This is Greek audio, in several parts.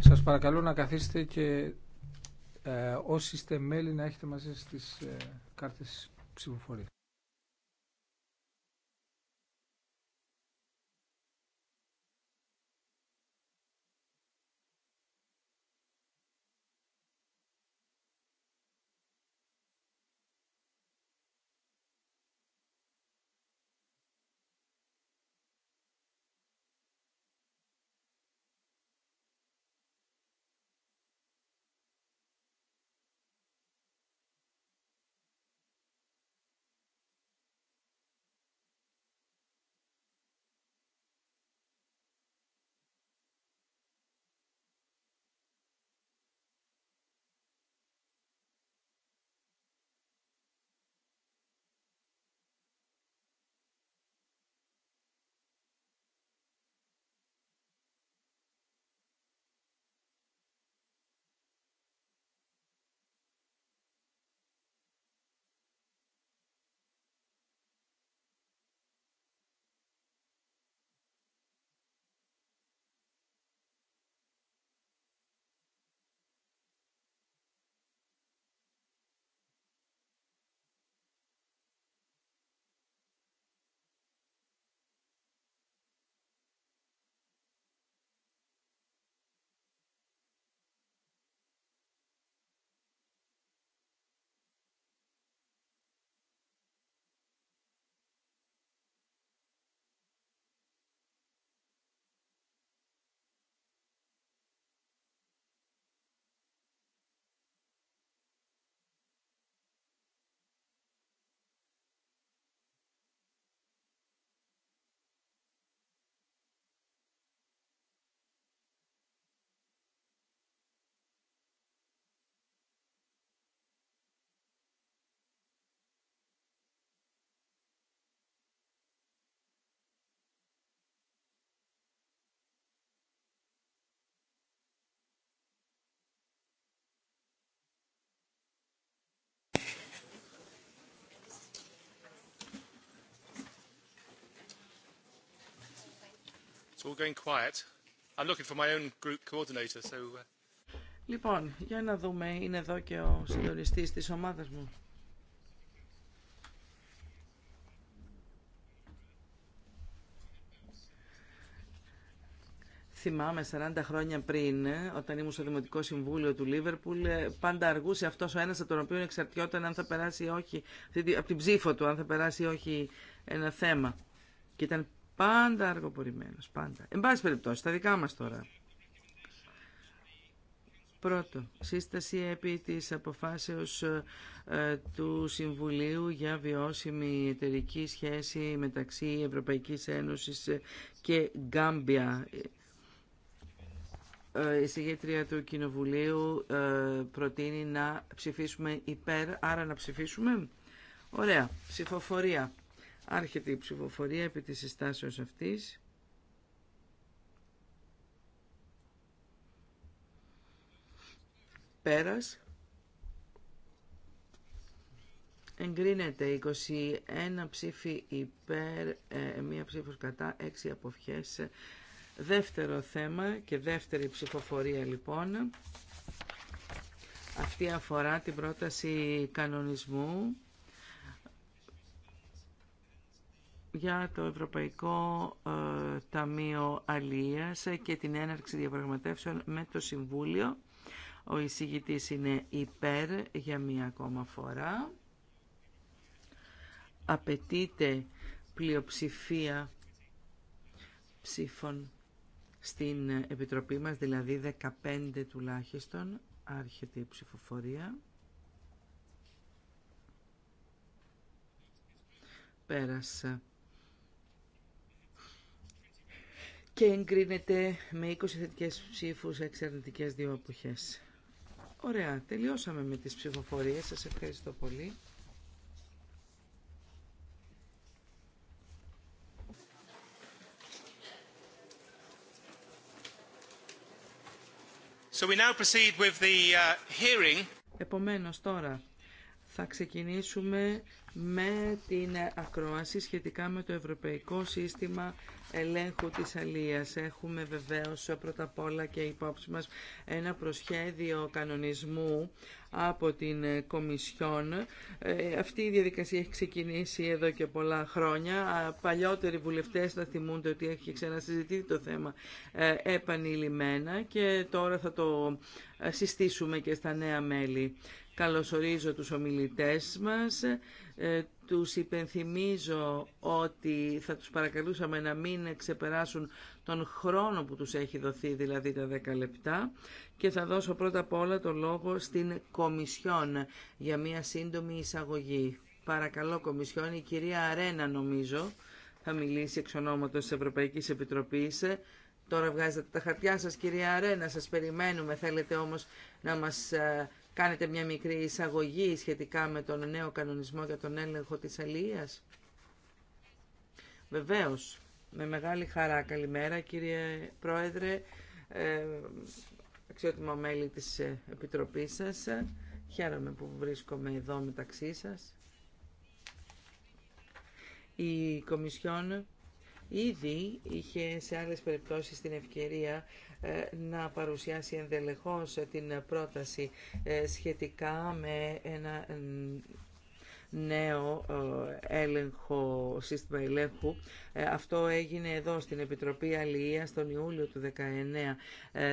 Σας παρακαλώ να καθίσετε και ε, όσοι είστε μέλη να έχετε μαζί σας τις ε, κάρτες ψηφοφορίας. Λοιπόν, για να δούμε, είναι εδώ και ο συντονιστής της ομάδας μου. θυμάμαι 40 χρόνια πριν, όταν ήμουν στο Δημοτικό Συμβούλιο του Λίβερπουλ, ε, πάντα αργούσε αυτό ο ένα από τον οποίο εξαρτιόταν αν θα περάσει όχι, από την ψήφο του, αν θα περάσει ή όχι ένα θέμα. Και ήταν Πάντα αργοπορημένος, πάντα. Εν πάση περιπτώσει, τα δικά μας τώρα. Πρώτο, σύσταση επί της αποφάσεως ε, του Συμβουλίου για βιώσιμη εταιρική σχέση μεταξύ Ευρωπαϊκής Ένωσης ε, και Γκάμπια. Ε, η συγγετρία του Κοινοβουλίου προτείνει να ψηφίσουμε υπέρ, άρα να ψηφίσουμε. Ωραία, ψηφοφορία. Άρχεται η ψηφοφορία επί της συστάσεως αυτής. Πέρας. Εγκρίνεται 21 ψήφοι υπέρ, ε, μία ψήφος κατά, 6 αποφιές. Δεύτερο θέμα και δεύτερη ψηφοφορία λοιπόν. Αυτή αφορά την πρόταση κανονισμού για το Ευρωπαϊκό ε, Ταμείο Αλίας και την έναρξη διαπραγματεύσεων με το Συμβούλιο. Ο εισηγητής είναι υπέρ για μία ακόμα φορά. Απαιτείται πλειοψηφία ψήφων στην Επιτροπή μας, δηλαδή 15 τουλάχιστον, άρχεται η ψηφοφορία. Πέρασε. και εγκρίνεται με 20 θετικές ψήφους, 6 αρνητικές, 2 αποχές. Ωραία, τελειώσαμε με τις ψηφοφορίες. Σας ευχαριστώ πολύ. So we now proceed with the uh, hearing. Επομένως τώρα θα ξεκινήσουμε με την ακρόαση σχετικά με το Ευρωπαϊκό Σύστημα Ελέγχου της Αλίας. Έχουμε βεβαίως πρώτα απ' όλα και υπόψη μας ένα προσχέδιο κανονισμού από την Κομισιόν. Ε, αυτή η διαδικασία έχει ξεκινήσει εδώ και πολλά χρόνια. Παλιότεροι βουλευτές θα θυμούνται ότι έχει ξανασυζητήσει το θέμα ε, επανειλημμένα και τώρα θα το ε, συστήσουμε και στα νέα μέλη. Καλωσορίζω τους ομιλητές μας. Ε, τους υπενθυμίζω ότι θα τους παρακαλούσαμε να μην ξεπεράσουν τον χρόνο που τους έχει δοθεί, δηλαδή τα 10 λεπτά. Και θα δώσω πρώτα απ' όλα το λόγο στην Κομισιόν για μια σύντομη εισαγωγή. Παρακαλώ Κομισιόν, η κυρία Αρένα νομίζω θα μιλήσει εξ ονόματος της Ευρωπαϊκής Επιτροπής. Τώρα βγάζετε τα χαρτιά σας κυρία Αρένα, σας περιμένουμε. Θέλετε όμως να μας ε, κάνετε μια μικρή εισαγωγή σχετικά με τον νέο κανονισμό για τον έλεγχο της αλληλείας. Βεβαίως, με μεγάλη χαρά. Καλημέρα κύριε Πρόεδρε, ε, μέλη της ε, Επιτροπής σας. Χαίρομαι που βρίσκομαι εδώ μεταξύ σας. Η Κομισιόν ήδη είχε σε άλλες περιπτώσεις την ευκαιρία ε, να παρουσιάσει ενδελεχώς την πρόταση ε, σχετικά με ένα ε, νέο έλεγχο, σύστημα ελέγχου. Αυτό έγινε εδώ στην Επιτροπή Αλληλείας τον Ιούλιο του 2019.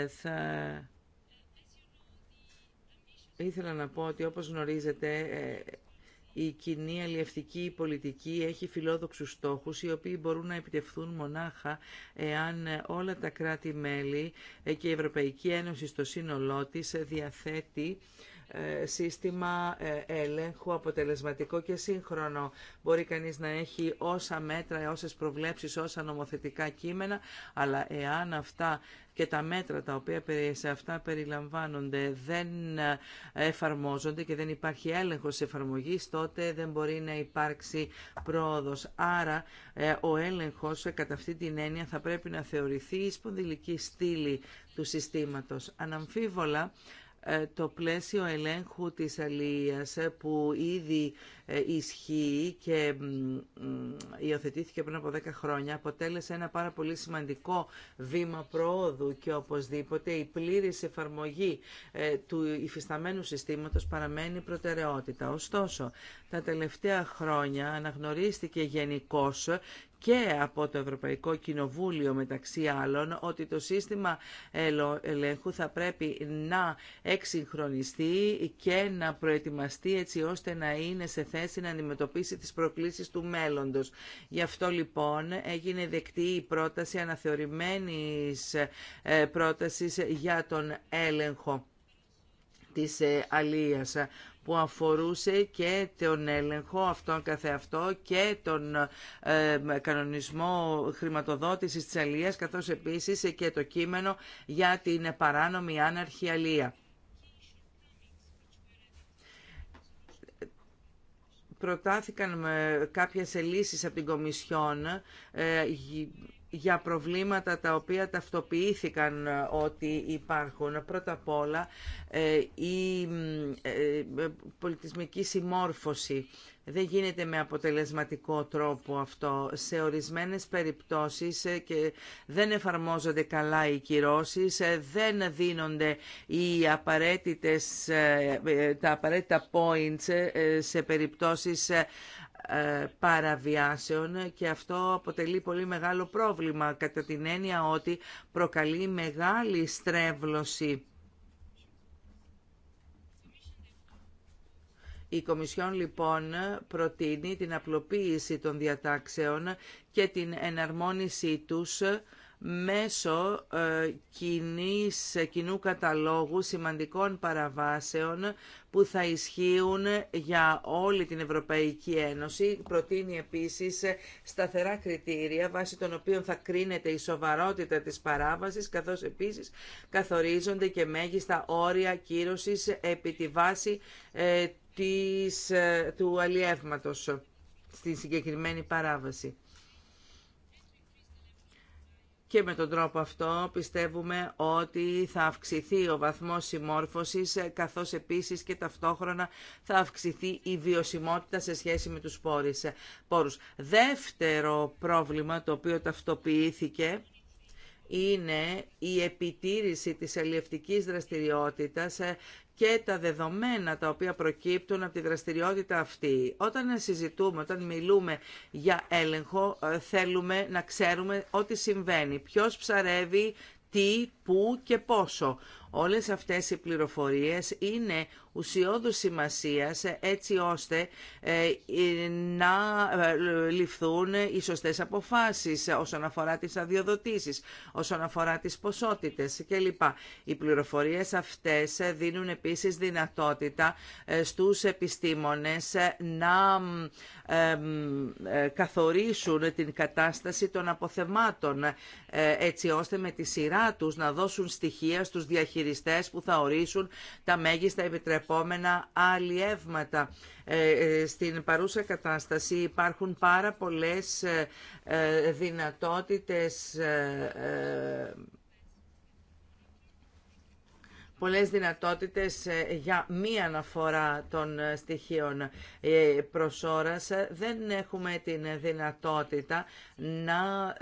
Θα... Ήθελα να πω ότι όπως γνωρίζετε η κοινή αλλιευτική πολιτική έχει φιλόδοξους στόχους οι οποίοι μπορούν να επιτευχθούν μονάχα εάν όλα τα κράτη-μέλη και η Ευρωπαϊκή Ένωση στο σύνολό της διαθέτει ε, σύστημα ε, έλεγχου αποτελεσματικό και σύγχρονο. Μπορεί κανείς να έχει όσα μέτρα, όσες προβλέψεις, όσα νομοθετικά κείμενα, αλλά εάν αυτά και τα μέτρα τα οποία σε αυτά περιλαμβάνονται δεν ε, εφαρμόζονται και δεν υπάρχει έλεγχος εφαρμογής, τότε δεν μπορεί να υπάρξει πρόοδος. Άρα ο έλεγχος κατά αυτή την έννοια θα πρέπει να θεωρηθεί η σπονδυλική στήλη του συστήματος. Αναμφίβολα ε, το πλαίσιο ελέγχου της αλληλείας ε, που ήδη ε, ισχύει και υιοθετήθηκε πριν από 10 χρόνια αποτέλεσε ένα πάρα πολύ σημαντικό βήμα προόδου και οπωσδήποτε η πλήρης εφαρμογή ε, του υφισταμένου συστήματος παραμένει προτεραιότητα. Ωστόσο, τα τελευταία χρόνια αναγνωρίστηκε γενικώ και από το Ευρωπαϊκό Κοινοβούλιο μεταξύ άλλων ότι το σύστημα ελέγχου θα πρέπει να εξυγχρονιστεί και να προετοιμαστεί έτσι ώστε να είναι σε στην να αντιμετωπίσει τις του μέλλοντος. Γι' αυτό λοιπόν έγινε δεκτή η πρόταση αναθεωρημένης ε, πρότασης για τον έλεγχο της ε, αλίας που αφορούσε και τον έλεγχο αυτόν καθεαυτό και τον ε, κανονισμό χρηματοδότησης της αλίας καθώς επίσης και το κείμενο για την παράνομη άναρχη αλία. προτάθηκαν με κάποιες λύσεις από την Κομισιόν ε, για προβλήματα τα οποία ταυτοποιήθηκαν ε, ότι υπάρχουν. Πρώτα απ' όλα ε, η πολιτισμική συμμόρφωση δεν γίνεται με αποτελεσματικό τρόπο αυτό. Σε ορισμένες περιπτώσεις ε, και δεν εφαρμόζονται καλά οι κυρώσεις, ε, δεν δίνονται οι απαραίτητες, ε, τα απαραίτητα points σε περιπτώσεις παραβιάσεων και αυτό αποτελεί πολύ μεγάλο πρόβλημα κατά την έννοια ότι προκαλεί μεγάλη στρέβλωση Η Κομισιόν λοιπόν προτείνει την απλοποίηση των διατάξεων και την εναρμόνισή τους μέσω ε, κοινής, κοινού καταλόγου σημαντικών παραβάσεων που θα ισχύουν για όλη την Ευρωπαϊκή Ένωση. Προτείνει επίσης σταθερά κριτήρια βάσει των οποίων θα κρίνεται η σοβαρότητα της παράβασης καθώς επίσης καθορίζονται και μέγιστα όρια κύρωσης επί τη βάση ε, της, ε, του αλλιεύματος στην συγκεκριμένη παράβαση. Και με τον τρόπο αυτό πιστεύουμε ότι θα αυξηθεί ο βαθμός συμμόρφωσης, ε, καθώς επίσης και ταυτόχρονα θα αυξηθεί η βιωσιμότητα σε σχέση με τους ε, πόρους. Δεύτερο πρόβλημα το οποίο ταυτοποιήθηκε είναι η επιτήρηση της αλλιευτικής δραστηριότητας ε, και τα δεδομένα τα οποία προκύπτουν από τη δραστηριότητα αυτή. Όταν συζητούμε, όταν μιλούμε για έλεγχο, ε, θέλουμε να ξέρουμε ό,τι συμβαίνει. Ποιος ψαρεύει, τι, πού και πόσο. Όλες αυτές οι πληροφορίες είναι ουσιώδους σημασίας έτσι ώστε ε, ε, να ε, ληφθούν οι σωστές αποφάσεις όσον αφορά τις αδειοδοτήσεις, όσον αφορά τις ποσότητες κλπ. Οι πληροφορίες αυτές δίνουν επίσης δυνατότητα στους επιστήμονες να καθορίσουν την κατάσταση των αποθεμάτων έτσι ώστε με τη σειρά τους να δώσουν στοιχεία στους διαχειριστές που θα ορίσουν τα μέγιστα επιτρεπόμενα αλλιεύματα. Ε, ε, στην παρούσα κατάσταση υπάρχουν πάρα πολλές ε, δυνατότητες πολλές δυνατότητες ε, για μία αναφορά των ε, στοιχείων ε, προς Δεν έχουμε την δυνατότητα να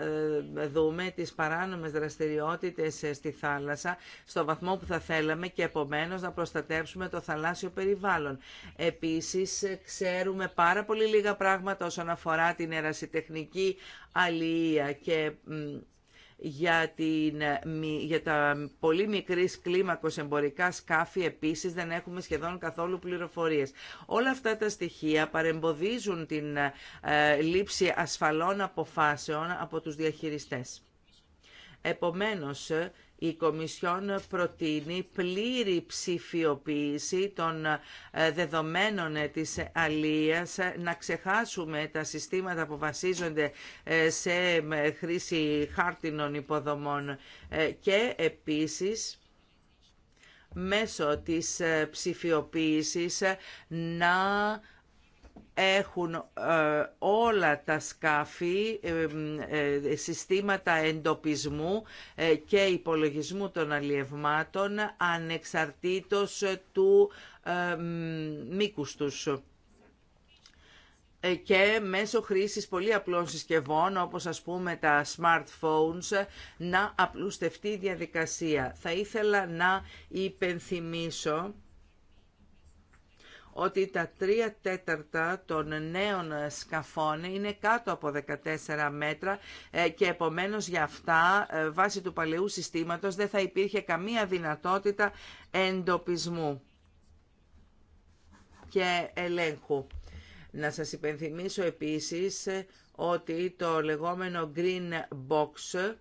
δούμε τις παράνομες δραστηριότητες στη θάλασσα στο βαθμό που θα θέλαμε και επομένως να προστατεύσουμε το θαλάσσιο περιβάλλον. Επίσης ξέρουμε πάρα πολύ λίγα πράγματα όσον αφορά την ερασιτεχνική αλληλεία και για, την, για τα πολύ μικρή κλίμακος εμπορικά σκάφη επίσης δεν έχουμε σχεδόν καθόλου πληροφορίες. Όλα αυτά τα στοιχεία παρεμποδίζουν την ε, λήψη ασφαλών αποφάσεων από τους διαχειριστές. Επομένως, η Κομισιόν προτείνει πλήρη ψηφιοποίηση των ε, δεδομένων ε, της αλίας, ε, να ξεχάσουμε τα συστήματα που βασίζονται σε χρήση χάρτινων υποδομών και επίσης μέσω της ψηφιοποίησης να έχουν ε, όλα τα σκάφη ε, ε, συστήματα εντοπισμού και υπολογισμού των αλλιευμάτων ανεξαρτήτως του μήκους τους και μέσω χρήσης πολύ απλών συσκευών, όπως ας πούμε τα smartphones, να απλουστευτεί η διαδικασία. Θα ήθελα να υπενθυμίσω ότι τα τρία τέταρτα των νέων σκαφών είναι κάτω από 14 μέτρα ε, και επομένως για αυτά ε, βάσει του παλαιού συστήματος δεν θα υπήρχε καμία δυνατότητα εντοπισμού και ελέγχου. Να σας υπενθυμίσω επίσης ε, ότι το λεγόμενο green box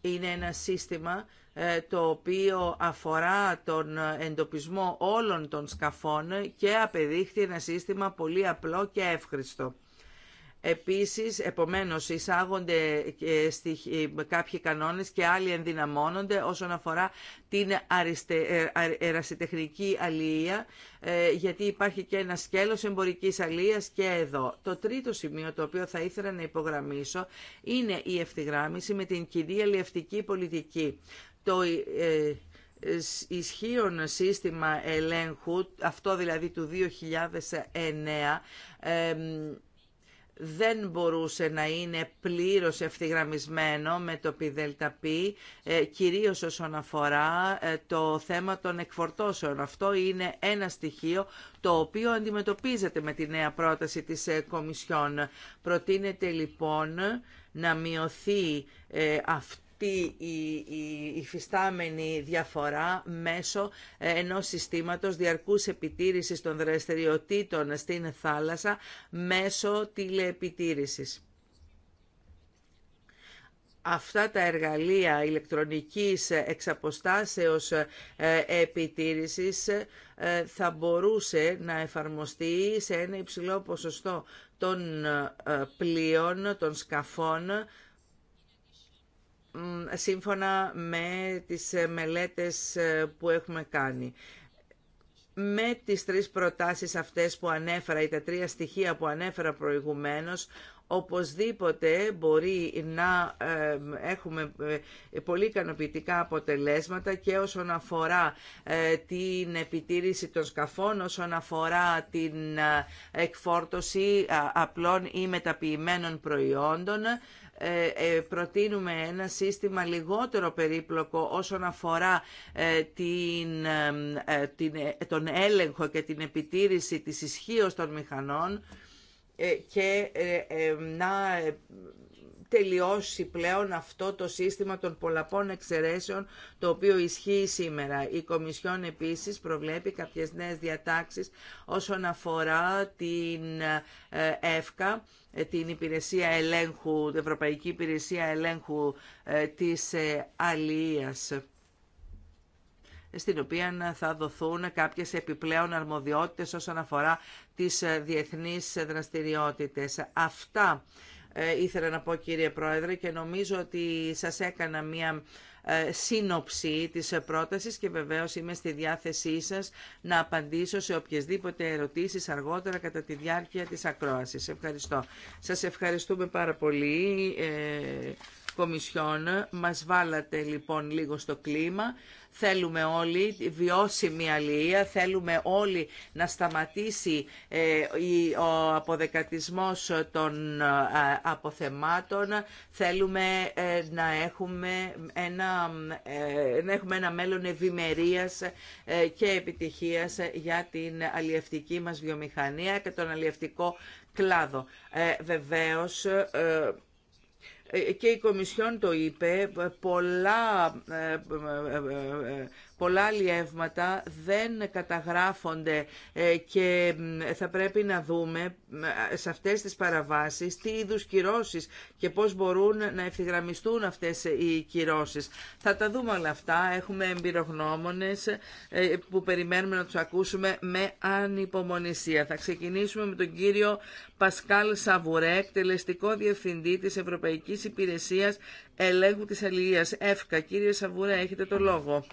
είναι ένα σύστημα ε, το οποίο αφορά τον εντοπισμό όλων των σκαφών και απεδείχθη ένα σύστημα πολύ απλό και εύχριστο. Επίσης, επομένως, εισάγονται ε, κάποιοι κανόνες και άλλοι ενδυναμώνονται όσον αφορά την αριστε... Ε, ερασιτεχνική αλληλεία, γιατί υπάρχει και ένα σκέλος εμπορικής αλληλείας και εδώ. Το τρίτο σημείο το οποίο θα ήθελα να υπογραμμίσω είναι η ευθυγράμμιση με την κοινή αλληλευτική πολιτική το ε, ε, ισχύον σύστημα ελέγχου, αυτό δηλαδή του 2009, δεν μπορούσε να είναι πλήρως ευθυγραμμισμένο με το πι, ε, κυρίως όσον αφορά το θέμα των εκφορτώσεων. Αυτό είναι ένα στοιχείο το οποίο αντιμετωπίζεται με τη νέα πρόταση της Κομισιόν. Προτείνεται λοιπόν να μειωθεί αυτό αυτή η υφιστάμενη διαφορά μέσω ε, ενός συστήματος διαρκούς επιτήρησης των δραστηριοτήτων στην θάλασσα μέσω τηλεεπιτήρησης. Αυτά τα εργαλεία ηλεκτρονικής εξαποστάσεως ε, επιτήρησης ε, θα μπορούσε να εφαρμοστεί σε ένα υψηλό ποσοστό των πλοίων, των σκαφών, σύμφωνα με τις μελέτες ε, που έχουμε κάνει. Με τις τρεις προτάσεις αυτές που ανέφερα ή τα τρία στοιχεία που ανέφερα προηγουμένως, οπωσδήποτε μπορεί να ε, έχουμε ε, πολύ ικανοποιητικά αποτελέσματα και όσον αφορά την επιτήρηση των σκαφών, όσον αφορά την εκφόρτωση απλών ή μεταποιημένων προϊόντων, ε, ε, προτείνουμε ένα σύστημα λιγότερο περίπλοκο όσον αφορά ε, την, την, τον έλεγχο και την επιτήρηση της ισχύω των μηχανών ε, και ε, ε, να τελειώσει πλέον αυτό το σύστημα των πολλαπών εξαιρέσεων το οποίο ισχύει σήμερα. Η Κομισιόν επίσης προβλέπει κάποιες νέες διατάξεις όσον αφορά την ΕΦΚΑ, την υπηρεσία ελέγχου, την Ευρωπαϊκή Υπηρεσία Ελέγχου της Αλίας στην οποία θα δοθούν κάποιες επιπλέον αρμοδιότητες όσον αφορά τις ε, διεθνείς δραστηριότητες. Αυτά ε, ήθελα να πω κύριε Πρόεδρε και νομίζω ότι σας έκανα μια ε, σύνοψη της πρότασης και βεβαίως είμαι στη διάθεσή σας να απαντήσω σε οποιασδήποτε ερωτήσεις αργότερα κατά τη διάρκεια της ακρόασης. Ευχαριστώ. Σας ευχαριστούμε πάρα πολύ, ε, Κομισιόν. Μας βάλατε λοιπόν λίγο στο κλίμα. Θέλουμε όλοι βιώσιμη αλληλεία, θέλουμε όλοι να σταματήσει ε, ο αποδεκατισμός των ε, αποθεμάτων, θέλουμε ε, να έχουμε ένα, έχουμε ένα μέλλον ευημερία και επιτυχίας για την αλλιευτική μας βιομηχανία και τον αλλιευτικό κλάδο. Ε, βεβαίως, ε, και η Κομισιόν το είπε, ε, πολλά ε, πολλά εύματα δεν καταγράφονται ε, και θα πρέπει να δούμε σε αυτές τις παραβάσεις τι είδους κυρώσεις και πώς μπορούν να ευθυγραμμιστούν αυτές οι κυρώσεις. Θα τα δούμε όλα αυτά. Έχουμε εμπειρογνώμονες ε, που περιμένουμε να τους ακούσουμε με ανυπομονησία. Θα ξεκινήσουμε με τον κύριο Πασκάλ Σαβουρέ, εκτελεστικό διευθυντή της Ευρωπαϊκής Υπηρεσίας Ελέγχου της Αλληλείας. Εύκα, κύριε Σαβουρέ, έχετε το λόγο.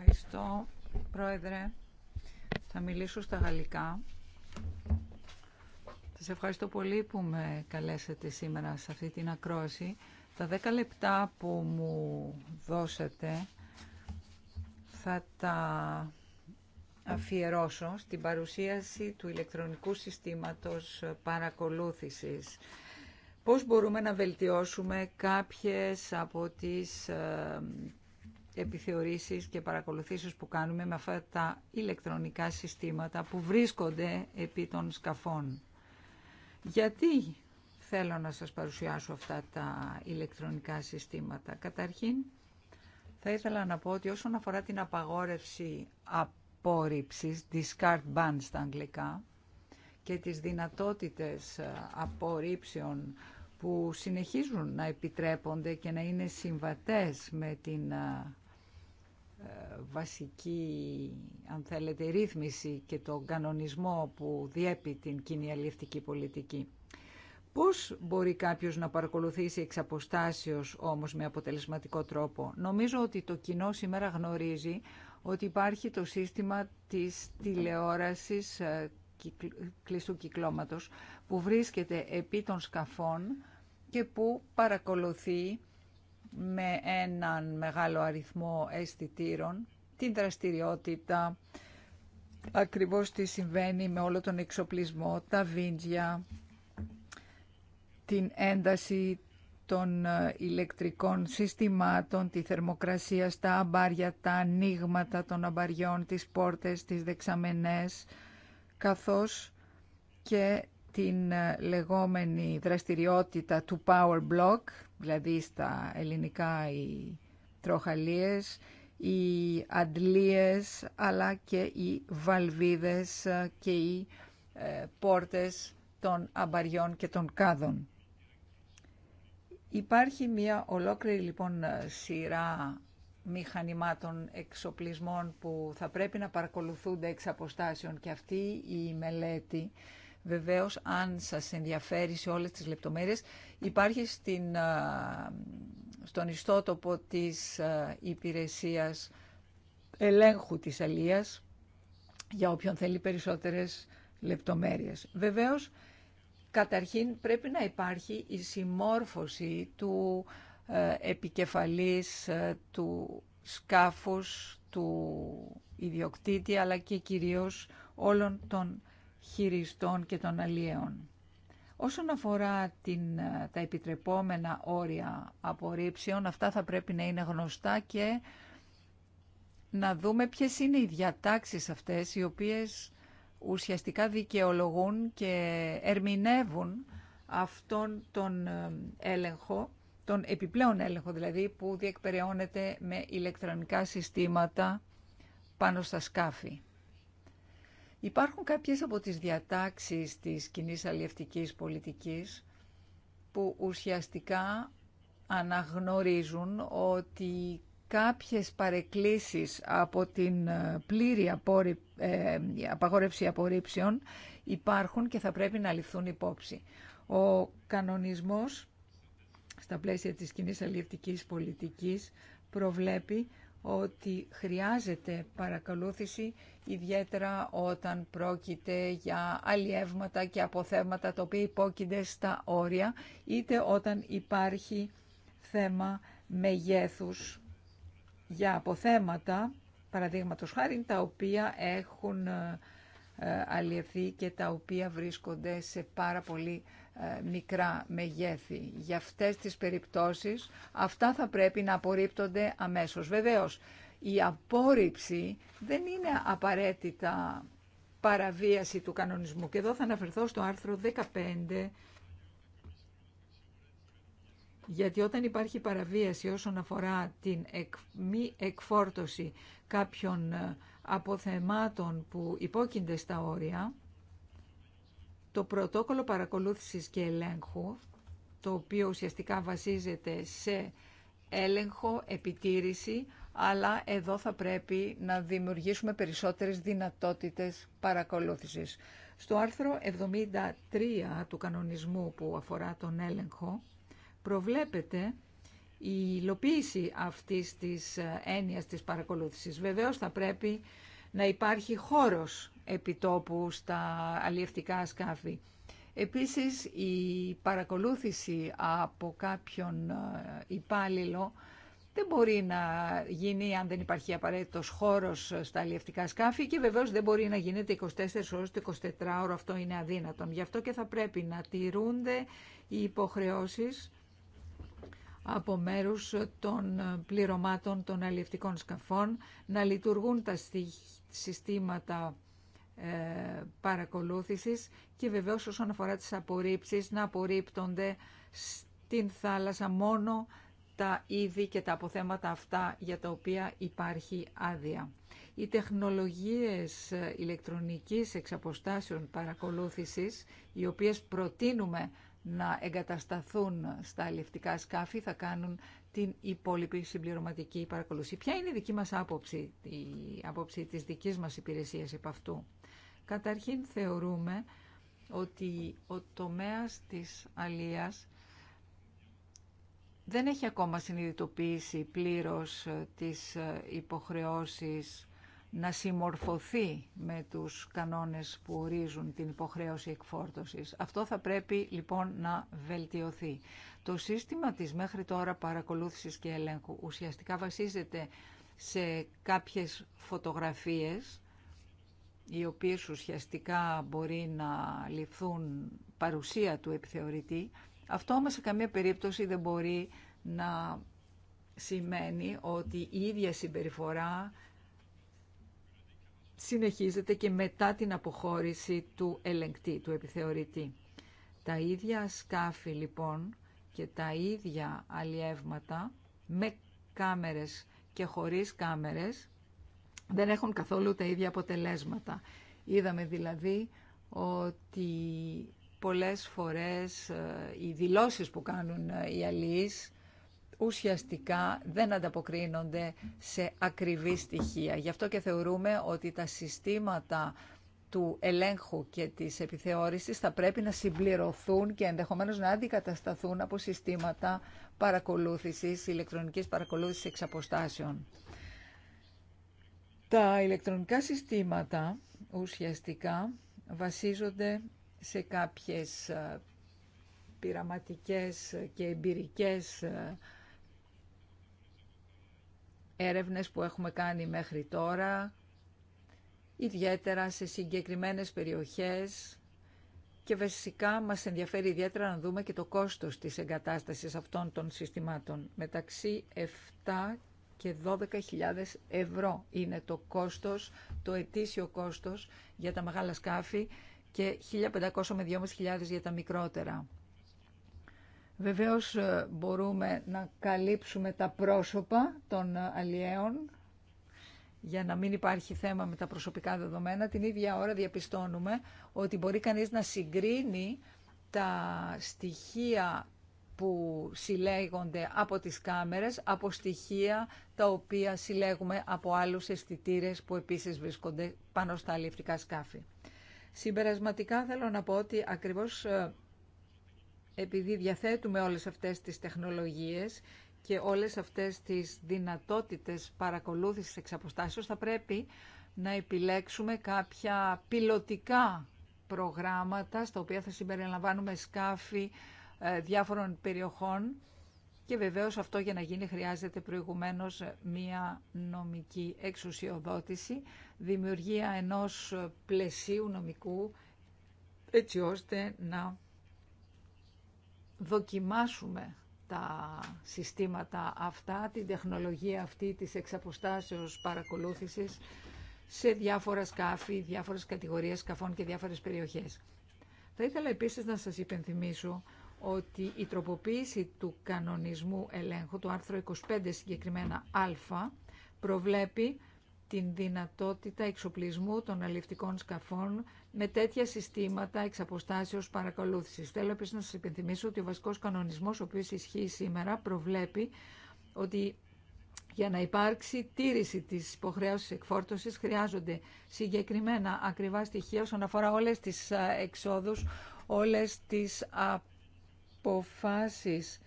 Ευχαριστώ, Πρόεδρε. Θα μιλήσω στα γαλλικά. Σας ευχαριστώ πολύ που με καλέσατε σήμερα σε αυτή την ακρόση. Τα δέκα λεπτά που μου δώσατε θα τα αφιερώσω στην παρουσίαση του ηλεκτρονικού συστήματος παρακολούθησης. Πώς μπορούμε να βελτιώσουμε κάποιες από τις ε, επιθεωρήσεις και παρακολουθήσεις που κάνουμε με αυτά τα ηλεκτρονικά συστήματα που βρίσκονται επί των σκαφών. Γιατί θέλω να σας παρουσιάσω αυτά τα ηλεκτρονικά συστήματα. Καταρχήν, θα ήθελα να πω ότι όσον αφορά την απαγόρευση απόρριψης, discard ban στα αγγλικά, και τις δυνατότητες ε, απορρίψεων που συνεχίζουν να επιτρέπονται και να είναι συμβατές με την ε, βασική, αν θέλετε, ρύθμιση και τον κανονισμό που διέπει την κοινή πολιτική. Πώς μπορεί κάποιος να παρακολουθήσει εξ αποστάσεως όμως με αποτελεσματικό τρόπο. Νομίζω ότι το κοινό σήμερα γνωρίζει ότι υπάρχει το σύστημα της τηλεόρασης ε, κλειστού κυκλώματος που βρίσκεται επί των σκαφών και που παρακολουθεί με έναν μεγάλο αριθμό αισθητήρων την δραστηριότητα, ακριβώς τι συμβαίνει με όλο τον εξοπλισμό, τα βίντζια, την ένταση των ε, ηλεκτρικών συστημάτων, τη θερμοκρασία στα αμπάρια, τα ανοίγματα των αμπαριών, τις πόρτες, τις δεξαμενές, καθώς και την ε, λεγόμενη δραστηριότητα του Power Block, δηλαδή στα ελληνικά οι τροχαλίες, οι αντλίες, αλλά και οι βαλβίδες ε, και οι ε, πόρτες των αμπαριών και των κάδων. Υπάρχει μια ολόκληρη λοιπόν σειρά μηχανημάτων εξοπλισμών που θα πρέπει να παρακολουθούνται εξ αποστάσεων και αυτή η μελέτη Βεβαίως, αν σας ενδιαφέρει σε όλες τις λεπτομέρειες, υπάρχει στην, στον ιστότοπο της υπηρεσίας ελέγχου της αλίας για όποιον θέλει περισσότερες λεπτομέρειες. Βεβαίως, καταρχήν πρέπει να υπάρχει η συμμόρφωση του επικεφαλής του σκάφους, του ιδιοκτήτη, αλλά και κυρίως όλων των χειριστών και των αλλιέων. Όσον αφορά την, ε, τα επιτρεπόμενα όρια απορρίψεων, αυτά θα πρέπει να είναι γνωστά και να δούμε ποιες είναι οι διατάξεις αυτές οι οποίες ουσιαστικά δικαιολογούν και ερμηνεύουν αυτόν τον ε, έλεγχο, τον επιπλέον έλεγχο δηλαδή που διεκπεραιώνεται με ηλεκτρονικά συστήματα πάνω στα σκάφη. Υπάρχουν κάποιες από τις διατάξεις της κοινή αλλιευτικής πολιτικής που ουσιαστικά αναγνωρίζουν ότι κάποιες παρεκκλήσεις από την ε, πλήρη απόρρι... Ε, απαγόρευση απορρίψεων υπάρχουν και θα πρέπει να ληφθούν υπόψη. Ο κανονισμός στα πλαίσια της κοινή αλληλευτικής πολιτικής προβλέπει ότι χρειάζεται παρακολούθηση ιδιαίτερα όταν πρόκειται για αλλιεύματα και αποθέματα τα οποία υπόκεινται στα όρια είτε όταν υπάρχει θέμα μεγέθους για αποθέματα παραδείγματος χάρη τα οποία έχουν ε, ε, αλλιευθεί και τα οποία βρίσκονται σε πάρα πολύ ε, μικρά μεγέθη. Για αυτές τις περιπτώσεις αυτά θα πρέπει να απορρίπτονται αμέσως. Βεβαίως, η απόρριψη δεν είναι απαραίτητα παραβίαση του κανονισμού. Και εδώ θα αναφερθώ στο άρθρο 15, γιατί όταν υπάρχει παραβίαση όσον αφορά την εκ, μη εκφόρτωση κάποιων ε, αποθεμάτων που υπόκεινται στα όρια, το πρωτόκολλο παρακολούθησης και ελέγχου, το οποίο ουσιαστικά βασίζεται σε έλεγχο, επιτήρηση, αλλά εδώ θα πρέπει να δημιουργήσουμε περισσότερες δυνατότητες παρακολούθησης. Στο άρθρο 73 του κανονισμού που αφορά τον έλεγχο, προβλέπεται η υλοποίηση αυτής της έννοιας της παρακολούθησης. Βεβαίως θα πρέπει να υπάρχει χώρος επιτόπου στα αλλιευτικά σκάφη. Επίσης, η παρακολούθηση από κάποιον ε, υπάλληλο δεν μπορεί να γίνει αν δεν υπάρχει απαραίτητος χώρος στα αλλιευτικά σκάφη και βεβαίως δεν μπορεί να γίνεται 24 ώρες το 24 ώρο, αυτό είναι αδύνατο. Γι' αυτό και θα πρέπει να τηρούνται οι υποχρεώσεις από μέρους των πληρωμάτων των αλλιευτικών σκαφών, να λειτουργούν τα συστήματα ε, παρακολούθησης και βεβαίως όσον αφορά τις απορρίψεις να απορρίπτονται στην θάλασσα μόνο τα είδη και τα αποθέματα αυτά για τα οποία υπάρχει άδεια. Οι τεχνολογίες ηλεκτρονικής εξαποστάσεων παρακολούθησης, οι οποίες προτείνουμε να εγκατασταθούν στα αλληλευτικά σκάφη, θα κάνουν την υπόλοιπη συμπληρωματική παρακολούθηση. Ποια είναι η δική μας άποψη, η άποψη της δικής μας υπηρεσίας επ' αυτού. Καταρχήν θεωρούμε ότι ο τομέας της αλίας δεν έχει ακόμα συνειδητοποιήσει πλήρως ε, τις ε, υποχρεώσεις να συμμορφωθεί με τους κανόνες που ορίζουν την υποχρέωση εκφόρτωσης. Αυτό θα πρέπει λοιπόν να βελτιωθεί. Το σύστημα της μέχρι τώρα παρακολούθησης και ελέγχου ουσιαστικά βασίζεται σε κάποιες φωτογραφίες οι οποίες ουσιαστικά μπορεί να ληφθούν παρουσία του επιθεωρητή, αυτό όμως σε καμία περίπτωση δεν μπορεί να σημαίνει ότι η ίδια συμπεριφορά συνεχίζεται και μετά την αποχώρηση του ελεγκτή, του επιθεωρητή. Τα ίδια σκάφη λοιπόν και τα ίδια αλλιεύματα με κάμερες και χωρίς κάμερες δεν έχουν καθόλου τα ίδια αποτελέσματα. Είδαμε δηλαδή ότι πολλές φορές ε, οι δηλώσεις που κάνουν ε, οι αλλοίς ουσιαστικά δεν ανταποκρίνονται σε ακριβή στοιχεία. Γι' αυτό και θεωρούμε ότι τα συστήματα του ελέγχου και της επιθεώρησης θα πρέπει να συμπληρωθούν και ενδεχομένως να αντικατασταθούν από συστήματα παρακολούθησης, ηλεκτρονικής παρακολούθησης εξ αποστάσεων. Τα ηλεκτρονικά συστήματα ουσιαστικά βασίζονται σε κάποιες ε, πειραματικές και εμπειρικές ε, έρευνες που έχουμε κάνει μέχρι τώρα, ιδιαίτερα σε συγκεκριμένες περιοχές και βασικά μας ενδιαφέρει ιδιαίτερα να δούμε και το κόστος της εγκατάστασης αυτών των συστημάτων. Μεταξύ 7 και 12.000 ευρώ είναι το κόστος, το ετήσιο κόστος για τα μεγάλα σκάφη και 1.500 με 2.500 για τα μικρότερα. Βεβαίως ε, μπορούμε να καλύψουμε τα πρόσωπα των ε, αλλιέων για να μην υπάρχει θέμα με τα προσωπικά δεδομένα. Την ίδια ώρα διαπιστώνουμε ότι μπορεί κανείς να συγκρίνει τα στοιχεία που συλλέγονται από τις κάμερες, από στοιχεία τα οποία συλλέγουμε από άλλους αισθητήρε που επίσης βρίσκονται πάνω στα αλληλευτικά σκάφη. Συμπερασματικά θέλω να πω ότι ακριβώς ε, επειδή διαθέτουμε όλες αυτές τις τεχνολογίες και όλες αυτές τις δυνατότητες παρακολούθησης εξ θα πρέπει να επιλέξουμε κάποια πιλωτικά προγράμματα στα οποία θα συμπεριλαμβάνουμε σκάφη ε, διάφορων περιοχών και βεβαίως αυτό για να γίνει χρειάζεται προηγουμένως μία νομική εξουσιοδότηση, δημιουργία ενός πλαισίου νομικού έτσι ώστε να δοκιμάσουμε τα συστήματα αυτά, την τεχνολογία αυτή της εξαποστάσεως παρακολούθησης σε διάφορα σκάφη, διάφορες κατηγορίες σκαφών και διάφορες περιοχές. Θα ήθελα επίσης να σας υπενθυμίσω ότι η τροποποίηση του κανονισμού ελέγχου, του άρθρου 25 συγκεκριμένα α, προβλέπει την δυνατότητα εξοπλισμού των αληφτικών σκαφών με τέτοια συστήματα εξ αποστάσεως παρακολούθησης. Θέλω επίσης να σας υπενθυμίσω ότι ο βασικός κανονισμός, ο οποίος ισχύει σήμερα, προβλέπει ότι για να υπάρξει τήρηση της υποχρέωσης εκφόρτωσης χρειάζονται συγκεκριμένα ακριβά στοιχεία όσον αφορά όλες τις ε, εξόδους, όλες τις αποφάσεις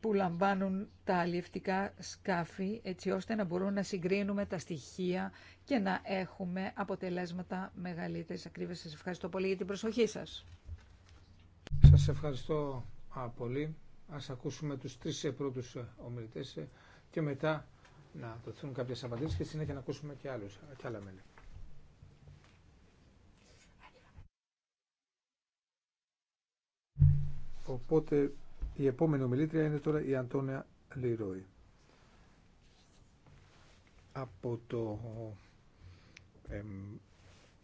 που λαμβάνουν τα αλληλευτικά σκάφη έτσι ώστε να μπορούν να συγκρίνουμε τα στοιχεία και να έχουμε αποτελέσματα μεγαλύτερης ακρίβειας. Σας ευχαριστώ πολύ για την προσοχή σας. Σας ευχαριστώ πολύ. Ας ακούσουμε τους τρεις ε, πρώτους ε, ομιλητές ε, και μετά να δοθούν κάποιες απαντήσεις και συνέχεια να ακούσουμε και, άλλους, και άλλα μέλη. Οπότε η επόμενη ομιλήτρια είναι τώρα η Αντώνια Λιρόη. Από το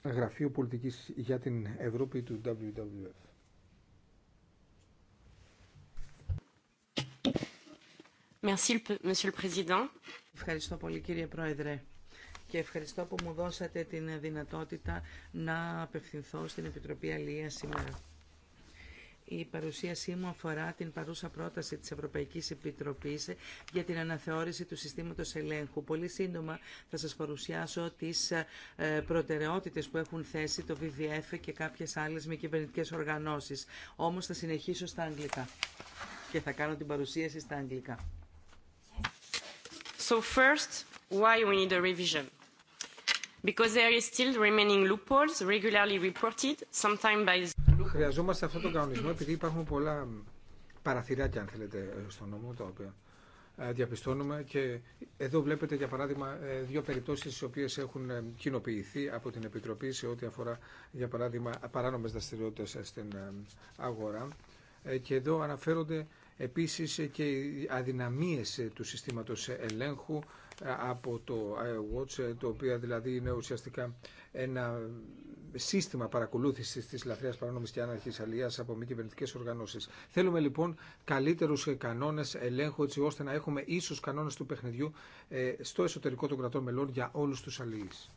Γραφείο Πολιτικής για την Ευρώπη του WWF. Ευχαριστώ πολύ κύριε Πρόεδρε και ευχαριστώ που μου δώσατε την δυνατότητα να απευθυνθώ στην Επιτροπή Αλία σήμερα. Η παρουσίασή μου αφορά την παρούσα πρόταση της Ευρωπαϊκής Επιτροπής για την αναθεώρηση του συστήματος ελέγχου. Πολύ σύντομα θα σας παρουσιάσω τις ε, προτεραιότητες που έχουν θέσει το VVF και κάποιες άλλες μη κυβερνητικέ οργανώσεις. Όμως θα συνεχίσω στα αγγλικά και θα κάνω την παρουσίαση στα αγγλικά. So first, why we need a revision? Because there is still remaining loopholes regularly reported, sometimes by χρειαζόμαστε αυτόν τον κανονισμό επειδή υπάρχουν πολλά παραθυράκια, αν θέλετε, στον νόμο, τα οποία ε, διαπιστώνουμε και εδώ βλέπετε για παράδειγμα ε, δύο περιπτώσεις οι οποίες έχουν ε, κοινοποιηθεί από την Επιτροπή σε ό,τι αφορά για παράδειγμα παράνομες δραστηριότητε στην αγορά και εδώ αναφέρονται επίσης και οι αδυναμίες του συστήματος ελέγχου από το iWatch, το οποίο δηλαδή είναι ουσιαστικά ένα σύστημα παρακολούθησης της λαθρείας παράνομης και άναρχης αλίας από μη κυβερνητικέ οργανώσεις. Θέλουμε λοιπόν καλύτερους κανόνες ελέγχου έτσι ώστε να έχουμε ίσους κανόνες του παιχνιδιού ε, στο εσωτερικό των κρατών μελών για όλους τους αλληλείς.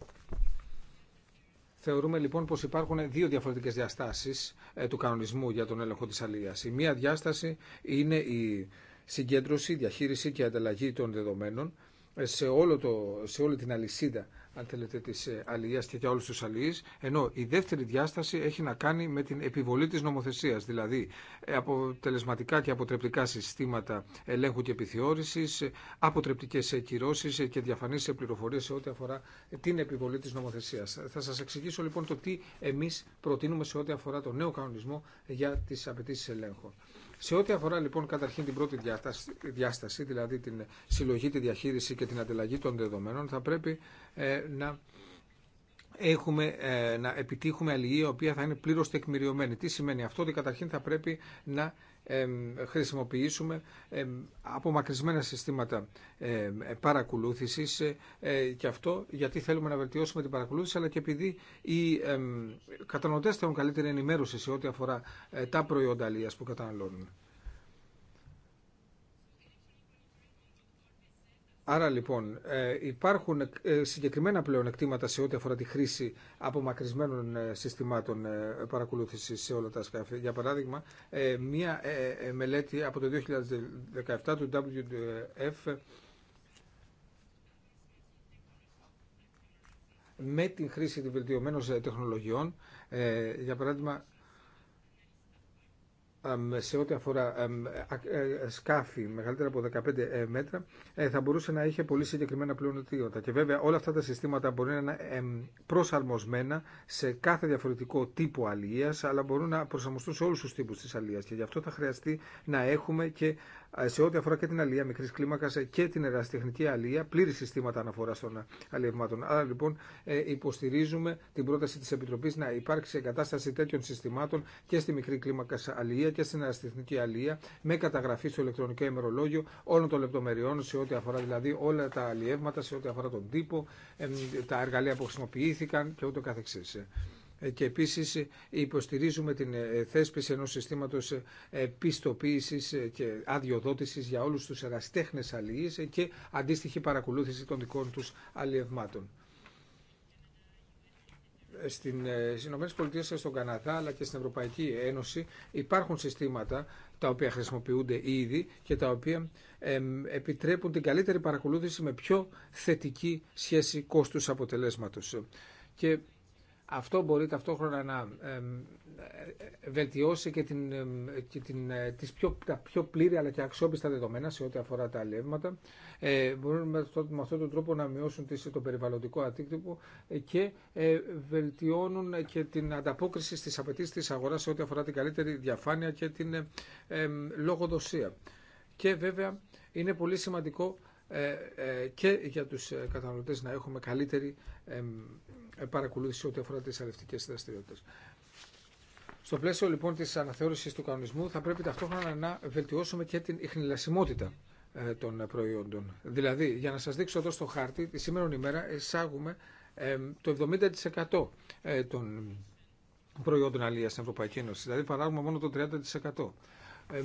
Θεωρούμε λοιπόν πως υπάρχουν δύο διαφορετικές διαστάσεις ε, του κανονισμού για τον έλεγχο της αλληλείας. Η μία διάσταση είναι η συγκέντρωση, διαχείριση και ανταλλαγή των δεδομένων σε, όλο το, σε όλη την αλυσίδα αν θέλετε, της ε, αλληλείας και για όλους τους αλληλείς, ενώ η δεύτερη διάσταση έχει να κάνει με την επιβολή της νομοθεσίας, δηλαδή ε, αποτελεσματικά και αποτρεπτικά συστήματα ελέγχου και επιθεώρηση, ε, αποτρεπτικές κυρώσεις και διαφανείς πληροφορίε σε ό,τι αφορά την επιβολή της νομοθεσίας. Θα σας εξηγήσω λοιπόν το τι εμείς προτείνουμε σε ό,τι αφορά το νέο κανονισμό για τις απαιτήσει ελέγχων. Σε ό,τι αφορά λοιπόν καταρχήν την πρώτη διάσταση, δηλαδή την συλλογή, τη διαχείριση και την ανταλλαγή των δεδομένων, θα πρέπει ε, να έχουμε, ε, να επιτύχουμε αλληλεία η οποία θα είναι πλήρως τεκμηριωμένη. Τι σημαίνει αυτό, ότι καταρχήν θα πρέπει να χρησιμοποιήσουμε απομακρυσμένα συστήματα παρακολούθησης ε, και αυτό γιατί θέλουμε να βελτιώσουμε την παρακολούθηση αλλά και επειδή οι κατανοητές θέλουν καλύτερη ενημέρωση σε ό,τι αφορά ε, τα προϊόντα αλίας που καταναλώνουν. Άρα λοιπόν ε, υπάρχουν ε, συγκεκριμένα πλέον σε ό,τι αφορά τη χρήση απομακρυσμένων ε, συστημάτων παρακολούθησης σε όλα τα σκάφη. Για παράδειγμα, μία μελέτη από το 2017 του WWF με την χρήση βελτιωμένων τεχνολογιών, για παράδειγμα σε ό,τι αφορά ε, σκάφη μεγαλύτερα από 15 ε, μέτρα ε, θα μπορούσε να είχε πολύ συγκεκριμένα πλειονοτήματα. Και βέβαια όλα αυτά τα συστήματα μπορεί να είναι προσαρμοσμένα σε κάθε διαφορετικό τύπο αλίας αλλά μπορούν να προσαρμοστούν σε όλους τους τύπους της αλίας και γι' αυτό θα χρειαστεί να έχουμε και σε ό,τι αφορά και την αλληλεία μικρή κλίμακα και την εραστεχνική αλληλεία, πλήρη συστήματα αναφορά των αλληλευμάτων. Άρα λοιπόν ε, υποστηρίζουμε την πρόταση τη Επιτροπή να υπάρξει εγκατάσταση τέτοιων συστημάτων και στη μικρή κλίμακα αλληλεία και στην ερασιτεχνική αλληλεία, με καταγραφή στο ηλεκτρονικό ημερολόγιο όλων των λεπτομεριών σε ό,τι αφορά δηλαδή όλα τα αλληλεύματα, σε ό,τι αφορά τον τύπο, τα εργαλεία που χρησιμοποιήθηκαν και ούτω καθεξής. Ε, και επίσης ε, υποστηρίζουμε την ε, θέσπιση ενός συστήματος πιστοποίησης και αδειοδότησης για όλους τους εραστέχνες αλληλείς και αντίστοιχη παρακολούθηση των δικών τους αλλιευμάτων στην, στις και στον Καναδά αλλά και στην Ευρωπαϊκή Ένωση υπάρχουν συστήματα τα οποία χρησιμοποιούνται ήδη και τα οποία επιτρέπουν την καλύτερη παρακολούθηση με πιο θετική σχέση κόστους αποτελέσματος αυτό μπορεί ταυτόχρονα να ε, ε, βελτιώσει και, την, και την, ε, τις πιο, τα πιο πλήρη αλλά και αξιόπιστα δεδομένα σε ό,τι αφορά τα αλλιεύματα. Ε, μπορούν με, αυτό, αυτόν τον τρόπο να μειώσουν τις, το περιβαλλοντικό αντίκτυπο και βελτιώνουν και την ανταπόκριση στις απαιτήσει της αγοράς σε ό,τι αφορά την καλύτερη διαφάνεια και την ε, λογοδοσία. Και βέβαια είναι πολύ σημαντικό και για τους καταναλωτές να έχουμε καλύτερη ε, παρακολούθηση ό,τι αφορά τι αλευτικέ δραστηριότητε. Στο πλαίσιο λοιπόν τη αναθεώρησης του κανονισμού θα πρέπει ταυτόχρονα να βελτιώσουμε και την ιχνηλασιμότητα ε, των προϊόντων. Δηλαδή, για να σα δείξω εδώ στο χάρτη, τη σήμερα ημέρα εισάγουμε το 70% ε, των προϊόντων αλίας στην Ευρωπαϊκή Ένωση. Δηλαδή, παράγουμε μόνο το 30%.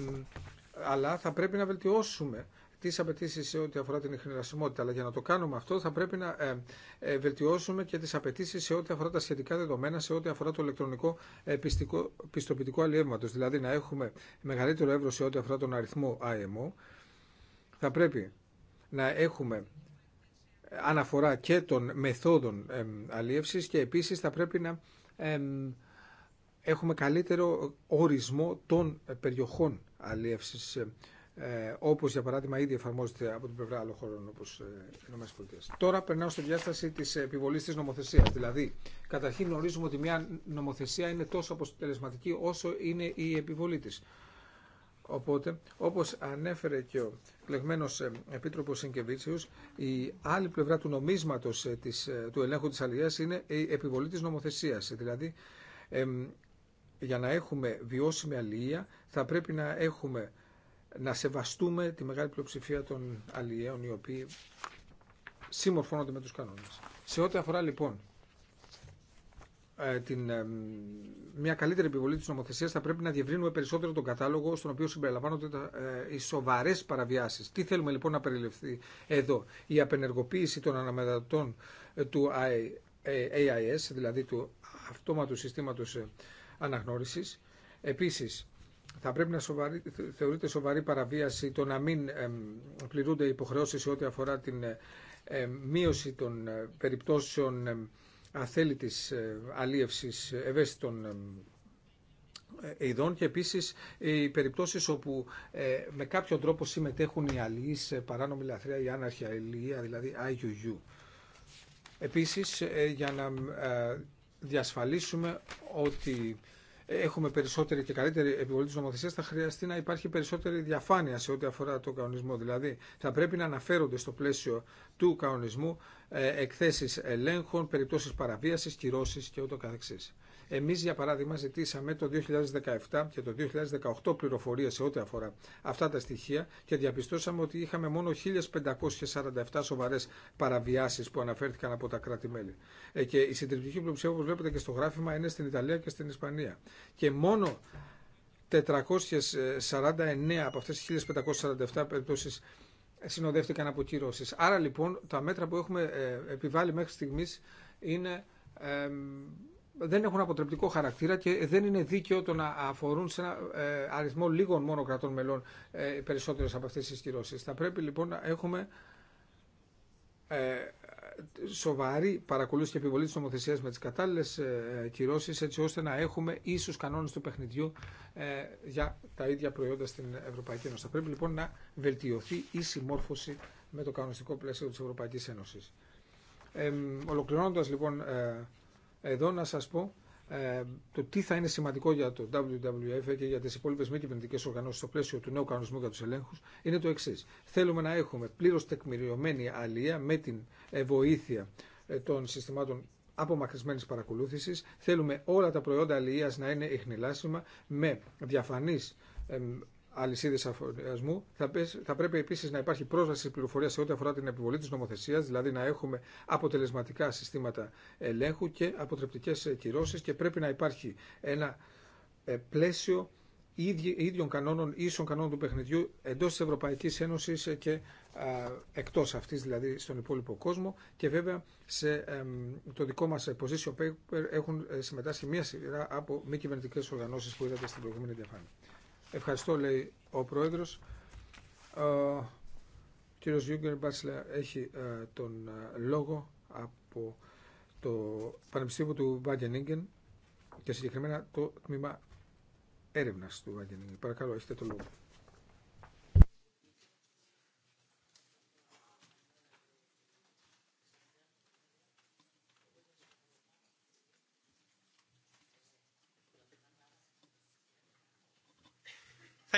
Αλλά θα πρέπει να βελτιώσουμε τις απαιτήσει σε ό,τι αφορά την εχνηρασιμότητα. Αλλά για να το κάνουμε αυτό, θα πρέπει να ε, ε, βελτιώσουμε και τι απαιτήσει σε ό,τι αφορά τα σχετικά δεδομένα, σε ό,τι αφορά το ηλεκτρονικό ε, πιστικό, πιστοποιητικό αλλιεύματο. Δηλαδή, να έχουμε μεγαλύτερο έυρος σε ό,τι αφορά τον αριθμό IMO. Θα πρέπει να έχουμε αναφορά και των μεθόδων αλλιέυσης και επίσης θα πρέπει να έχουμε καλύτερο ορισμό των περιοχών αλίευσης ε, όπως για παράδειγμα ήδη εφαρμόζεται από την πλευρά άλλων χωρών όπω ε, οι ΗΠΑ. Τώρα περνάω στη διάσταση τη επιβολή τη νομοθεσία. Δηλαδή, καταρχήν γνωρίζουμε ότι μια νομοθεσία είναι τόσο αποτελεσματική όσο είναι η επιβολή τη. Οπότε, όπω ανέφερε και ο πλεγμένος ε, Επίτροπος Σενκεβίτσιους, η άλλη πλευρά του νομίσματος ε, του ελέγχου τη αλληλεία είναι η επιβολή της νομοθεσίας. Δηλαδή, ε, για να έχουμε βιώσιμη αλληλεία θα πρέπει να έχουμε να σεβαστούμε τη μεγάλη πλειοψηφία των αλλιέων οι οποίοι συμμορφώνονται με τους κανόνες. Σε ό,τι αφορά λοιπόν ε, την, ε, μια καλύτερη επιβολή της νομοθεσίας θα πρέπει να διευρύνουμε περισσότερο τον κατάλογο στον οποίο συμπεριλαμβάνονται τα, ε, οι σοβαρές παραβιάσεις. Τι θέλουμε λοιπόν να περιληφθεί εδώ. Η απενεργοποίηση των αναμετατών του AIS, δηλαδή του αυτόματου συστήματος αναγνώρισης. Επίσης, θα πρέπει να θεωρείται σοβαρή παραβίαση το να μην πληρούνται οι υποχρεώσεις σε ό,τι αφορά την ε, μείωση των ε, περιπτώσεων αθέλητης ε, αλίευσης ευαίσθητων ειδών και επίσης οι περιπτώσεις όπου με κάποιο τρόπο συμμετέχουν οι αλληλείς παράνομη λαθρέα ή άναρχη αλληλεία, δηλαδή IUU. Επίσης, για να διασφαλίσουμε ότι έχουμε περισσότερη και καλύτερη επιβολή τη νομοθεσία, θα χρειαστεί να υπάρχει περισσότερη διαφάνεια σε ό,τι αφορά τον κανονισμό. Δηλαδή, θα πρέπει να αναφέρονται στο πλαίσιο του κανονισμού ε, εκθέσει ελέγχων, περιπτώσει παραβίαση, κυρώσει και ούτω καθεξής. Εμείς για παράδειγμα ζητήσαμε το 2017 και το 2018 πληροφορίες σε ό,τι αφορά αυτά τα στοιχεία και διαπιστώσαμε ότι είχαμε μόνο 1547 σοβαρέ παραβιάσεις που αναφέρθηκαν από τα κράτη-μέλη. Ε, και η συντριπτική πλειοψηφία όπως βλέπετε και στο γράφημα είναι στην Ιταλία και στην Ισπανία. Και μόνο 449 από αυτέ τις 1547 περιπτώσει συνοδεύτηκαν από κυρώσει. Άρα λοιπόν τα μέτρα που έχουμε ε, επιβάλει μέχρι στιγμής είναι ε, δεν έχουν αποτρεπτικό χαρακτήρα και δεν είναι δίκαιο το να αφορούν σε ένα ε, αριθμό λίγων μόνο κρατών μελών ε, περισσότερες από αυτές τις κυρώσεις. Θα πρέπει λοιπόν να έχουμε ε, σοβαρή παρακολούθηση και επιβολή τη νομοθεσία με τι κατάλληλε κυρώσει, έτσι ώστε να έχουμε ίσους κανόνες του παιχνιδιού για τα ίδια προϊόντα στην Ευρωπαϊκή Ένωση. Θα πρέπει λοιπόν να βελτιωθεί η συμμόρφωση με το κανονιστικό πλαίσιο τη Ευρωπαϊκή Ένωση. Ε, Ολοκληρώνοντα λοιπόν εδώ να σας πω ε, το τι θα είναι σημαντικό για το WWF και για τις υπόλοιπες μη κυβερνητικέ οργανώσεις στο πλαίσιο του νέου κανονισμού για τους ελέγχους είναι το εξής. Θέλουμε να έχουμε πλήρως τεκμηριωμένη αλία με την ε, βοήθεια ε, των συστημάτων απομακρυσμένης παρακολούθησης. Θέλουμε όλα τα προϊόντα αλληλείας να είναι ειχνηλάσιμα με διαφανείς αλυσίδε αφοριασμού. Θα, θα πρέπει επίση να υπάρχει πρόσβαση στην πληροφορία σε ό,τι αφορά την επιβολή τη νομοθεσία, δηλαδή να έχουμε αποτελεσματικά συστήματα ελέγχου και αποτρεπτικέ κυρώσει και πρέπει να υπάρχει ένα ε, πλαίσιο ίδιων κανόνων, ίσων κανόνων του παιχνιδιού εντό τη Ευρωπαϊκή Ένωση και εκτό αυτή, δηλαδή στον υπόλοιπο κόσμο. Και βέβαια σε το δικό μα position paper έχουν ε, συμμετάσχει μία σειρά από μη κυβερνητικέ οργανώσει που είδατε στην προηγούμενη διαφάνεια. Ευχαριστώ, λέει ο Πρόεδρος. Ε, ο κύριο Γιούγκερ Μπάτσλερ έχει ε, τον ε, λόγο από το Πανεπιστήμιο του Βάγκενίγκεν και συγκεκριμένα το τμήμα έρευνας του Βάγκενίγκεν. Παρακαλώ, έχετε τον λόγο.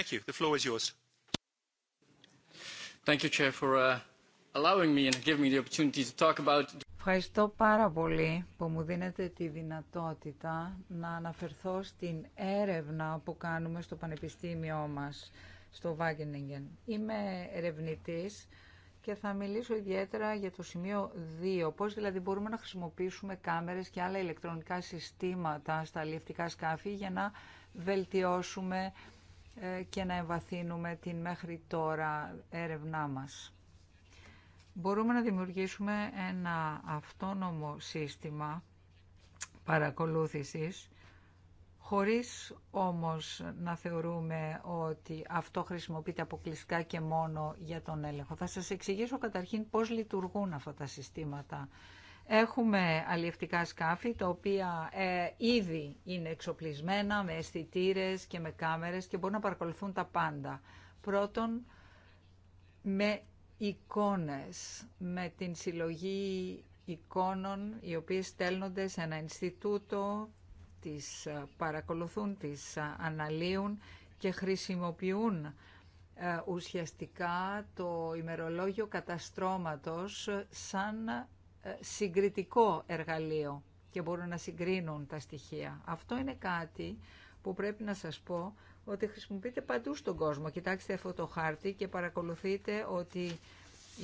Thank you. Ευχαριστώ πάρα πολύ που μου δίνετε τη δυνατότητα να αναφερθώ στην έρευνα που κάνουμε στο πανεπιστήμιό μας, στο Wageningen. Είμαι ερευνητής και θα μιλήσω ιδιαίτερα για το σημείο 2, πώς δηλαδή μπορούμε να χρησιμοποιήσουμε κάμερες και άλλα ηλεκτρονικά συστήματα στα αλληλευτικά σκάφη για να βελτιώσουμε ε, και να εμβαθύνουμε την μέχρι τώρα έρευνά μας. Μπορούμε να δημιουργήσουμε ένα αυτόνομο σύστημα παρακολούθησης χωρίς όμως να θεωρούμε ότι αυτό χρησιμοποιείται αποκλειστικά και μόνο για τον έλεγχο. Θα σας εξηγήσω καταρχήν πώς λειτουργούν αυτά τα συστήματα Έχουμε αλλιευτικά σκάφη τα οποία ε, ήδη είναι εξοπλισμένα με αισθητήρε και με κάμερες και μπορούν να παρακολουθούν τα πάντα. Πρώτον, με εικόνες, με την συλλογή εικόνων οι οποίες στέλνονται σε ένα Ινστιτούτο, τις ε, παρακολουθούν, τις ε, αναλύουν και χρησιμοποιούν ε, ουσιαστικά το ημερολόγιο καταστρώματος σαν ε, συγκριτικό εργαλείο και μπορούν να συγκρίνουν τα στοιχεία. Αυτό είναι κάτι που πρέπει να σας πω ότι χρησιμοποιείται παντού στον κόσμο. Κοιτάξτε αυτό το χάρτη και παρακολουθείτε ότι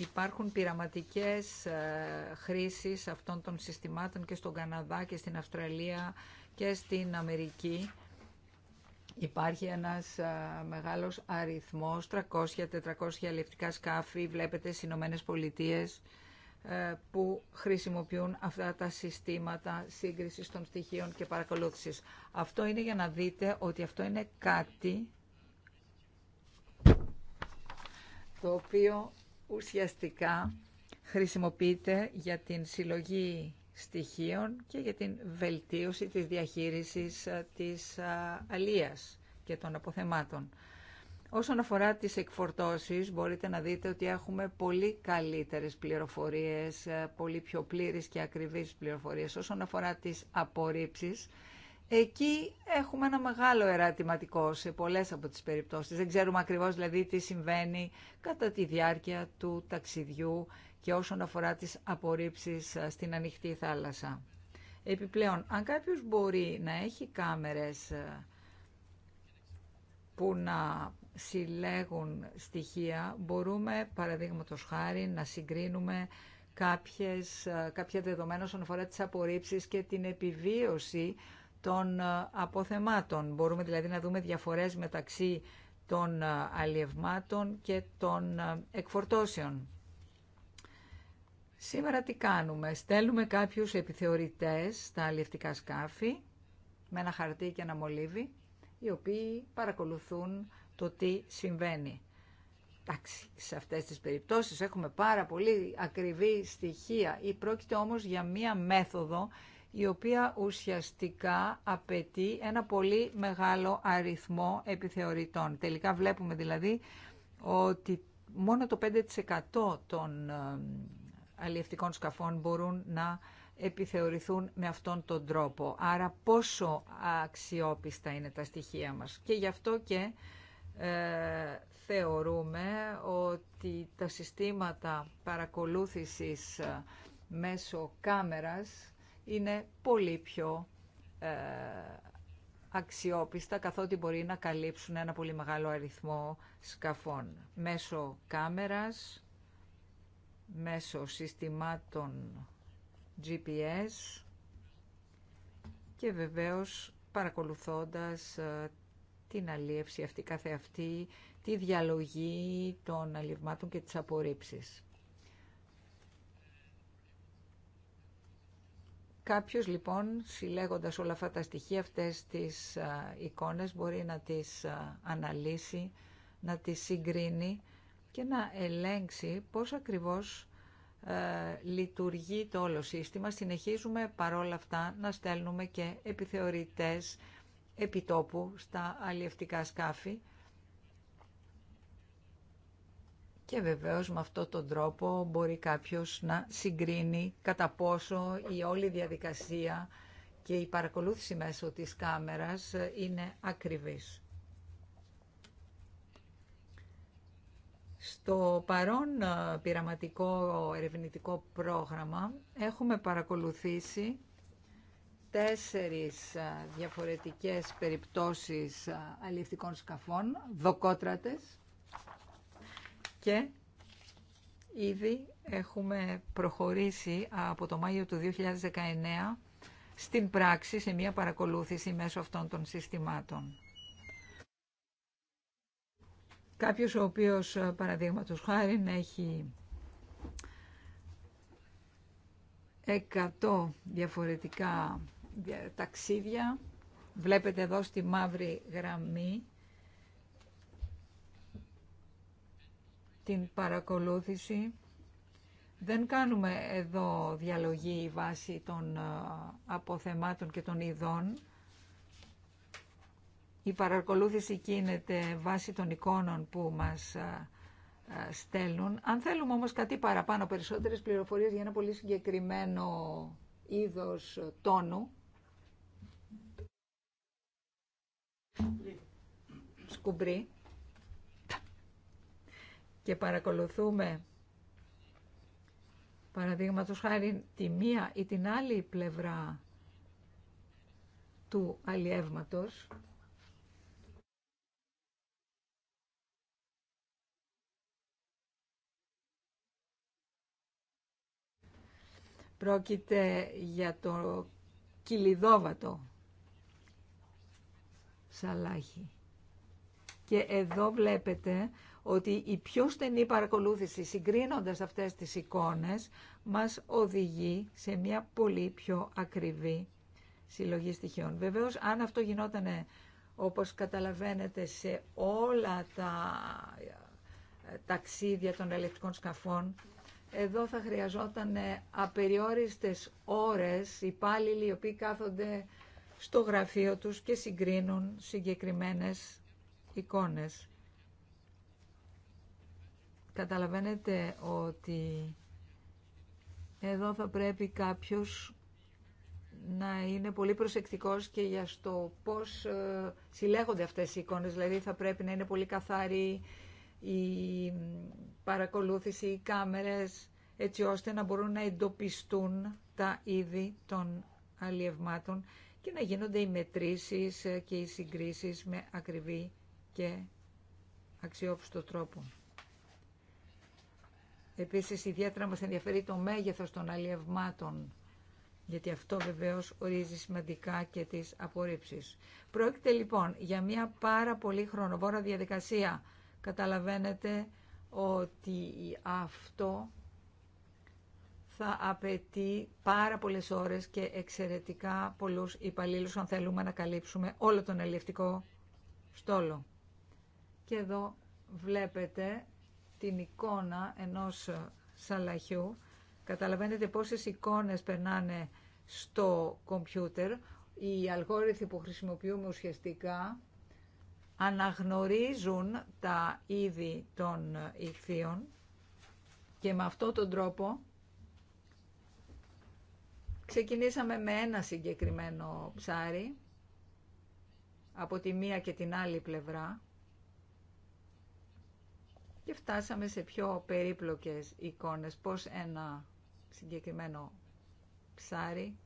υπάρχουν πειραματικές ε, χρήσεις αυτών των συστημάτων και στον Καναδά και στην Αυστραλία και στην Αμερική. Υπάρχει ένας ε, μεγάλος αριθμός, 300-400 αλληλευτικά σκάφη, βλέπετε, στις Ηνωμένες Πολιτείες. Ε, που χρησιμοποιούν αυτά τα συστήματα σύγκρισης των στοιχείων και παρακολούθησης. Αυτό είναι για να δείτε ότι αυτό είναι κάτι το οποίο ουσιαστικά χρησιμοποιείται για την συλλογή στοιχείων και για την βελτίωση της διαχείρισης ε, της ε, αλίας και των αποθεμάτων. Όσον αφορά τις εκφορτώσεις, μπορείτε να δείτε ότι έχουμε πολύ καλύτερες πληροφορίες, ε, πολύ πιο πλήρες και ακριβείς πληροφορίες. Όσον αφορά τις απορρίψεις, εκεί έχουμε ένα μεγάλο εράτηματικό σε πολλές από τις περιπτώσεις. Δεν ξέρουμε ακριβώς δηλαδή τι συμβαίνει κατά τη διάρκεια του ταξιδιού και όσον αφορά τις απορρίψεις ε, στην ανοιχτή θάλασσα. Επιπλέον, αν κάποιος μπορεί να έχει κάμερες ε, που να συλλέγουν στοιχεία μπορούμε παραδείγματος χάρη να συγκρίνουμε κάποιες, κάποια δεδομένα όσον αφορά τις απορρίψεις και την επιβίωση των ε, αποθεμάτων. Μπορούμε δηλαδή να δούμε διαφορές μεταξύ των ε, αλλιευμάτων και των ε, εκφορτώσεων. Σήμερα τι κάνουμε. Στέλνουμε κάποιους επιθεωρητές στα αλλιευτικά σκάφη με ένα χαρτί και ένα μολύβι, οι οποίοι παρακολουθούν το τι συμβαίνει. σε αυτές τις περιπτώσεις έχουμε πάρα πολύ ακριβή στοιχεία ή πρόκειται όμως για μία μέθοδο η οποία ουσιαστικά απαιτεί ένα πολύ μεγάλο αριθμό επιθεωρητών. Τελικά βλέπουμε δηλαδή ότι μόνο το 5% των ε, αλλιευτικών σκαφών μπορούν να επιθεωρηθούν με αυτόν τον τρόπο. Άρα πόσο αξιόπιστα είναι τα στοιχεία μας. Και γι' αυτό και ε, θεωρούμε ότι τα συστήματα παρακολούθησης ε, μέσω κάμερας είναι πολύ πιο ε, αξιόπιστα καθότι μπορεί να καλύψουν ένα πολύ μεγάλο αριθμό σκαφών. Μέσω κάμερας, μέσω συστημάτων GPS και βεβαίως παρακολουθώντας ε, την αλίευση αυτή καθεαυτή, τη διαλογή των αλιευμάτων και τις απορρίψεις. Κάποιος λοιπόν συλλέγοντας όλα αυτά τα στοιχεία, αυτές τις εικόνες μπορεί να τις αναλύσει, να τις συγκρίνει και να ελέγξει πώς ακριβώς λειτουργεί το όλο σύστημα. Συνεχίζουμε παρόλα αυτά να στέλνουμε και επιθεωρητές επιτόπου στα αλλιευτικά σκάφη. Και βεβαίως με αυτόν τον τρόπο μπορεί κάποιος να συγκρίνει κατά πόσο η όλη διαδικασία και η παρακολούθηση μέσω της κάμερας είναι ακριβής. Στο παρόν ε, πειραματικό ερευνητικό πρόγραμμα έχουμε παρακολουθήσει τέσσερις διαφορετικές περιπτώσεις αλληλευτικών σκαφών, δοκότρατες και ήδη έχουμε προχωρήσει από το Μάιο του 2019 στην πράξη σε μια παρακολούθηση μέσω αυτών των συστημάτων. Κάποιος ο οποίος παραδείγματος χάρη έχει 100 διαφορετικά ταξίδια. Βλέπετε εδώ στη μαύρη γραμμή την παρακολούθηση. Δεν κάνουμε εδώ διαλογή βάση των ε, αποθεμάτων και των ειδών. Η παρακολούθηση γίνεται βάσει των εικόνων που μας ε, ε, στέλνουν. Αν θέλουμε όμως κάτι παραπάνω, περισσότερες πληροφορίες για ένα πολύ συγκεκριμένο είδος τόνου, σκουμπρί και παρακολουθούμε παραδείγματο χάρη τη μία ή την άλλη πλευρά του αλλιεύματος Πρόκειται για το κυλιδόβατο Σαλάχη. Και εδώ βλέπετε ότι η πιο στενή παρακολούθηση συγκρίνοντας αυτές τις εικόνες μας οδηγεί σε μια πολύ πιο ακριβή συλλογή στοιχείων. Βεβαίως αν αυτό γινόταν όπως καταλαβαίνετε σε όλα τα ε, ταξίδια των ελεκτικών σκαφών εδώ θα χρειαζόταν απεριόριστες ώρες υπάλληλοι οι οποίοι κάθονται στο γραφείο τους και συγκρίνουν συγκεκριμένες εικόνες. Καταλαβαίνετε ότι εδώ θα πρέπει κάποιος να είναι πολύ προσεκτικός και για στο πώς ε, συλλέγονται αυτές οι εικόνες. Δηλαδή θα πρέπει να είναι πολύ καθαρή η παρακολούθηση, οι κάμερες, έτσι ώστε να μπορούν να εντοπιστούν τα είδη των αλλιευμάτων και να γίνονται οι μετρήσεις και οι συγκρίσεις με ακριβή και αξιόπιστο τρόπο. Επίσης, ιδιαίτερα μας ενδιαφέρει το μέγεθος των αλλιευμάτων, γιατί αυτό βεβαίως ορίζει σημαντικά και τις απορρίψεις. Πρόκειται λοιπόν για μια πάρα πολύ χρονοβόρα διαδικασία. Καταλαβαίνετε ότι αυτό θα απαιτεί πάρα πολλές ώρες και εξαιρετικά πολλούς υπαλλήλους αν θέλουμε να καλύψουμε όλο τον ελληνικό στόλο. Και εδώ βλέπετε την εικόνα ενός σαλαχιού. Καταλαβαίνετε πόσες εικόνες περνάνε στο κομπιούτερ. Οι αλγόριθμοι που χρησιμοποιούμε ουσιαστικά αναγνωρίζουν τα είδη των ηχθείων και με αυτόν τον τρόπο Ξεκινήσαμε με ένα συγκεκριμένο ψάρι από τη μία και την άλλη πλευρά και φτάσαμε σε πιο περίπλοκες εικόνες πως ένα συγκεκριμένο ψάρι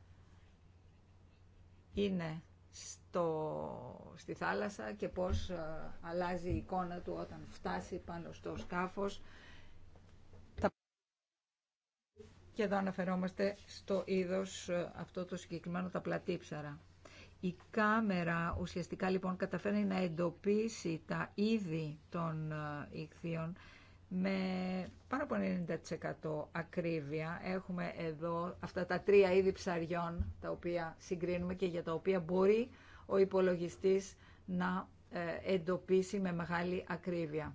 είναι στο, στη θάλασσα και πως ε, αλλάζει η εικόνα του όταν φτάσει πάνω στο σκάφος Και εδώ αναφερόμαστε στο είδος ε, αυτό το συγκεκριμένο τα πλατύψαρα. Η κάμερα ουσιαστικά λοιπόν καταφέρνει να εντοπίσει τα είδη των ε, ηχθείων με πάνω από 90% ακρίβεια. Έχουμε εδώ αυτά τα τρία είδη ψαριών τα οποία συγκρίνουμε και για τα οποία μπορεί ο υπολογιστής να ε, εντοπίσει με μεγάλη ακρίβεια.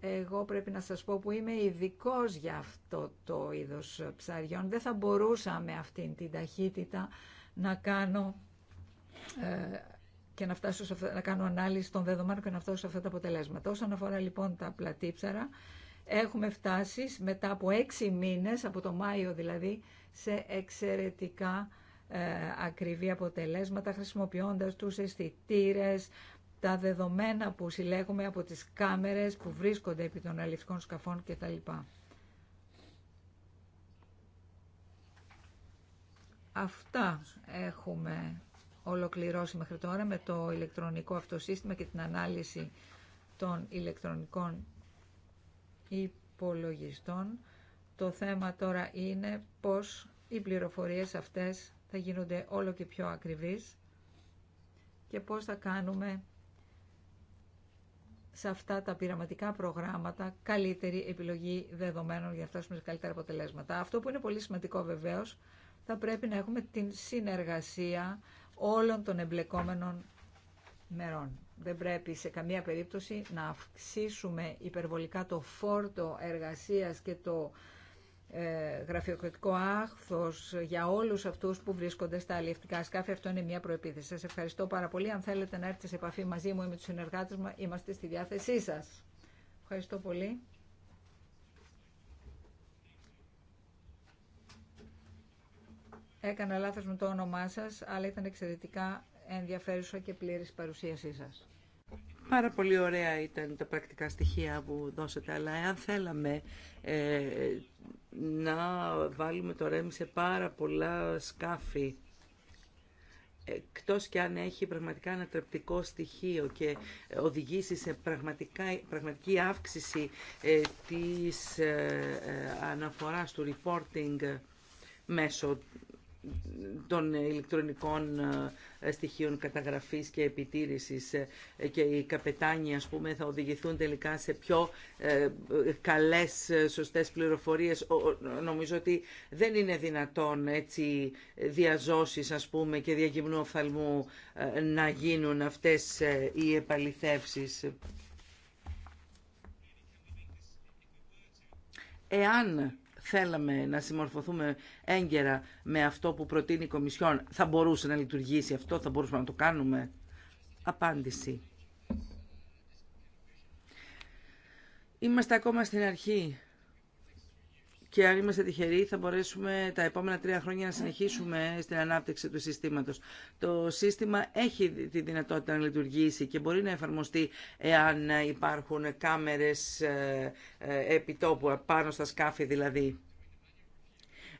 Εγώ πρέπει να σας πω που είμαι ειδικό για αυτό το είδος ψαριών. Δεν θα μπορούσα με αυτήν την ταχύτητα να κάνω ε, και να, φτάσω να κάνω ανάλυση των δεδομένων και να φτάσω σε αυτά τα αποτελέσματα. Όσον αφορά λοιπόν τα πλατήψαρα, έχουμε φτάσει μετά από έξι μήνες, από το Μάιο δηλαδή, σε εξαιρετικά ε, ακριβή αποτελέσματα, χρησιμοποιώντας τους αισθητήρε, τα δεδομένα που συλλέγουμε από τις κάμερες που βρίσκονται επί των αληθικών σκαφών κτλ. Αυτά έχουμε ολοκληρώσει μέχρι τώρα με το ηλεκτρονικό αυτοσύστημα και την ανάλυση των ηλεκτρονικών υπολογιστών. Το θέμα τώρα είναι πώς οι πληροφορίες αυτές θα γίνονται όλο και πιο ακριβείς και πώς θα κάνουμε σε αυτά τα πειραματικά προγράμματα καλύτερη επιλογή δεδομένων για να φτάσουμε σε καλύτερα αποτελέσματα. Αυτό που είναι πολύ σημαντικό βεβαίω, θα πρέπει να έχουμε την συνεργασία όλων των εμπλεκόμενων μερών. Δεν πρέπει σε καμία περίπτωση να αυξήσουμε υπερβολικά το φόρτο εργασίας και το ε, γραφειοκρατικό άχθος για όλους αυτούς που βρίσκονται στα αλληλευτικά σκάφη. Αυτό είναι μια προεπίθεση. Σας ευχαριστώ πάρα πολύ. Αν θέλετε να έρθετε σε επαφή μαζί μου ή με τους συνεργάτες μου, είμαστε στη διάθεσή σας. Ευχαριστώ πολύ. Έκανα λάθος με το όνομά σας, αλλά ήταν εξαιρετικά ενδιαφέρουσα και πλήρης παρουσίασή σας. Πάρα πολύ ωραία ήταν τα πρακτικά στοιχεία που δώσατε, αλλά εάν θέλαμε ε, να βάλουμε το ρέμι σε πάρα πολλά σκάφη, εκτός και αν έχει πραγματικά ανατρεπτικό στοιχείο και οδηγήσει σε πραγματική αύξηση ε, της ε, ε, αναφοράς του reporting μέσω των ηλεκτρονικών ε, στοιχείων καταγραφής και επιτήρησης ε, και οι καπετάνοι ας πούμε θα οδηγηθούν τελικά σε πιο ε, καλές σωστές πληροφορίες νομίζω ότι δεν είναι δυνατόν έτσι διαζώσεις ας πούμε και διαγυμνού οφθαλμού να γίνουν αυτές οι επαληθεύσεις εάν θέλαμε να συμμορφωθούμε έγκαιρα με αυτό που προτείνει η Κομισιόν, θα μπορούσε να λειτουργήσει αυτό, θα μπορούσαμε να το κάνουμε. Απάντηση. Είμαστε ακόμα στην αρχή και αν είμαστε τυχεροί θα μπορέσουμε τα επόμενα τρία χρόνια να συνεχίσουμε στην ανάπτυξη του συστήματος. Το σύστημα έχει τη δυνατότητα να λειτουργήσει και μπορεί να εφαρμοστεί εάν υπάρχουν κάμερες ε, επιτόπου, πάνω στα σκάφη δηλαδή.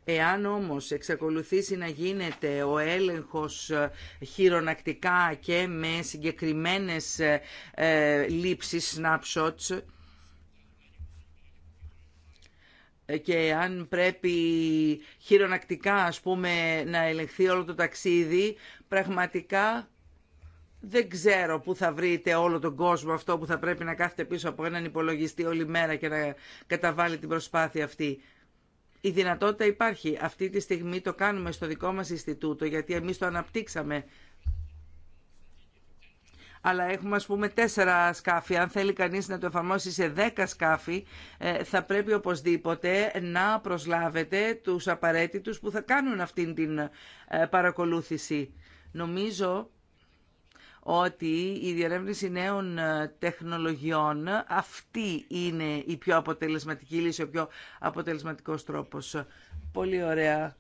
Εάν όμως εξακολουθήσει να γίνεται ο έλεγχος χειρονακτικά και με συγκεκριμένες ε, λήψεις snapshots, και αν πρέπει χειρονακτικά ας πούμε να ελεγχθεί όλο το ταξίδι, πραγματικά δεν ξέρω πού θα βρείτε όλο τον κόσμο αυτό που θα πρέπει να κάθεται πίσω από έναν υπολογιστή όλη μέρα και να καταβάλει την προσπάθεια αυτή. Η δυνατότητα υπάρχει. Αυτή τη στιγμή το κάνουμε στο δικό μας Ινστιτούτο, γιατί εμείς το αναπτύξαμε αλλά έχουμε ας πούμε τέσσερα σκάφη. Αν θέλει κανείς να το εφαρμόσει σε δέκα σκάφη, ε, θα πρέπει οπωσδήποτε να προσλάβετε τους απαραίτητους που θα κάνουν αυτήν την ε, παρακολούθηση. Νομίζω ότι η διερεύνηση νέων ε, τεχνολογιών αυτή είναι η πιο αποτελεσματική λύση, ο πιο αποτελεσματικός τρόπος. Πολύ ωραία.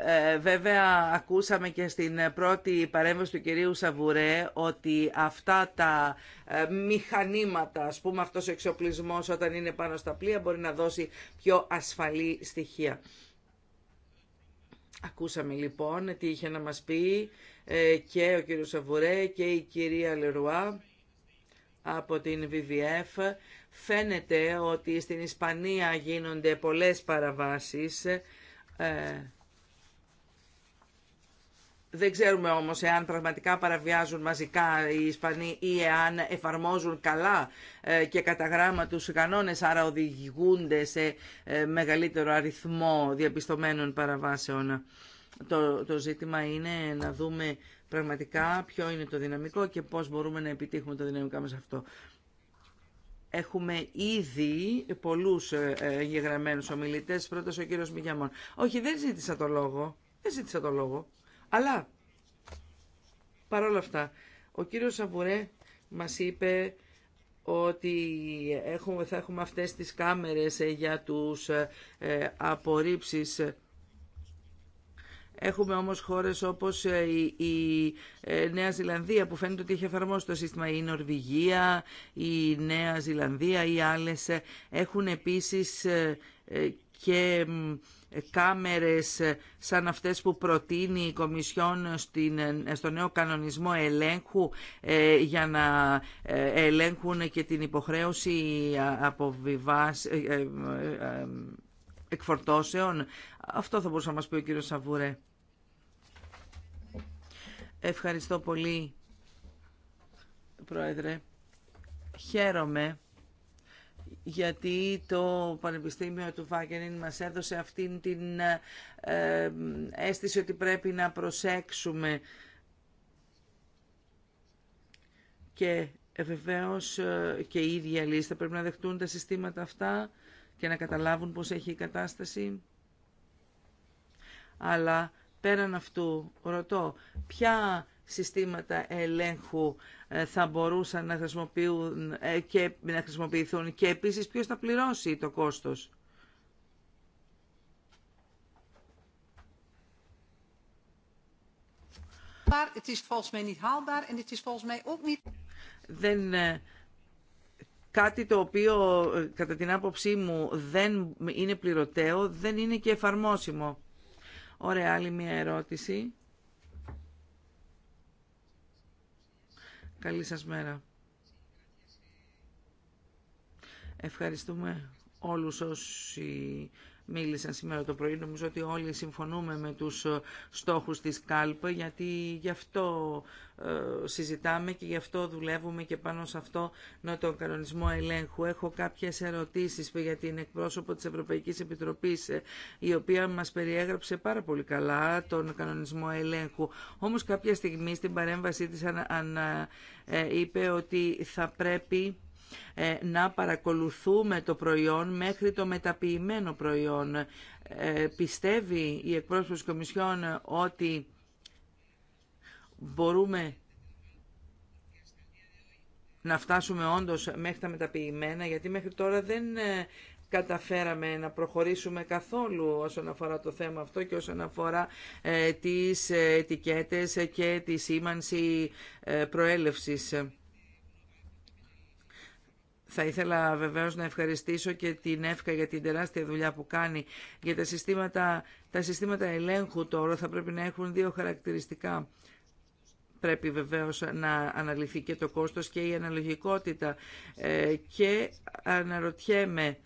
Ε, βέβαια ακούσαμε και στην πρώτη παρέμβαση του κυρίου Σαβουρέ ότι αυτά τα ε, μηχανήματα, ας πούμε αυτός ο εξοπλισμός όταν είναι πάνω στα πλοία μπορεί να δώσει πιο ασφαλή στοιχεία. Ακούσαμε λοιπόν τι είχε να μας πει ε, και ο κύριος Σαβουρέ και η κυρία Λερουά από την VVF. Φαίνεται ότι στην Ισπανία γίνονται πολλές παραβάσεις. Ε, δεν ξέρουμε όμως εάν πραγματικά παραβιάζουν μαζικά οι Ισπανοί ή εάν εφαρμόζουν καλά ε, και κατά γράμμα τους κανόνες, άρα οδηγούνται σε ε, μεγαλύτερο αριθμό διαπιστωμένων παραβάσεων. Το, το ζήτημα είναι να δούμε πραγματικά ποιο είναι το δυναμικό και πώς μπορούμε να επιτύχουμε το δυναμικό μας αυτό. Έχουμε ήδη πολλούς ε, εγγεγραμμένους ομιλητές. Πρώτος ο κύριος Μηγιαμών. Όχι, δεν ζήτησα το λόγο. Δεν ζήτησα το λόγο. Αλλά, παρόλα αυτά, ο κύριος Σαβουρέ μας είπε ότι έχουμε, θα έχουμε αυτές τις κάμερες ε, για τους ε, ε Έχουμε όμως χώρες όπως ε, η, Νέα Ζηλανδία που φαίνεται ότι έχει εφαρμόσει το σύστημα, η Νορβηγία, η Νέα Ζηλανδία ή άλλες έχουν επίσης και κάμερες σαν αυτές που προτείνει η Κομισιόν στο νέο κανονισμό ελέγχου ε, για να ε, ελέγχουν και την υποχρέωση αποβιβάς, ε, εκφορτώσεων. Αυτό θα μπορούσε να μας πει ο κύριος Σαβούρε. Ευχαριστώ πολύ, Πρόεδρε. Χαίρομαι γιατί το Πανεπιστήμιο του Βάγκενιν μας έδωσε αυτήν την ε, αίσθηση ότι πρέπει να προσέξουμε και ε, βεβαίως ε, και οι ίδιοι θα πρέπει να δεχτούν τα συστήματα αυτά και να καταλάβουν πώς έχει η κατάσταση. Αλλά πέραν αυτού ρωτώ, ποια συστήματα ελέγχου ε, θα μπορούσαν να, χρησιμοποιούν, ε, και, να χρησιμοποιηθούν και επίσης ποιος θα πληρώσει το κόστος. Δεν κάτι το οποίο ε, κατά την άποψή μου δεν είναι πληρωτέο, δεν είναι και εφαρμόσιμο. Ωραία, άλλη μια ερώτηση. Καλή σας μέρα. Ευχαριστούμε όλους όσοι μίλησαν σήμερα το πρωί. Νομίζω ότι όλοι συμφωνούμε με τους ε, στόχους της ΚΑΛΠ γιατί γι' αυτό ε, συζητάμε και γι' αυτό δουλεύουμε και πάνω σε αυτό με τον κανονισμό ελέγχου. Έχω κάποιες ερωτήσεις για την εκπρόσωπο της Ευρωπαϊκής Επιτροπής ε, η οποία μας περιέγραψε πάρα πολύ καλά τον κανονισμό ελέγχου. Όμως κάποια στιγμή στην παρέμβασή της ανα, είπε ότι θα πρέπει ε, να παρακολουθούμε το προϊόν μέχρι το μεταποιημένο προϊόν. Ε, πιστεύει η εκπρόσωπος Κομισιόν ότι μπορούμε να φτάσουμε όντως μέχρι τα μεταποιημένα, γιατί μέχρι τώρα δεν ε, καταφέραμε να προχωρήσουμε καθόλου όσον αφορά το θέμα αυτό και όσον αφορά τις ετικέτες και τη σήμανση προέλευσης. Θα ήθελα βεβαίως να ευχαριστήσω και την ΕΦΚΑ για την τεράστια δουλειά που κάνει για τα συστήματα, τα συστήματα ελέγχου τώρα θα πρέπει να έχουν δύο χαρακτηριστικά. Πρέπει βεβαίως να αναλυθεί και το κόστος και η αναλογικότητα ε, και αναρωτιέμαι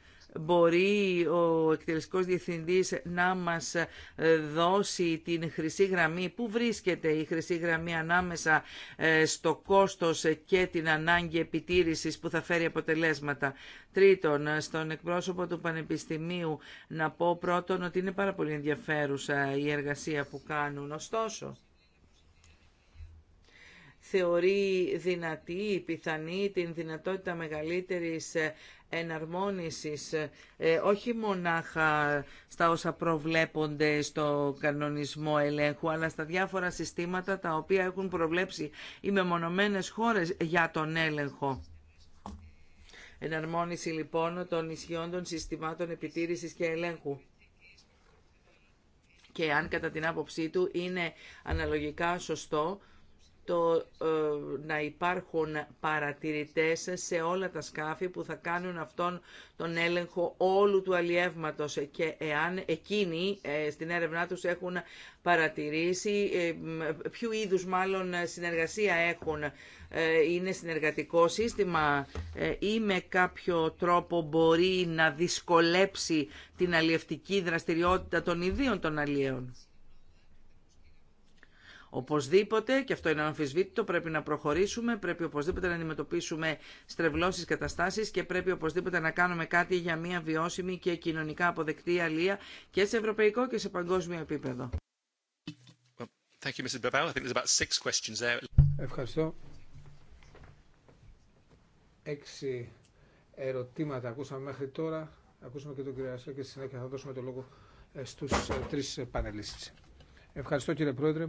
μπορεί ο εκτελεστικός διευθυντής να μας δώσει την χρυσή γραμμή, πού βρίσκεται η χρυσή γραμμή ανάμεσα ε, στο κόστος και την ανάγκη επιτήρησης που θα φέρει αποτελέσματα. Τρίτον, στον εκπρόσωπο του Πανεπιστημίου να πω πρώτον ότι είναι πάρα πολύ ενδιαφέρουσα η εργασία που κάνουν. Ωστόσο, θεωρεί δυνατή, πιθανή την δυνατότητα μεγαλύτερης ε, εναρμόνισης ε, όχι μονάχα στα όσα προβλέπονται στο κανονισμό ελέγχου αλλά στα διάφορα συστήματα τα οποία έχουν προβλέψει οι μεμονωμένες χώρες για τον έλεγχο. Εναρμόνιση λοιπόν των ισχυών των συστημάτων επιτήρησης και ελέγχου και αν κατά την άποψή του είναι αναλογικά σωστό το ε, να υπάρχουν παρατηρητές σε όλα τα σκάφη που θα κάνουν αυτόν τον έλεγχο όλου του αλλιεύματος και εάν εκείνοι ε, στην έρευνά τους έχουν παρατηρήσει ε, ποιου είδους μάλλον συνεργασία έχουν ε, είναι συνεργατικό σύστημα ή με κάποιο τρόπο μπορεί να δυσκολέψει την αλλιευτική δραστηριότητα των ιδίων των αλλιέων. Οπωσδήποτε, και αυτό είναι αμφισβήτητο, πρέπει να προχωρήσουμε, πρέπει οπωσδήποτε να αντιμετωπίσουμε στρεβλώσεις καταστάσεις και πρέπει οπωσδήποτε να κάνουμε κάτι για μια βιώσιμη και κοινωνικά αποδεκτή αλία και σε ευρωπαϊκό και σε παγκόσμιο επίπεδο. Ευχαριστώ. Έξι ερωτήματα ακούσαμε μέχρι τώρα. Ακούσαμε και τον κύριο Άσο και στη συνέχεια θα δώσουμε το λόγο ε, στους ε, τρεις ε, πανελίσεις. Ευχαριστώ κύριε Πρόεδρε.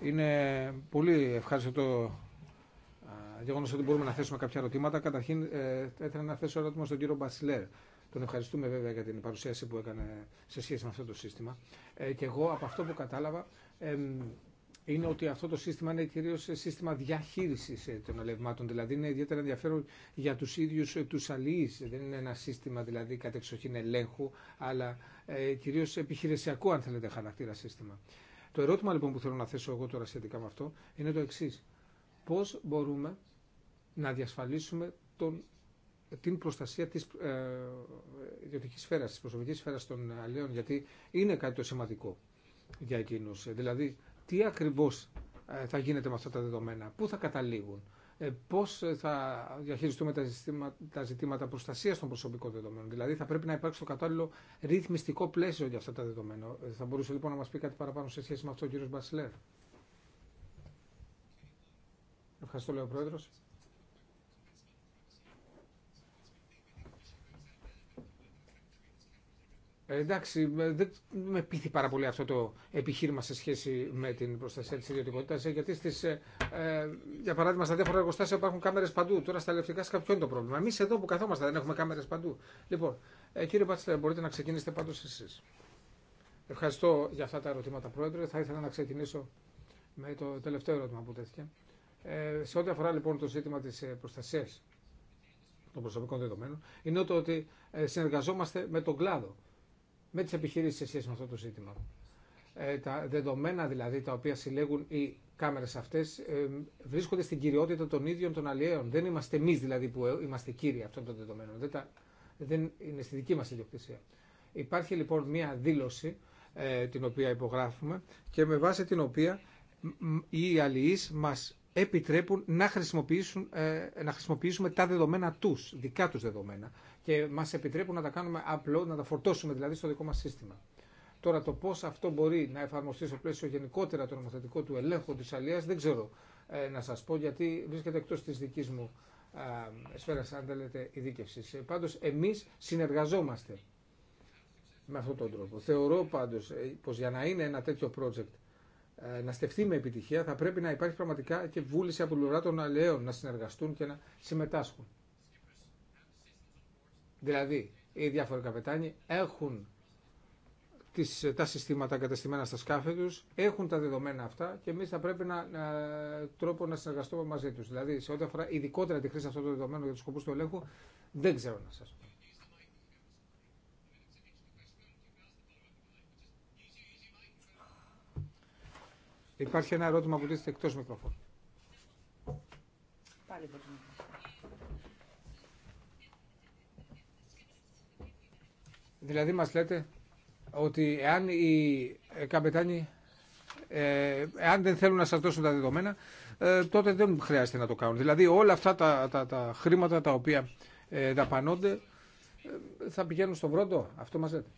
Είναι πολύ ευχάριστο γεγονό ότι μπορούμε να θέσουμε κάποια ερωτήματα. Καταρχήν, θα ε, ήθελα να θέσω ερώτημα στον κύριο Μπασιλέρ. Τον ευχαριστούμε βέβαια για την παρουσίαση που έκανε σε σχέση με αυτό το σύστημα. Ε, και εγώ από αυτό που κατάλαβα ε, είναι ότι αυτό το σύστημα είναι κυρίω σύστημα διαχείριση ε, των αλευμάτων. Δηλαδή είναι ιδιαίτερα ενδιαφέρον για του ίδιου ε, του αλληλεί. Δεν είναι ένα σύστημα δηλαδή κατεξοχήν ελέγχου, αλλά ε, κυρίω επιχειρησιακό, αν θέλετε, χαρακτήρα σύστημα. Το ερώτημα λοιπόν που θέλω να θέσω εγώ τώρα σχετικά με αυτό είναι το εξή. Πώ μπορούμε να διασφαλίσουμε τον, την προστασία τη ε, ιδιωτική σφαίρα, τη προσωπική σφαίρα των αλλαίων, γιατί είναι κάτι το σημαντικό για εκείνου. Δηλαδή, τι ακριβώ ε, θα γίνεται με αυτά τα δεδομένα, πού θα καταλήγουν, ε, πώς ε, θα διαχειριστούμε τα, ζητήματα, τα προστασίας των προσωπικών δεδομένων. Δηλαδή θα πρέπει να υπάρξει το κατάλληλο ρυθμιστικό πλαίσιο για αυτά τα δεδομένα. Ε, θα μπορούσε λοιπόν να μας πει κάτι παραπάνω σε σχέση με αυτό ο κύριο Μπασιλέρ. Ευχαριστώ, λέει ο Πρόεδρος. Ε, εντάξει, δεν με πείθει πάρα πολύ αυτό το επιχείρημα σε σχέση με την προστασία τη ιδιωτικότητα, ε, γιατί στις, ε, για παράδειγμα στα διάφορα εργοστάσια υπάρχουν κάμερε παντού. Τώρα στα ελευθερικά ποιο είναι το πρόβλημα. Εμεί εδώ που καθόμαστε δεν έχουμε κάμερε παντού. Λοιπόν, ε, κύριε Πατσέ, μπορείτε να ξεκινήσετε πάντω εσεί. Ευχαριστώ για αυτά τα ερωτήματα, Πρόεδρε. Θα ήθελα να ξεκινήσω με το τελευταίο ερώτημα που τέθηκε. Ε, σε ό,τι αφορά λοιπόν το ζήτημα τη προστασία των προσωπικών δεδομένων, είναι το ότι συνεργαζόμαστε με τον κλάδο με τις επιχειρήσεις σε σχέση με αυτό το ζήτημα. Ε, τα δεδομένα δηλαδή τα οποία συλλέγουν οι κάμερες αυτές ε, βρίσκονται στην κυριότητα των ίδιων των αλλιέων. Δεν είμαστε εμείς δηλαδή που ε, είμαστε κύριοι αυτών των δεδομένων. Δεν, είναι στη δική μας ιδιοκτησία. Υπάρχει λοιπόν μία δήλωση ε, την οποία υπογράφουμε και με βάση την οποία οι αλλιείς μας επιτρέπουν να, χρησιμοποιήσουν, ε, να χρησιμοποιήσουμε τα δεδομένα τους, δικά τους δεδομένα και μα επιτρέπουν να τα κάνουμε απλό, να τα φορτώσουμε δηλαδή στο δικό μα σύστημα. Τώρα το πώ αυτό μπορεί να εφαρμοστεί στο πλαίσιο γενικότερα το νομοθετικό του ελέγχου τη αλίας δεν ξέρω ε, να σα πω γιατί βρίσκεται εκτό τη δική μου ε, σφαίρα, αν θέλετε ειδίκευση. Ε, πάντως εμείς συνεργαζόμαστε με αυτόν τον τρόπο. Θεωρώ πάντω ε, πω για να είναι ένα τέτοιο project ε, να στεφθεί με επιτυχία θα πρέπει να υπάρχει πραγματικά και βούληση από την των αλλαίων να συνεργαστούν και να συμμετάσχουν. Δηλαδή, οι διάφοροι καπετάνοι έχουν τις, τα συστήματα καταστημένα στα σκάφη τους, έχουν τα δεδομένα αυτά και εμεί θα πρέπει να, να τρόπο να συνεργαστούμε μαζί τους. Δηλαδή, σε ό,τι αφορά ειδικότερα τη χρήση αυτών των δεδομένων για τους σκοπού του ελέγχου, δεν ξέρω να σα. πω. Υπάρχει ένα ερώτημα που δείχνει εκτός μικρόφωνου. Πάλι Δηλαδή μας λέτε ότι εάν οι ε, καπετάνοι ε, εάν δεν θέλουν να σας δώσουν τα δεδομένα ε, τότε δεν χρειάζεται να το κάνουν. Δηλαδή όλα αυτά τα, τα, τα χρήματα τα οποία δαπανώνται θα πηγαίνουν στον πρώτο. Αυτό μας λέτε.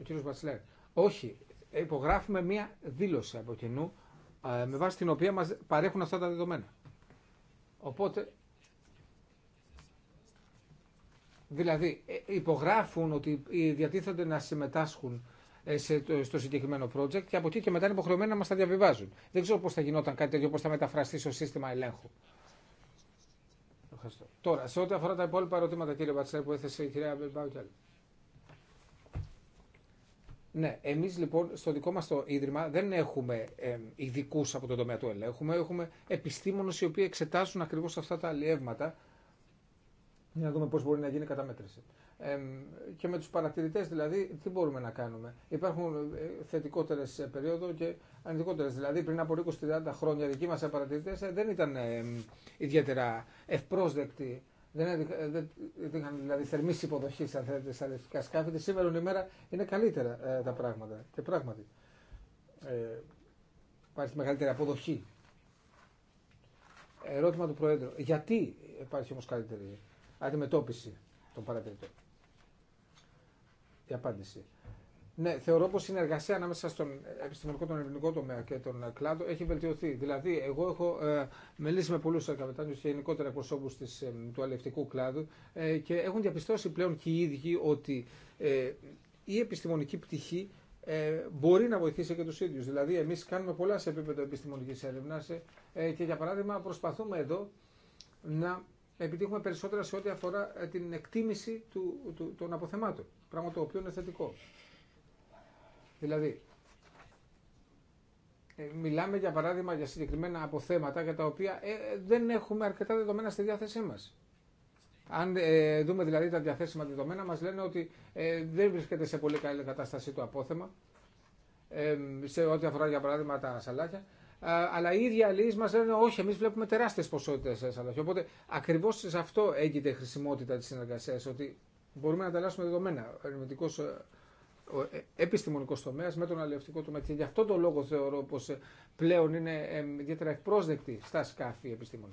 Ο κύριος Μπατσλέρ. Όχι. Υπογράφουμε μία δήλωση από κοινού με βάση την οποία μας παρέχουν αυτά τα δεδομένα. Οπότε Δηλαδή ε, υπογράφουν ότι ε, διατίθενται να συμμετάσχουν ε, στο συγκεκριμένο project και από εκεί και μετά είναι υποχρεωμένοι να μα τα διαβιβάζουν. Δεν ξέρω πώ θα γινόταν κάτι τέτοιο, πώ θα μεταφραστεί στο σύστημα ελέγχου. Ευχαριστώ. Τώρα, σε ό,τι αφορά τα υπόλοιπα ερωτήματα, κύριε Βατσέ, που έθεσε η κυρία άλλοι. Ναι, εμεί λοιπόν στο δικό μα το ίδρυμα δεν έχουμε ειδικού από τον τομέα του ελέγχου. Έχουμε επιστήμονε οι οποίοι εξετάζουν ακριβώ αυτά τα αλλιεύματα για να δούμε πώ μπορεί να γίνει η καταμέτρηση. Ε, και με του παρατηρητέ δηλαδή, τι μπορούμε να κάνουμε. Υπάρχουν ε, θετικότερε ε, περίοδο και αρνητικότερε. Δηλαδή, πριν από 20-30 χρόνια, οι δικοί μα ε, παρατηρητέ δεν ήταν ιδιαίτερα ευπρόσδεκτοι. Δεν, δεν είχαν δηλαδή θερμή υποδοχή στα αλληλευτικά σκάφη. Σήμερα μέρα είναι καλύτερα τα πράγματα. Και πράγματι ε, υπάρχει μεγαλύτερη αποδοχή. Ερώτημα του Προέδρου. Γιατί υπάρχει όμω καλύτερη αντιμετώπιση των παρατηρητών. Η απάντηση. Ναι, θεωρώ πω η συνεργασία ανάμεσα στον επιστημονικό, τον ελληνικό τομέα και τον κλάδο έχει βελτιωθεί. Δηλαδή, εγώ έχω ε, μιλήσει με πολλού καπετάνιου και γενικότερα προσώπου ε, του αλληλευτικού κλάδου ε, και έχουν διαπιστώσει πλέον και οι ίδιοι ότι ε, η επιστημονική πτυχή ε, μπορεί να βοηθήσει και του ίδιου. Δηλαδή, εμεί κάνουμε πολλά σε επίπεδο επιστημονική έρευνα και για παράδειγμα προσπαθούμε εδώ να επιτύχουμε περισσότερα σε ό,τι αφορά ε, την εκτίμηση του, του, των αποθεμάτων. Πράγμα το οποίο είναι θετικό. Δηλαδή, ε, μιλάμε για παράδειγμα για συγκεκριμένα αποθέματα για τα οποία ε, δεν έχουμε αρκετά δεδομένα στη διάθεσή μας. Αν δούμε δηλαδή τα διαθέσιμα δεδομένα μας λένε ότι δεν βρίσκεται σε πολύ καλή κατάσταση το απόθεμα σε ό,τι αφορά για παράδειγμα τα σαλάκια αλλά οι ίδιοι αλληλεί μα λένε όχι, εμεί βλέπουμε τεράστιε ποσότητε SLH. Οπότε ακριβώ σε αυτό έγκυται η χρησιμότητα τη συνεργασία, ότι μπορούμε να ανταλλάσσουμε δεδομένα. Ο ε, ε, επιστημονικό τομέα με τον αλληλευτικό τομέα. Και γι' αυτό το λόγο θεωρώ πω ε, πλέον είναι ιδιαίτερα ευπρόσδεκτη στα σκάφη οι επιστήμονε.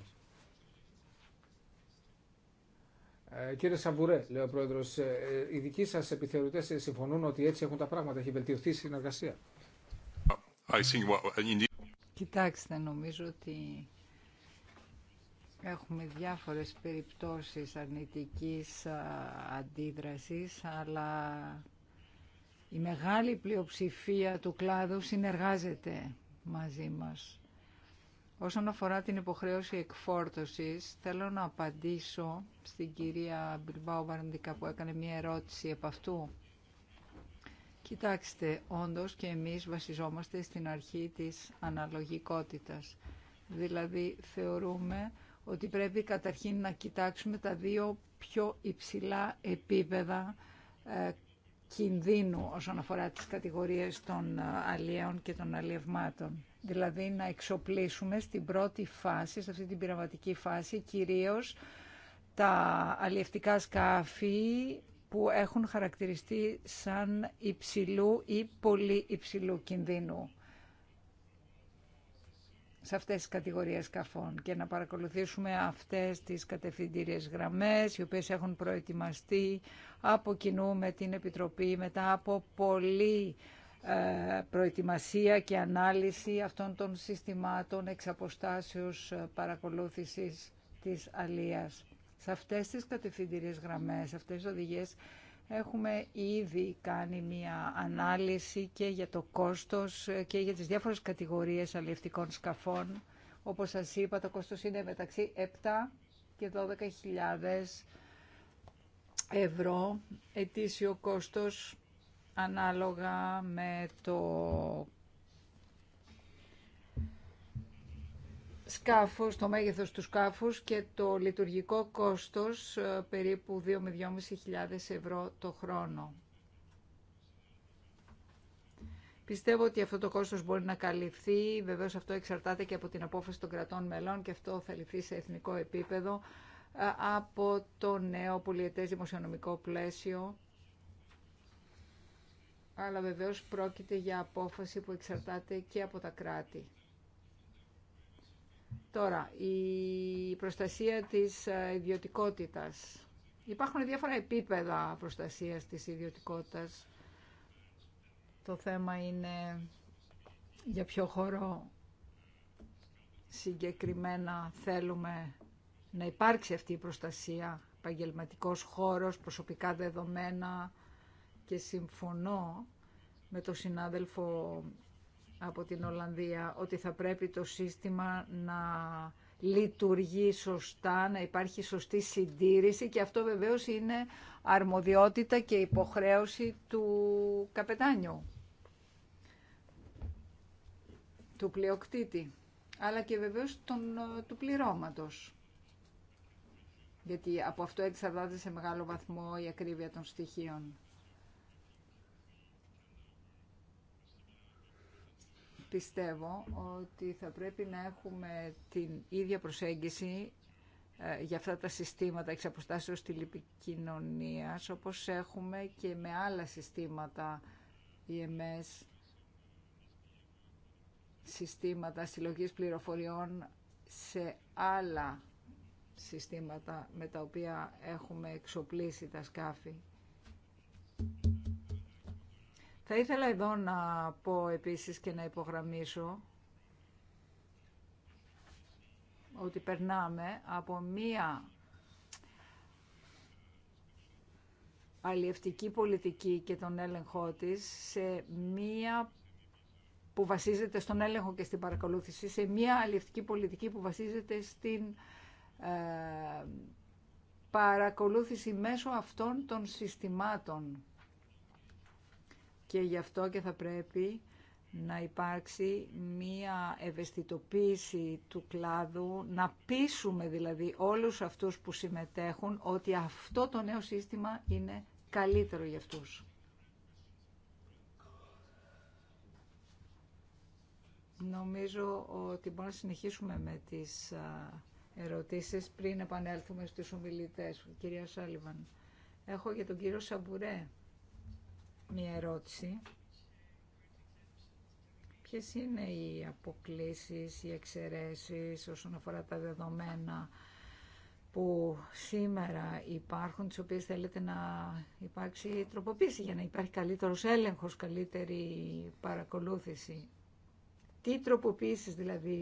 κύριε Σαμπουρέ, λέει ο πρόεδρο, οι δικοί σα επιθεωρητέ συμφωνούν ότι έτσι έχουν τα πράγματα, έχει βελτιωθεί η συνεργασία. I Κοιτάξτε, νομίζω ότι έχουμε διάφορες περιπτώσεις αρνητικής αντίδρασης, αλλά η μεγάλη πλειοψηφία του κλάδου συνεργάζεται μαζί μας. Όσον αφορά την υποχρέωση εκφόρτωσης, θέλω να απαντήσω στην κυρία Μπιλμπάου Βαρντικά που έκανε μια ερώτηση επ' αυτού. Κοιτάξτε, όντως και εμείς βασιζόμαστε στην αρχή της αναλογικότητας. Δηλαδή θεωρούμε ότι πρέπει καταρχήν να κοιτάξουμε τα δύο πιο υψηλά επίπεδα ε, κινδύνου όσον αφορά τις κατηγορίες των ε, αλλιέων και των αλλιευμάτων. Δηλαδή να εξοπλίσουμε στην πρώτη φάση, σε αυτή την πειραματική φάση, κυρίως τα αλλιευτικά σκάφη που έχουν χαρακτηριστεί σαν υψηλού ή πολύ υψηλού κινδύνου σε αυτές τις κατηγορίες καφών και να παρακολουθήσουμε αυτές τις κατευθυντήριες γραμμές οι οποίες έχουν προετοιμαστεί από κοινού με την Επιτροπή μετά από πολλή ε, προετοιμασία και ανάλυση αυτών των συστημάτων εξ παρακολούθησης της αλίας. Σε αυτές τις κατευθυντηρίες γραμμές, σε αυτές τις οδηγίες, έχουμε ήδη κάνει μια ανάλυση και για το κόστος ε, και για τις διάφορες κατηγορίες αλληλευτικών σκαφών. Όπως σας είπα, το κόστος είναι μεταξύ 7 και 12.000 ευρώ ετήσιο κόστος ανάλογα με το Σκάφος, το μέγεθος του σκάφους και το λειτουργικό κόστος ε, περίπου 2 με 2.500 ευρώ το χρόνο. Πιστεύω ότι αυτό το κόστος μπορεί να καλυφθεί, βεβαίως αυτό εξαρτάται και από την απόφαση των κρατών μελών και αυτό θα ληφθεί σε εθνικό επίπεδο ε, από το νέο πολιετές δημοσιονομικό πλαίσιο. Αλλά βεβαίως πρόκειται για απόφαση που εξαρτάται και από τα κράτη. Τώρα, η προστασία της ε, ιδιωτικότητας. Υπάρχουν διάφορα επίπεδα προστασίας της ιδιωτικότητας. Το θέμα είναι για ποιο χώρο συγκεκριμένα θέλουμε να υπάρξει αυτή η προστασία. Επαγγελματικό χώρος, προσωπικά δεδομένα και συμφωνώ με τον συνάδελφο από την Ολλανδία ότι θα πρέπει το σύστημα να λειτουργεί σωστά, να υπάρχει σωστή συντήρηση και αυτό βεβαίως είναι αρμοδιότητα και υποχρέωση του καπετάνιου, του πλειοκτήτη, αλλά και βεβαίως τον, του πληρώματος. Γιατί από αυτό εξαρτάται σε μεγάλο βαθμό η ακρίβεια των στοιχείων. πιστεύω ότι θα πρέπει να έχουμε την ίδια προσέγγιση ε, για αυτά τα συστήματα εξ αποστάσεως τηλεπικοινωνίας, όπως έχουμε και με άλλα συστήματα EMS, συστήματα συλλογής πληροφοριών σε άλλα συστήματα με τα οποία έχουμε εξοπλίσει τα σκάφη. Θα ήθελα εδώ να πω επίσης και να υπογραμμίσω ότι περνάμε από μία αλλιευτική πολιτική και τον έλεγχό της σε μία που βασίζεται στον έλεγχο και στην παρακολούθηση, σε μία αλλιευτική πολιτική που βασίζεται στην ε, παρακολούθηση μέσω αυτών των συστημάτων και γι' αυτό και θα πρέπει να υπάρξει μία ευαισθητοποίηση του κλάδου, να πείσουμε δηλαδή όλους αυτούς που συμμετέχουν ότι αυτό το νέο σύστημα είναι καλύτερο για αυτούς. Νομίζω ότι μπορούμε να συνεχίσουμε με τις ερωτήσεις πριν επανέλθουμε στους ομιλητές. Κυρία Σάλιβαν, έχω για τον κύριο Σαμπουρέ μια ερώτηση. Ποιες είναι οι αποκλήσεις, οι εξαιρέσεις όσον αφορά τα δεδομένα που σήμερα υπάρχουν, τις οποίες θέλετε να υπάρξει τροποποίηση για να υπάρχει καλύτερος έλεγχος, καλύτερη παρακολούθηση. Τι τροποποίησεις δηλαδή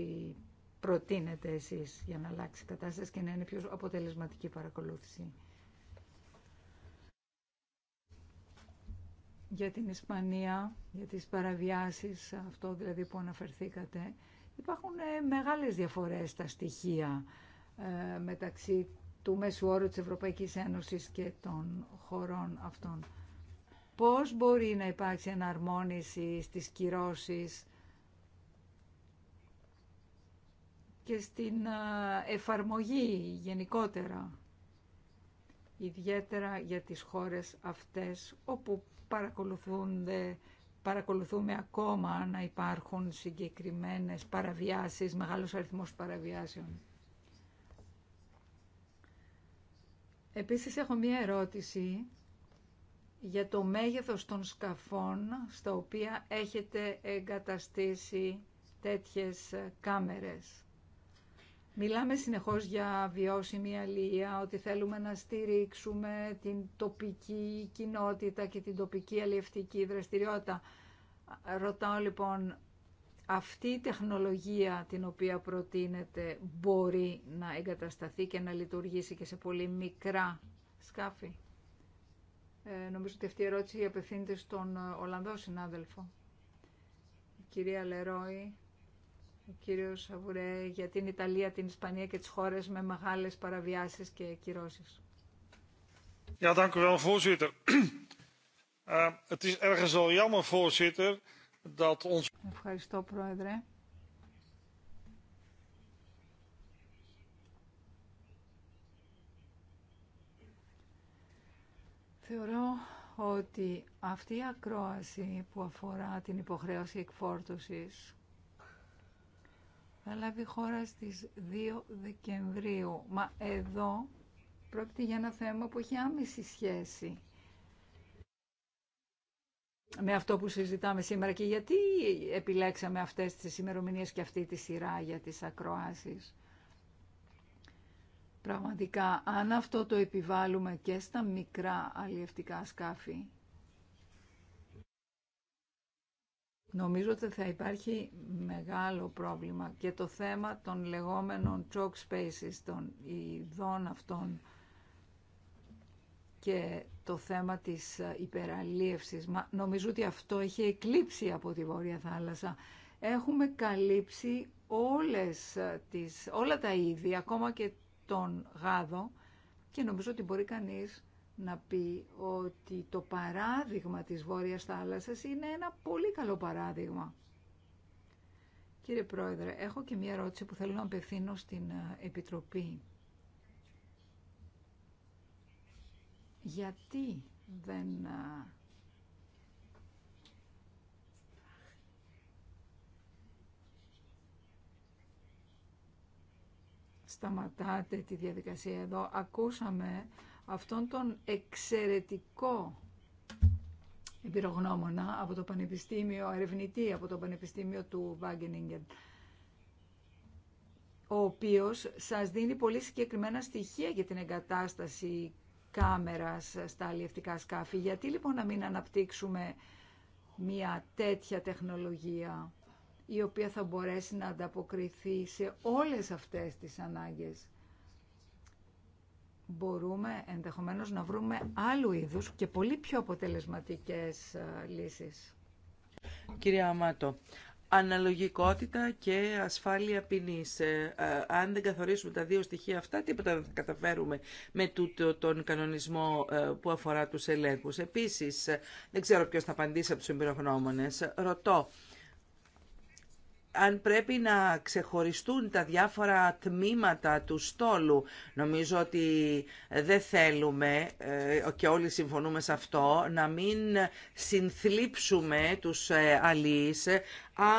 προτείνετε εσείς για να αλλάξει η κατάσταση και να είναι πιο αποτελεσματική παρακολούθηση. για την Ισπανία, για τις παραβιάσεις, αυτό δηλαδή που αναφερθήκατε, υπάρχουν ε, μεγάλες διαφορές στα στοιχεία ε, μεταξύ του μέσου όρου της Ευρωπαϊκής Ένωσης και των χωρών αυτών. Πώς μπορεί να υπάρξει εναρμόνιση στις κυρώσεις και στην ε, εφαρμογή γενικότερα, ιδιαίτερα για τις χώρες αυτές όπου παρακολουθούνται παρακολουθούμε ακόμα να υπάρχουν συγκεκριμένες παραβιάσεις, μεγάλος αριθμός παραβιάσεων. Επίσης έχω μία ερώτηση για το μέγεθος των σκαφών στα οποία έχετε εγκαταστήσει τέτοιες κάμερες. Μιλάμε συνεχώς για βιώσιμη αλληλεία, ότι θέλουμε να στηρίξουμε την τοπική κοινότητα και την τοπική αλληλευτική δραστηριότητα. Ρωτάω λοιπόν, αυτή η τεχνολογία την οποία προτείνεται μπορεί να εγκατασταθεί και να λειτουργήσει και σε πολύ μικρά σκάφη. Ε, νομίζω ότι αυτή η ερώτηση απευθύνεται στον Ολλανδό συνάδελφο. κυρία Λερόη ο κύριο Σαβουρέ για την Ιταλία, την Ισπανία και τις χώρες με μεγάλες παραβιάσεις και κυρώσεις. Ευχαριστώ, Πρόεδρε. Θεωρώ ότι αυτή η ακρόαση που αφορά την υποχρέωση εκφόρτωσης θα λάβει χώρα στις 2 Δεκεμβρίου. Μα εδώ πρόκειται για ένα θέμα που έχει άμεση σχέση με αυτό που συζητάμε σήμερα και γιατί επιλέξαμε αυτές τις ημερομηνίες και αυτή τη σειρά για τις ακροάσεις. Πραγματικά, αν αυτό το επιβάλλουμε και στα μικρά αλλιευτικά σκάφη, Νομίζω ότι θα υπάρχει μεγάλο πρόβλημα και το θέμα των λεγόμενων choke spaces, των ειδών αυτών και το θέμα της ε, υπεραλίευσης. νομίζω ότι αυτό έχει εκλείψει από τη Βόρεια Θάλασσα. Έχουμε καλύψει όλες ε, τις, όλα τα είδη, ακόμα και τον γάδο και νομίζω ότι μπορεί κανείς να πει ότι το παράδειγμα της Βόρειας Θάλασσας είναι ένα πολύ καλό παράδειγμα. Κύριε Πρόεδρε, έχω και μία ερώτηση που θέλω να απευθύνω στην ε, Επιτροπή. Γιατί δεν ε, σταματάτε τη διαδικασία εδώ. Ακούσαμε αυτόν τον εξαιρετικό εμπειρογνώμονα από το Πανεπιστήμιο, ερευνητή από το Πανεπιστήμιο του Βάγκενιγκεν, ο οποίος σας δίνει πολύ συγκεκριμένα στοιχεία για την εγκατάσταση κάμερας στα αλλιευτικά σκάφη. Γιατί λοιπόν να μην αναπτύξουμε μια τέτοια τεχνολογία η οποία θα μπορέσει να ανταποκριθεί σε όλες αυτές τις ανάγκες μπορούμε ενδεχομένως να βρούμε άλλου είδους και πολύ πιο αποτελεσματικές ε, λύσεις. Κυρία Αμάτο, αναλογικότητα και ασφάλεια ποινή. Ε, ε, αν δεν καθορίσουμε τα δύο στοιχεία αυτά, τίποτα δεν θα καταφέρουμε με τούτο τον κανονισμό που αφορά τους ελέγχους. Επίσης, δεν ξέρω ποιος θα απαντήσει από τους εμπειρογνώμονες, ρωτώ, αν πρέπει να ξεχωριστούν τα διάφορα τμήματα του στόλου. Νομίζω ότι δεν θέλουμε, ε, και όλοι συμφωνούμε σε αυτό, να μην συνθλίψουμε τους ε, αλείς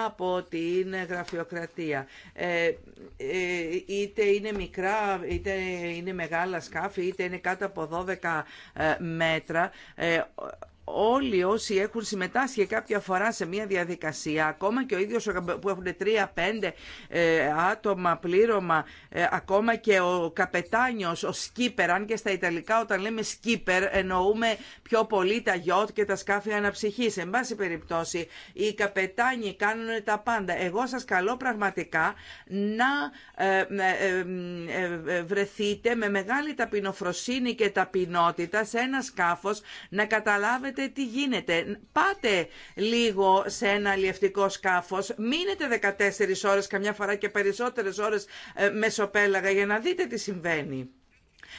από την γραφειοκρατία. Ε, είτε είναι μικρά, είτε είναι μεγάλα σκάφη, είτε είναι κάτω από 12 μέτρα όλοι όσοι έχουν συμμετάσχει κάποια φορά σε μια διαδικασία, ακόμα και ο ίδιος που έχουν τρία-πέντε ε, άτομα πλήρωμα, ε, ακόμα και ο καπετάνιος, ο σκίπερ, αν και στα Ιταλικά όταν λέμε σκίπερ εννοούμε πιο πολύ τα γιότ και τα σκάφη αναψυχής. Εν πάση περιπτώσει, οι καπετάνιοι κάνουν τα πάντα. Εγώ σας καλώ πραγματικά να ε, βρεθείτε με μεγάλη ταπεινοφροσύνη και ταπεινότητα σε ένα σκάφος, να καταλάβετε ξέρετε τι γίνεται. Πάτε λίγο σε ένα αλλιευτικό σκάφος, μείνετε 14 ώρες, καμιά φορά και περισσότερες ώρες ε, μεσοπέλαγα για να δείτε τι συμβαίνει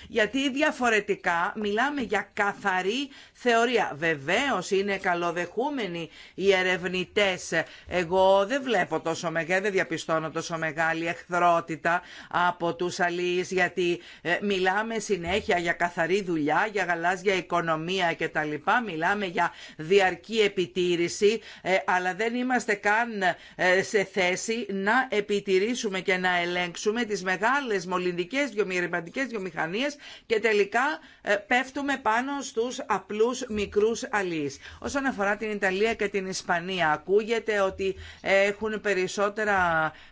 γιατί διαφορετικά μιλάμε για καθαρή θεωρία. Βεβαίως είναι καλοδεχούμενοι οι ερευνητές. Εγώ δεν βλέπω τόσο μεγάλη, δεν διαπιστώνω τόσο μεγάλη εχθρότητα από τους αλληλεί. γιατί ε, μιλάμε συνέχεια για καθαρή δουλειά, για γαλάζια οικονομία κτλ. Μιλάμε για διαρκή επιτήρηση, ε, αλλά δεν είμαστε καν ε, σε θέση να επιτηρήσουμε και να ελέγξουμε τις μεγάλες μολυντικές βιομηχανίες και τελικά ε, πέφτουμε πάνω στους απλούς μικρούς αλείς. Όσον αφορά την Ιταλία και την Ισπανία, ακούγεται ότι έχουν περισσότερε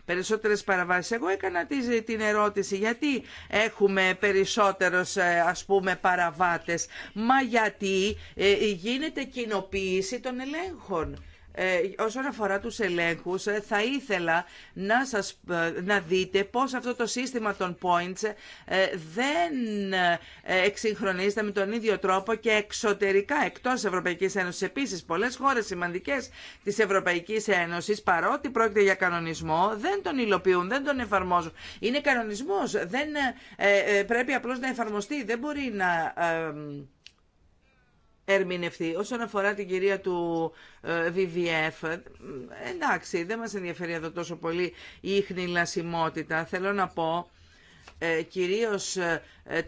περισσότερες παραβάσεις. Εγώ έκανα την ερώτηση γιατί έχουμε περισσότερους ε, ας πούμε παραβάτες. Μα γιατί ε, γίνεται κοινοποίηση των ελέγχων. Ε, όσον αφορά τους ελέγχους, ε, θα ήθελα να, σας, ε, να δείτε πώς αυτό το σύστημα των points δεν εξυγχρονίζεται με τον ίδιο τρόπο και εξωτερικά εκτός Ευρωπαϊκής Ένωσης. Επίσης, πολλές χώρες σημαντικές της Ευρωπαϊκής Ένωσης, παρότι πρόκειται για κανονισμό, δεν τον υλοποιούν, δεν τον εφαρμόζουν. Είναι κανονισμός, δεν, πρέπει απλώς να εφαρμοστεί, δεν μπορεί να ερμηνευτεί. Όσον αφορά την κυρία του VVF, ε, ε, εντάξει, δεν μας ενδιαφέρει εδώ τόσο πολύ η ίχνη λασιμότητα. Θέλω να πω, ε, κυρίως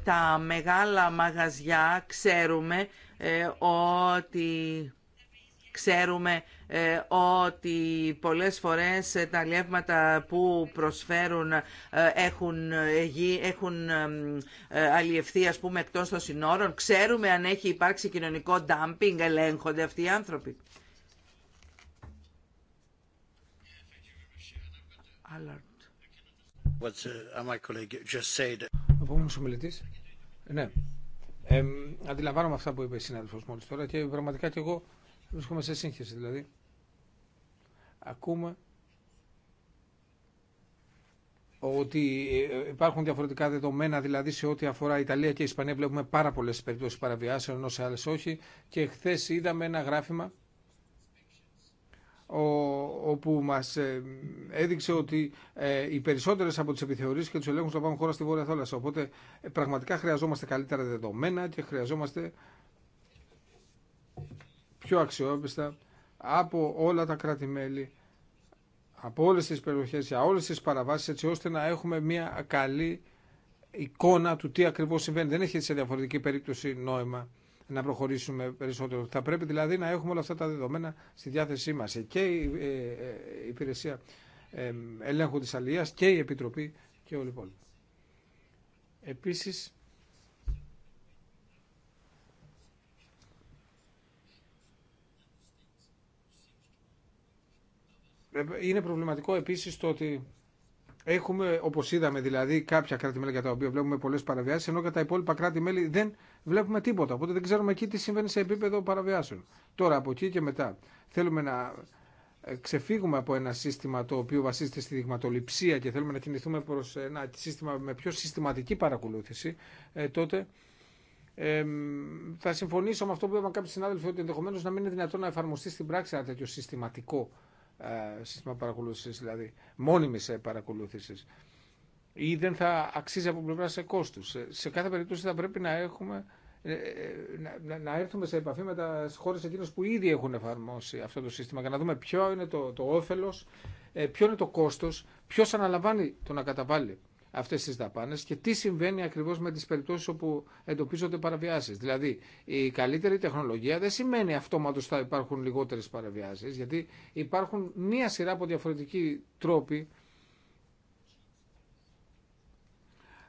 τα μεγάλα μαγαζιά ξέρουμε ότι ξέρουμε ε, ότι πολλές φορές ε, τα λεύματα που προσφέρουν ε, έχουν, έχουν αλλιευθεί ας πούμε εκτός των συνόρων. Ξέρουμε αν έχει υπάρξει κοινωνικό dumping, ελέγχονται αυτοί οι άνθρωποι. Uh, ναι. Ε, αντιλαμβάνομαι αυτά που είπε η συνάδελφος μόλις τώρα και πραγματικά και εγώ βρισκόμαστε σε σύγχυση. Δηλαδή, ακούμε ότι ε, ε, υπάρχουν διαφορετικά δεδομένα, δηλαδή σε ό,τι αφορά Ιταλία και Ισπανία βλέπουμε πάρα πολλές περιπτώσει παραβιάσεων, ενώ σε άλλες όχι. Και χθε είδαμε ένα γράφημα όπου μας ε, έδειξε ότι οι περισσότερες από τις επιθεωρήσεις και τους ελέγχους λαμβάνουν χώρα στη Βόρεια Θόλασσα. Οπότε πραγματικά χρειαζόμαστε καλύτερα δεδομένα και χρειαζόμαστε πιο αξιόπιστα από όλα τα κράτη-μέλη, από όλες τις περιοχές, για όλες τις παραβάσεις, έτσι ώστε να έχουμε μια καλή εικόνα του τι ακριβώς συμβαίνει. Δεν έχει σε διαφορετική περίπτωση νόημα να προχωρήσουμε περισσότερο. Θα πρέπει δηλαδή να έχουμε όλα αυτά τα δεδομένα στη διάθεσή μας. Και η ε, ε, Υπηρεσία ε, Ελέγχου της και η Επιτροπή και όλοι οι υπόλοιποι. Επίσης, Είναι προβληματικό επίση το ότι όπω όπως είδαμε δηλαδή, κάποια κράτη-μέλη για τα οποία βλέπουμε πολλέ παραβιάσει, ενώ για τα υπόλοιπα κράτη-μέλη δεν βλέπουμε τίποτα. Οπότε δεν ξέρουμε εκεί τι συμβαίνει σε επίπεδο παραβιάσεων. Τώρα, από εκεί και μετά, θέλουμε να ε, ξεφύγουμε από ένα σύστημα το οποίο βασίζεται στη δειγματοληψία και θέλουμε να κινηθούμε προ ένα σύστημα με πιο συστηματική παρακολούθηση, ε, τότε ε, θα συμφωνήσω με αυτό που είπαν κάποιοι συνάδελφοι ότι ενδεχομένω να μην είναι δυνατόν να εφαρμοστεί στην πράξη ένα τέτοιο συστηματικό ε, σύστημα παρακολούθηση, δηλαδή μόνιμης παρακολούθηση, ή δεν θα αξίζει από πλευρά σε κόστου. Σε κάθε περίπτωση θα πρέπει να έχουμε ε, ε, να, να έρθουμε σε επαφή με τα χώρε εκείνες που ήδη έχουν εφαρμόσει αυτό το σύστημα για να δούμε ποιο είναι το, το όφελος, ποιο είναι το κόστος, ποιος αναλαμβάνει το να καταβάλει αυτές τις δαπάνες και τι συμβαίνει ακριβώς με τις περιπτώσεις όπου εντοπίζονται παραβιάσεις. Δηλαδή η καλύτερη τεχνολογία δεν σημαίνει αυτόματος θα υπάρχουν λιγότερες παραβιάσεις γιατί υπάρχουν μία σειρά από διαφορετικοί τρόποι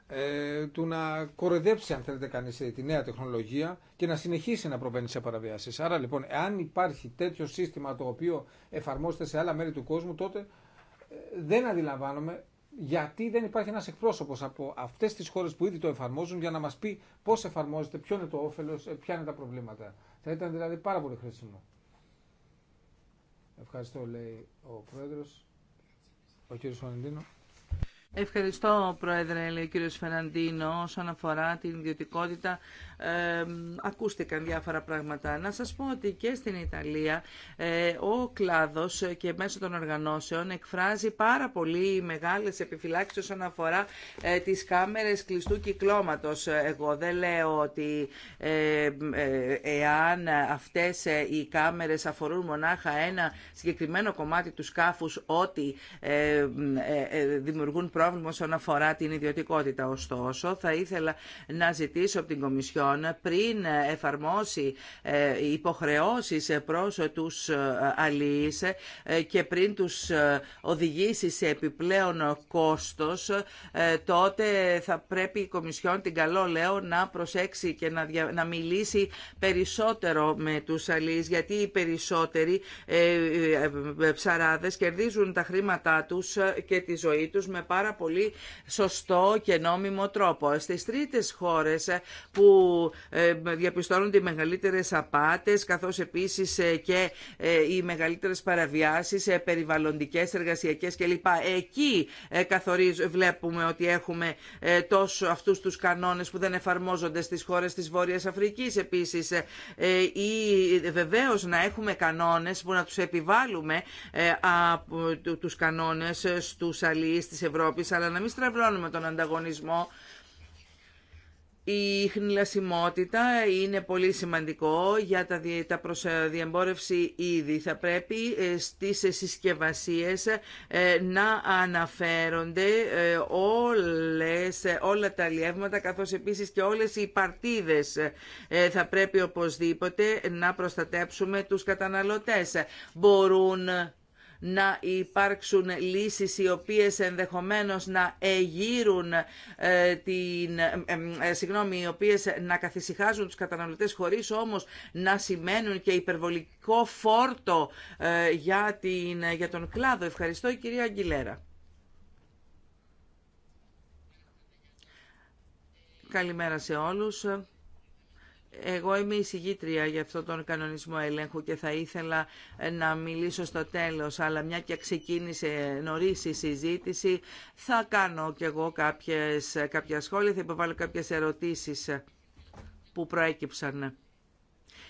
ε, του να κοροϊδέψει αν θέλετε κανείς ε, τη νέα τεχνολογία και να συνεχίσει να προβαίνει σε παραβιάσεις. Άρα λοιπόν, αν υπάρχει τέτοιο σύστημα το οποίο εφαρμόζεται σε άλλα μέρη του κόσμου, τότε ε, δεν αντιλαμβάνομαι γιατί δεν υπάρχει ένας εκπρόσωπος από αυτές τις χώρες που ήδη το εφαρμόζουν για να μας πει πώς εφαρμόζεται, ποιο είναι το όφελος, ε, ποια είναι τα προβλήματα. Θα ήταν δηλαδή πάρα πολύ χρήσιμο. Ευχαριστώ, λέει ο Πρόεδρος, ο κύριος Φεραντίνο. Ευχαριστώ, Πρόεδρε, λέει ο κύριος Φεραντίνο, όσον αφορά την ιδιωτικότητα ακούστηκαν διάφορα πράγματα. Να σας πω ότι και στην Ιταλία ε, ο κλάδος και μέσω των οργανώσεων εκφράζει πάρα πολύ μεγάλες επιφυλάξεις όσον αφορά ε, τις κάμερες κλειστού κυκλώματος. Εγώ δεν λέω ότι ε, ε, εάν αυτές οι κάμερες αφορούν μονάχα ένα συγκεκριμένο κομμάτι του σκάφους ότι δημιουργούν πρόβλημα όσον αφορά την ιδιωτικότητα. Ωστόσο, θα ήθελα να ζητήσω από την Κομισιόν πριν εφαρμόσει ε, υποχρεώσεις προς τους ε, αλληλείς ε, και πριν τους οδηγήσει σε επιπλέον κόστος, τότε θα πρέπει η Κομισιόν, την καλό λέω, να προσέξει και να, να μιλήσει περισσότερο με τους αλληλείς, γιατί οι περισσότεροι ψαράδες κερδίζουν τα χρήματά τους και τη ζωή τους με πάρα πολύ σωστό και νόμιμο τρόπο. Στις τρίτες χώρες που ε, διαπιστώνονται οι μεγαλύτερες απάτες καθώς επίσης ε, και ε, οι μεγαλύτερες παραβιάσεις ε, περιβαλλοντικές, εργασιακές κλπ. Εκεί καθορίζουμε, βλέπουμε ότι έχουμε τόσο αυτούς τους κανόνες που δεν εφαρμόζονται στις χώρες της Βόρειας Αφρικής επίσης ή βεβαίως να έχουμε κανόνες που να τους επιβάλλουμε τους κανόνες στους αλληλείς της Ευρώπης αλλά να μην στραβλώνουμε τον ανταγωνισμό η χνηλασιμότητα είναι πολύ σημαντικό για τα, τα ήδη. Ε, θα πρέπει ε, στις συσκευασίες ε, να αναφέρονται όλες, όλα τα αλλιεύματα καθώς επίσης και όλες οι παρτίδες. Θα πρέπει οπωσδήποτε να προστατέψουμε τους καταναλωτές. Μπορούν να υπάρξουν λύσεις οι οποίες ενδεχομένως να εγείρουν ε, την, ε, ε, οι οποίες να καθησυχάζουν τους καταναλωτές χωρίς όμως να σημαίνουν και υπερβολικό φόρτο για, την, για τον κλάδο. Ευχαριστώ η κυρία Αγγιλέρα. Καλημέρα σε όλους. Εγώ είμαι η συγγήτρια για αυτόν τον κανονισμό ελέγχου και θα ήθελα ε, να μιλήσω στο τέλος, αλλά μια και ξεκίνησε νωρίς η συζήτηση, θα κάνω κι εγώ κάποιες, κάποια σχόλια, θα υποβάλω κάποιες ερωτήσεις που προέκυψαν.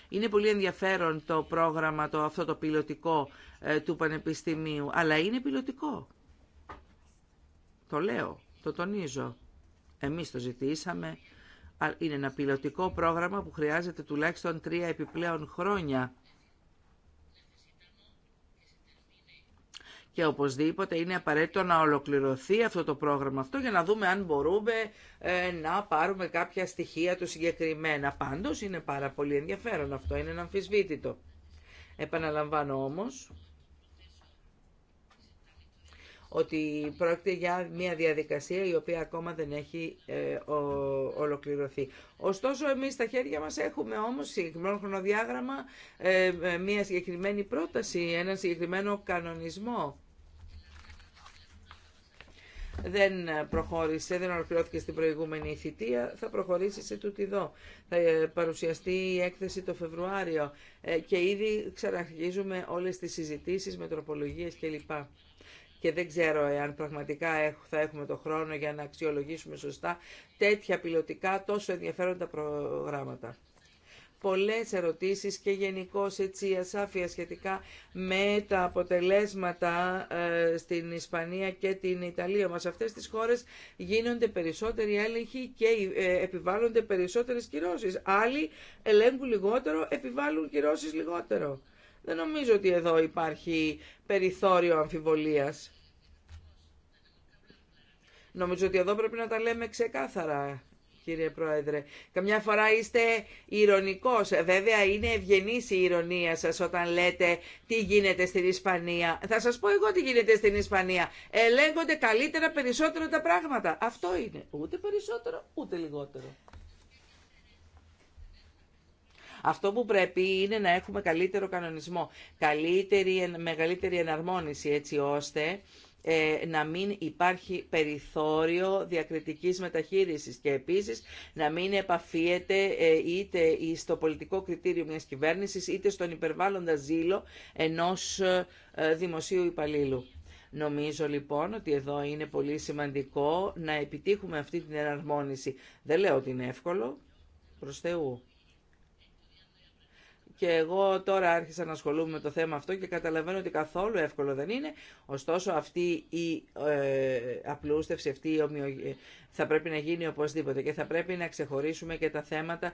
Είναι πολύ ενδιαφέρον το πρόγραμμα, το, αυτό το πιλωτικό ε, του Πανεπιστημίου, αλλά είναι πιλωτικό. Το λέω, το τονίζω. Εμείς το ζητήσαμε, είναι ένα πιλωτικό πρόγραμμα που χρειάζεται τουλάχιστον τρία επιπλέον χρόνια. Και οπωσδήποτε είναι απαραίτητο να ολοκληρωθεί αυτό το πρόγραμμα αυτό για να δούμε αν μπορούμε ε, να πάρουμε κάποια στοιχεία του συγκεκριμένα. Πάντως είναι πάρα πολύ ενδιαφέρον αυτό, είναι αμφισβήτητο. Επαναλαμβάνω όμως ότι πρόκειται για μια διαδικασία η οποία ακόμα δεν έχει ε, ολοκληρωθεί. Ωστόσο, εμείς στα χέρια μας έχουμε όμως συγκεκριμένο χρονοδιάγραμμα, ε, ε, μια συγκεκριμένη πρόταση, ένα συγκεκριμένο κανονισμό δεν προχώρησε, δεν ολοκληρώθηκε στην προηγούμενη θητεία, θα προχωρήσει σε τούτη εδώ. Θα παρουσιαστεί η έκθεση το Φεβρουάριο και ήδη ξαναρχίζουμε όλες τις συζητήσεις, μετροπολογίες κλπ και δεν ξέρω εάν πραγματικά θα έχουμε το χρόνο για να αξιολογήσουμε σωστά τέτοια πιλωτικά τόσο ενδιαφέροντα προγράμματα πολλές ερωτήσεις και γενικώ έτσι ασάφεια σχετικά με τα αποτελέσματα ε, στην Ισπανία και την Ιταλία. Μας αυτές τις χώρες γίνονται περισσότεροι έλεγχοι και ε, επιβάλλονται περισσότερες κυρώσεις. Άλλοι ελέγχουν λιγότερο, επιβάλλουν κυρώσεις λιγότερο. Δεν νομίζω ότι εδώ υπάρχει περιθώριο αμφιβολίας. Νομίζω ότι εδώ πρέπει να τα λέμε ξεκάθαρα, κύριε Πρόεδρε. Καμιά φορά είστε ηρωνικός. Ε, βέβαια είναι ευγενής η ηρωνία σας όταν λέτε τι γίνεται στην Ισπανία. Θα σας πω εγώ τι γίνεται στην Ισπανία. Ελέγχονται καλύτερα περισσότερο τα πράγματα. Αυτό είναι. Ούτε περισσότερο, ούτε λιγότερο. Αυτό που πρέπει είναι να έχουμε καλύτερο κανονισμό, καλύτερη, μεγαλύτερη εναρμόνιση έτσι ώστε ε, να μην υπάρχει περιθώριο διακριτικής μεταχείρισης και επίσης να μην επαφίεται ε, είτε στο πολιτικό κριτήριο μιας κυβέρνησης είτε στον υπερβάλλοντα ζήλο ενός ε, δημοσίου υπαλλήλου. Νομίζω λοιπόν ότι εδώ είναι πολύ σημαντικό να επιτύχουμε αυτή την εναρμόνιση. Δεν λέω ότι είναι εύκολο, προς Θεού και εγώ τώρα άρχισα να ασχολούμαι με το θέμα αυτό και καταλαβαίνω ότι καθόλου εύκολο δεν είναι. Ωστόσο αυτή η ε, απλούστευση, αυτή η θα πρέπει να γίνει οπωσδήποτε και θα πρέπει να ξεχωρίσουμε και τα θέματα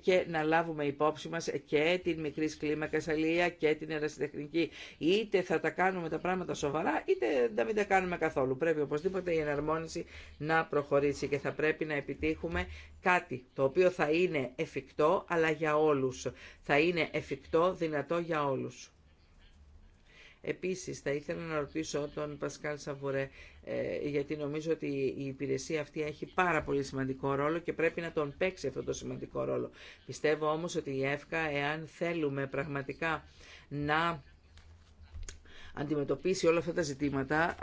και να λάβουμε υπόψη μας και την μικρή κλίμακα αλληλεία και την ερασιτεχνική. Είτε θα τα κάνουμε τα πράγματα σοβαρά, είτε δεν μην τα κάνουμε καθόλου. Πρέπει οπωσδήποτε η εναρμόνιση να προχωρήσει και θα πρέπει να επιτύχουμε κάτι το οποίο θα είναι εφικτό αλλά για όλους. Θα είναι εφικτό, δυνατό για όλους. Επίσης, θα ήθελα να ρωτήσω τον Πασκάλ Σαβουρέ, ε, γιατί νομίζω ότι η υπηρεσία αυτή έχει πάρα πολύ σημαντικό ρόλο και πρέπει να τον παίξει αυτό το σημαντικό ρόλο. Πιστεύω όμως ότι η ΕΦΚΑ, εάν θέλουμε πραγματικά να αντιμετωπίσει όλα αυτά τα ζητήματα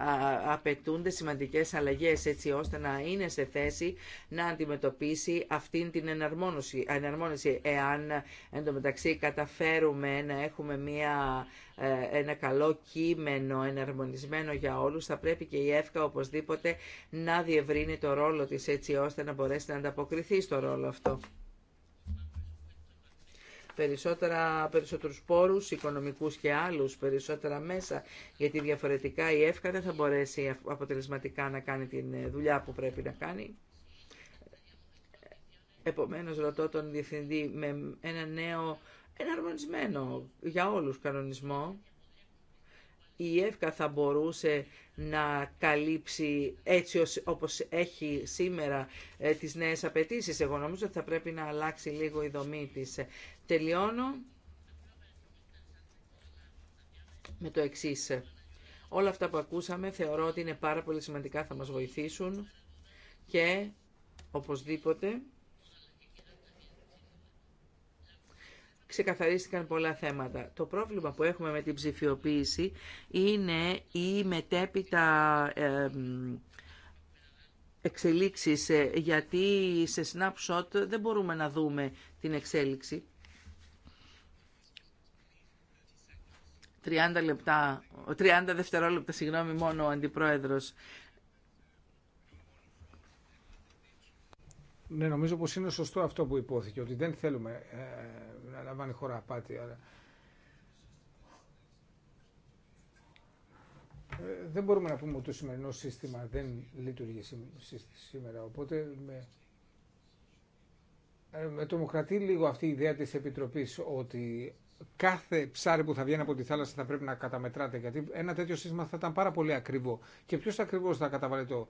απαιτούνται σημαντικές αλλαγές έτσι ώστε να είναι σε θέση να αντιμετωπίσει αυτήν την εναρμόνωση. εναρμόνωση. Εάν εντωμεταξύ καταφέρουμε να έχουμε μια, ε, ένα καλό κείμενο εναρμονισμένο για όλους θα πρέπει και η ΕΦΚΑ οπωσδήποτε να διευρύνει το ρόλο της έτσι ώστε να μπορέσει να ανταποκριθεί στο ρόλο αυτό περισσότερα, περισσότερους πόρους, οικονομικούς και άλλους, περισσότερα μέσα, γιατί διαφορετικά η ΕΦΚΑ δεν θα μπορέσει αποτελεσματικά να κάνει την ε, δουλειά που πρέπει να κάνει. Επομένως, ρωτώ τον Διευθυντή με ένα νέο εναρμονισμένο για όλους κανονισμό, η ΕΦΚΑ θα μπορούσε να καλύψει έτσι όπως έχει σήμερα ε, τις νέες απαιτήσεις. Εγώ νομίζω ότι θα πρέπει να αλλάξει λίγο η δομή της. Τελειώνω με το εξής. Όλα αυτά που ακούσαμε θεωρώ ότι είναι πάρα πολύ σημαντικά, θα μας βοηθήσουν και οπωσδήποτε ξεκαθαρίστηκαν πολλά θέματα. Το πρόβλημα που έχουμε με την ψηφιοποίηση είναι η μετέπειτα εξελίξεις, ε, γιατί σε snapshot δεν μπορούμε να δούμε την εξέλιξη. 30 λεπτά, 30 δευτερόλεπτα, συγγνώμη, μόνο ο Αντιπρόεδρος. Ναι, νομίζω πως είναι σωστό αυτό που υπόθηκε, ότι δεν θέλουμε ε, να λαμβάνει χώρα απάτη. Ε, δεν μπορούμε να πούμε ότι το σημερινό σύστημα δεν λειτουργεί σήμερα. Οπότε με, ε, με τρομοκρατεί λίγο αυτή η ιδέα της Επιτροπής ότι κάθε ψάρι που θα βγαίνει από τη θάλασσα θα πρέπει να καταμετράται γιατί ένα τέτοιο σύστημα θα ήταν πάρα πολύ ακριβό. Και ποιο ακριβώς θα καταβάλει το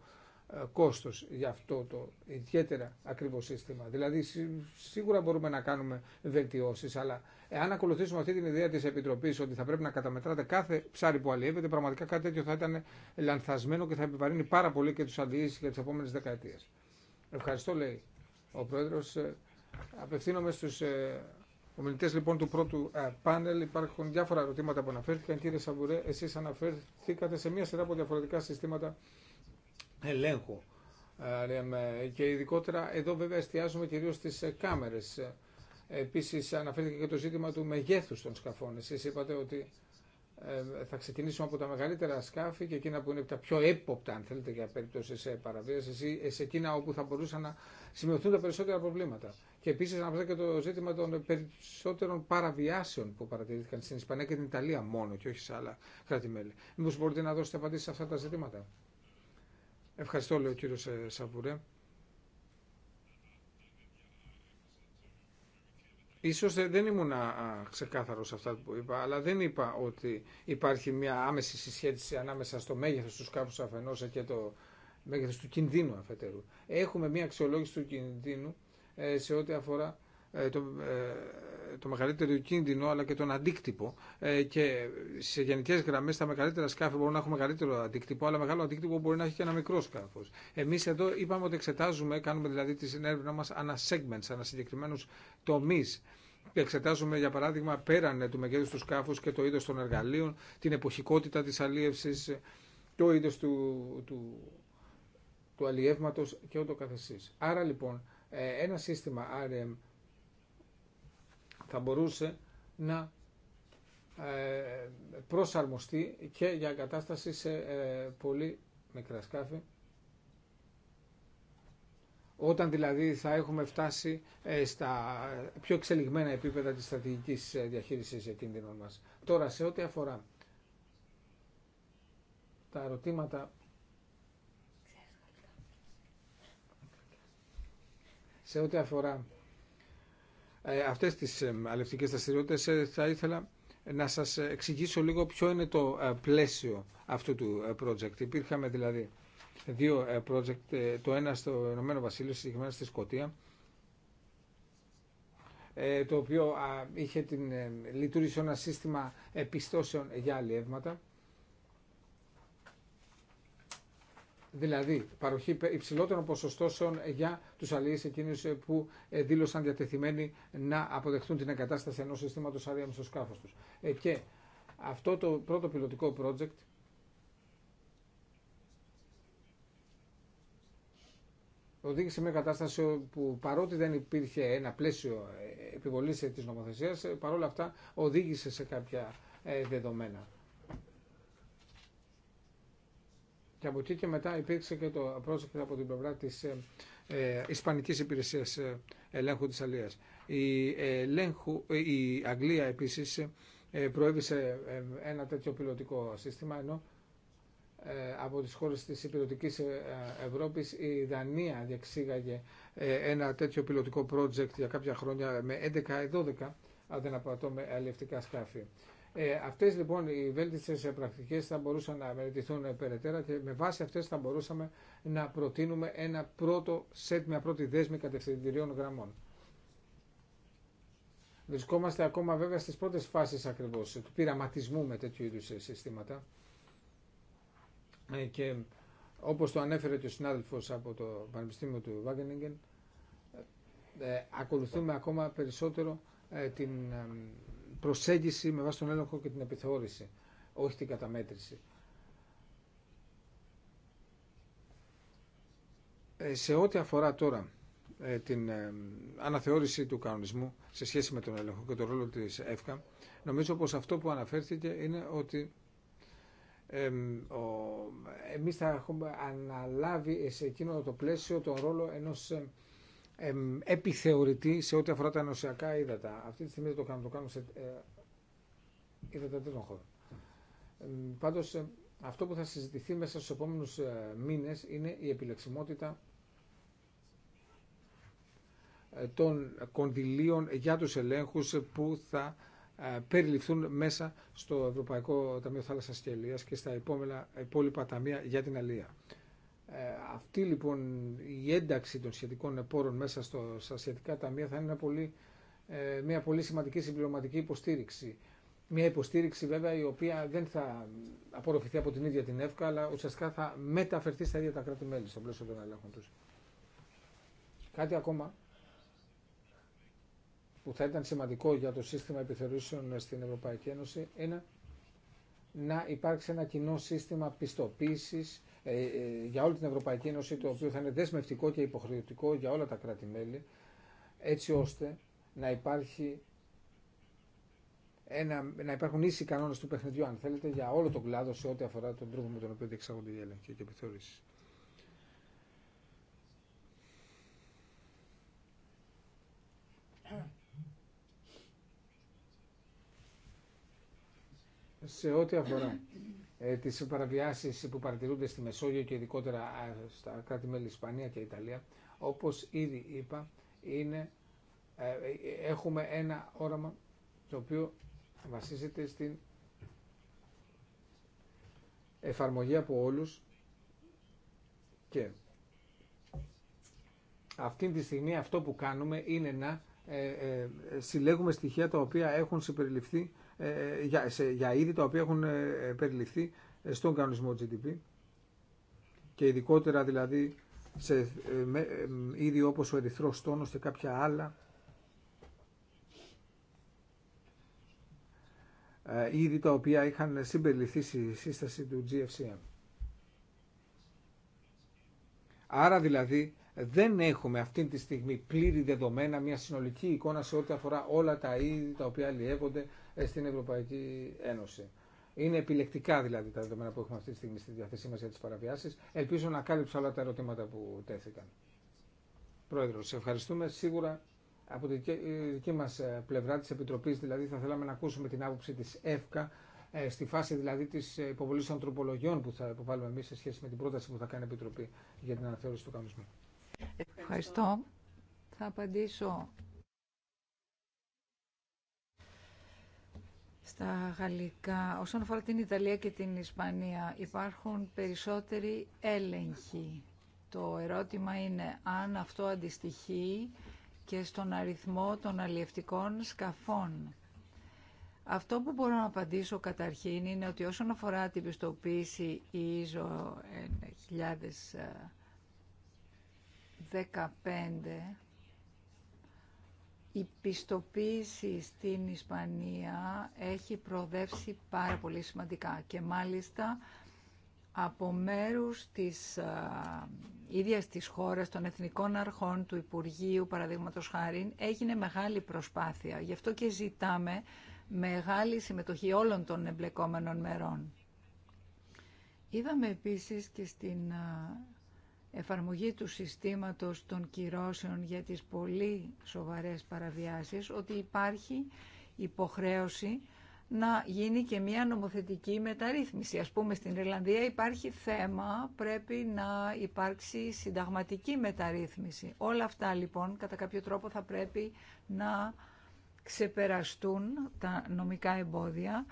ε, κόστος για αυτό το ιδιαίτερα ακριβό σύστημα. Δηλαδή σίγουρα μπορούμε να κάνουμε βελτιώσεις, αλλά εάν ακολουθήσουμε αυτή την ιδέα της Επιτροπής ότι θα πρέπει να καταμετράτε κάθε ψάρι που αλλιεύεται, πραγματικά κάτι τέτοιο θα ήταν λανθασμένο και θα επιβαρύνει πάρα πολύ και τους αντιήσεις για τις επόμενες δεκαετίες. Ευχαριστώ λέει ο Πρόεδρος. Ε, απευθύνομαι στους ε, ομιλητέ λοιπόν του πρώτου πάνελ. Υπάρχουν διάφορα ερωτήματα που αναφέρθηκαν. Κύριε Σαβουρέ, εσείς αναφέρθηκατε σε μια σειρά από διαφορετικά συστήματα ελέγχου. Και ειδικότερα εδώ βέβαια εστιάζουμε κυρίως στις ε, κάμερες. Επίσης αναφέρθηκε και το ζήτημα του μεγέθους των σκαφών. Εσείς είπατε ότι ε, θα ξεκινήσουμε από τα μεγαλύτερα σκάφη και εκείνα που είναι τα πιο έποπτα, αν θέλετε, για περίπτωση παραβίαση, σε εκείνα όπου θα μπορούσαν να σημειωθούν τα περισσότερα προβλήματα. Και επίση αναφέρεται και το ζήτημα των περισσότερων παραβιάσεων που παρατηρήθηκαν στην Ισπανία και την Ιταλία μόνο και όχι σε άλλα κράτη-μέλη. Μήπω μπορείτε να δώσετε απαντήσει σε αυτά τα ζητήματα. Ευχαριστώ, λέει ο κύριο ε, Σαβουρέ. Ίσως ε, δεν ήμουν ξεκάθαρο σε αυτά που είπα, αλλά δεν είπα ότι υπάρχει μια άμεση συσχέτιση ανάμεσα στο μέγεθος του σκάφους αφενός ε, και το μέγεθος του κινδύνου αφετέρου. Έχουμε μια αξιολόγηση του κινδύνου σε ό,τι αφορά ε, το, ε, το μεγαλύτερο κίνδυνο αλλά και τον αντίκτυπο ε, και σε γενικέ γραμμέ τα μεγαλύτερα σκάφη μπορούν να έχουν μεγαλύτερο αντίκτυπο αλλά μεγάλο αντίκτυπο μπορεί να έχει και ένα μικρό σκάφο. Εμεί εδώ είπαμε ότι εξετάζουμε, κάνουμε δηλαδή τη συνέρευνά μα ανα segments, ανα συγκεκριμένου τομεί. Εξετάζουμε για παράδειγμα πέραν του μεγέθου του σκάφου και το είδο των εργαλείων, την εποχικότητα τη αλίευση, το είδο του, του, του αλλιεύματο και ούτω καθεσής. Άρα λοιπόν ένα σύστημα RM θα μπορούσε να ε, προσαρμοστεί και για κατάσταση σε ε, πολύ μικρά σκάφη όταν δηλαδή θα έχουμε φτάσει ε, στα πιο εξελιγμένα επίπεδα της στρατηγικής διαχείρισης κίνδυνων μας. Τώρα σε ό,τι αφορά τα ερωτήματα σε ό,τι αφορά ε, αυτές τις ε, αλευτικέ δραστηριότητε ε, θα ήθελα να σας εξηγήσω λίγο ποιο είναι το πλαίσιο αυτού του project. Υπήρχαμε δηλαδή δύο project, το ένα στο Ηνωμένο Βασίλειο, συγκεκριμένα στη Σκωτία, το οποίο είχε την, ένα σύστημα επιστώσεων για αλλιεύματα δηλαδή παροχή υψηλότερων ποσοστώσεων για του αλληλεί εκείνου ε, που ε, δήλωσαν διατεθειμένοι να αποδεχτούν την εγκατάσταση ενό συστήματο άδεια στο σκάφο του. Ε, και αυτό το πρώτο πιλωτικό project οδήγησε μια κατάσταση που παρότι δεν υπήρχε ένα πλαίσιο επιβολής της νομοθεσίας, παρόλα αυτά οδήγησε σε κάποια δεδομένα. Και από εκεί και μετά υπήρξε και το πρόσωπο από την πλευρά της ε, ε Ισπανικής Υπηρεσίας ε, Ελέγχου της Αλίας. Η, ε, η Αγγλία επίσης προέβησε ένα τέτοιο πιλωτικό σύστημα, ενώ από τις χώρες της υπηρετικής Ευρώπης η Δανία διεξήγαγε ένα τέτοιο πιλωτικό project για κάποια χρόνια με 11-12 αν με αλληλευτικά σκάφη. Ε, αυτές λοιπόν οι βέλτιστε ε, πρακτικές θα μπορούσαν να μελετηθούν ε, περαιτέρα και με βάση αυτέ θα μπορούσαμε να προτείνουμε ένα πρώτο σετ, μια πρώτη δέσμη κατευθυντηριών γραμμών. Βρισκόμαστε ακόμα βέβαια στι πρώτε φάσει ακριβώ του πειραματισμού με τέτοιου είδου ε, συστήματα και όπω το ανέφερε και ο συνάδελφο από το Πανεπιστήμιο του Βάγκενιγκεν, ακολουθούμε ακόμα περισσότερο την προσέγγιση με βάση τον έλεγχο και την επιθεώρηση, όχι την καταμέτρηση. Ε, σε ό,τι αφορά τώρα ε, την ε, αναθεώρηση του κανονισμού σε σχέση με τον έλεγχο και τον ρόλο της ΕΦΚΑ, νομίζω πως αυτό που αναφέρθηκε είναι ότι εμείς θα έχουμε αναλάβει σε εκείνο το πλαίσιο τον ρόλο ενός επιθεωρητή σε ό,τι αφορά τα ενωσιακά ύδατα. Αυτή τη στιγμή δεν το κάνω, το κάνω σε ε, ύδατα τρίτων χώρων. Πάντως, ε, αυτό που θα συζητηθεί μέσα στους επόμενους ε, μήνες είναι η επιλεξιμότητα των κοντιλίων για τους ελέγχους που θα περιληφθούν μέσα στο Ευρωπαϊκό Ταμείο Θάλασσας και Ελίας και στα υπόλοιπα ταμεία για την Αλία. Ε, αυτή λοιπόν η ένταξη των σχετικών επόρων μέσα στο, στα σχετικά ταμεία θα είναι μια πολύ, ε, μια πολύ σημαντική συμπληρωματική υποστήριξη. Μια υποστήριξη βέβαια η οποία δεν θα απορροφηθεί από την ίδια την ΕΦΚΑ αλλά ουσιαστικά θα μεταφερθεί στα ίδια τα κράτη-μέλη στο πλαίσιο των ελέγχων τους. Κάτι ακόμα που θα ήταν σημαντικό για το σύστημα επιθεωρήσεων στην Ευρωπαϊκή Ένωση είναι να υπάρξει ένα κοινό σύστημα πιστοποίησης ε, ε, για όλη την Ευρωπαϊκή Ένωση, το οποίο θα είναι δεσμευτικό και υποχρεωτικό για όλα τα κράτη-μέλη, έτσι ώστε να υπάρχει ένα, να υπάρχουν ίσοι κανόνε του παιχνιδιού, αν θέλετε, για όλο τον κλάδο σε ό,τι αφορά τον τρόπο με τον οποίο διεξάγονται οι έλεγχοι και επιθεωρήσει. σε ό,τι αφορά ε, τις παραβιάσεις που παρατηρούνται στη Μεσόγειο και ειδικότερα στα κράτη-μέλη Ισπανία και Ιταλία, όπως ήδη είπα, είναι, ε, ε, έχουμε ένα όραμα το οποίο βασίζεται στην εφαρμογή από όλους και αυτή τη στιγμή αυτό που κάνουμε είναι να ε, ε συλλέγουμε στοιχεία τα οποία έχουν συμπεριληφθεί ε, για, σε, για είδη τα οποία έχουν ε, περιληφθεί ε, στον κανονισμό GDP και ειδικότερα δηλαδή σε με, είδη όπως ο ερυθρός τόνος και κάποια άλλα είδη τα οποία είχαν συμπεριληφθεί στη σύσταση του GFCM. Άρα δηλαδή δεν έχουμε αυτή τη στιγμή πλήρη δεδομένα, μια συνολική εικόνα σε ό,τι αφορά όλα τα είδη τα οποία αλλιεύονται ε, στην Ευρωπαϊκή Ένωση. Είναι επιλεκτικά δηλαδή τα δεδομένα που έχουμε αυτή τη στιγμή στη διάθεσή μα για τι παραβιάσει. Ελπίζω να κάλυψα όλα τα ερωτήματα που τέθηκαν. Πρόεδρο, σε ευχαριστούμε. Σίγουρα από τη ε, δική μα ε, πλευρά τη Επιτροπή, δηλαδή, θα θέλαμε να ακούσουμε την άποψη τη ΕΦΚΑ στη φάση δηλαδή τη υποβολή ανθρωπολογιών που θα υποβάλουμε εμεί σε σχέση με την πρόταση που θα κάνει η Επιτροπή για την αναθεώρηση του κανονισμού. Ευχαριστώ. Θα απαντήσω στα γαλλικά. Όσον αφορά την Ιταλία και την Ισπανία, υπάρχουν περισσότεροι έλεγχοι. Το ερώτημα είναι αν αυτό αντιστοιχεί και στον αριθμό των αλλιευτικών σκαφών. Αυτό που μπορώ να απαντήσω καταρχήν είναι ότι όσον αφορά την πιστοποίηση ISO 1000 15 η πιστοποίηση στην Ισπανία έχει προοδεύσει πάρα πολύ σημαντικά και μάλιστα από μέρους της α, ίδιας της χώρας, των εθνικών αρχών, του Υπουργείου, παραδείγματος χάρη, έγινε μεγάλη προσπάθεια. Γι' αυτό και ζητάμε μεγάλη συμμετοχή όλων των εμπλεκόμενων μερών. Είδαμε επίσης και στην εφαρμογή του συστήματος των κυρώσεων για τις πολύ σοβαρές παραβιάσεις ότι υπάρχει υποχρέωση να γίνει και μια νομοθετική μεταρρύθμιση. Ας πούμε στην Ιρλανδία υπάρχει θέμα, πρέπει να υπάρξει συνταγματική μεταρρύθμιση. Όλα αυτά λοιπόν κατά κάποιο τρόπο θα πρέπει να ξεπεραστούν τα νομικά εμπόδια.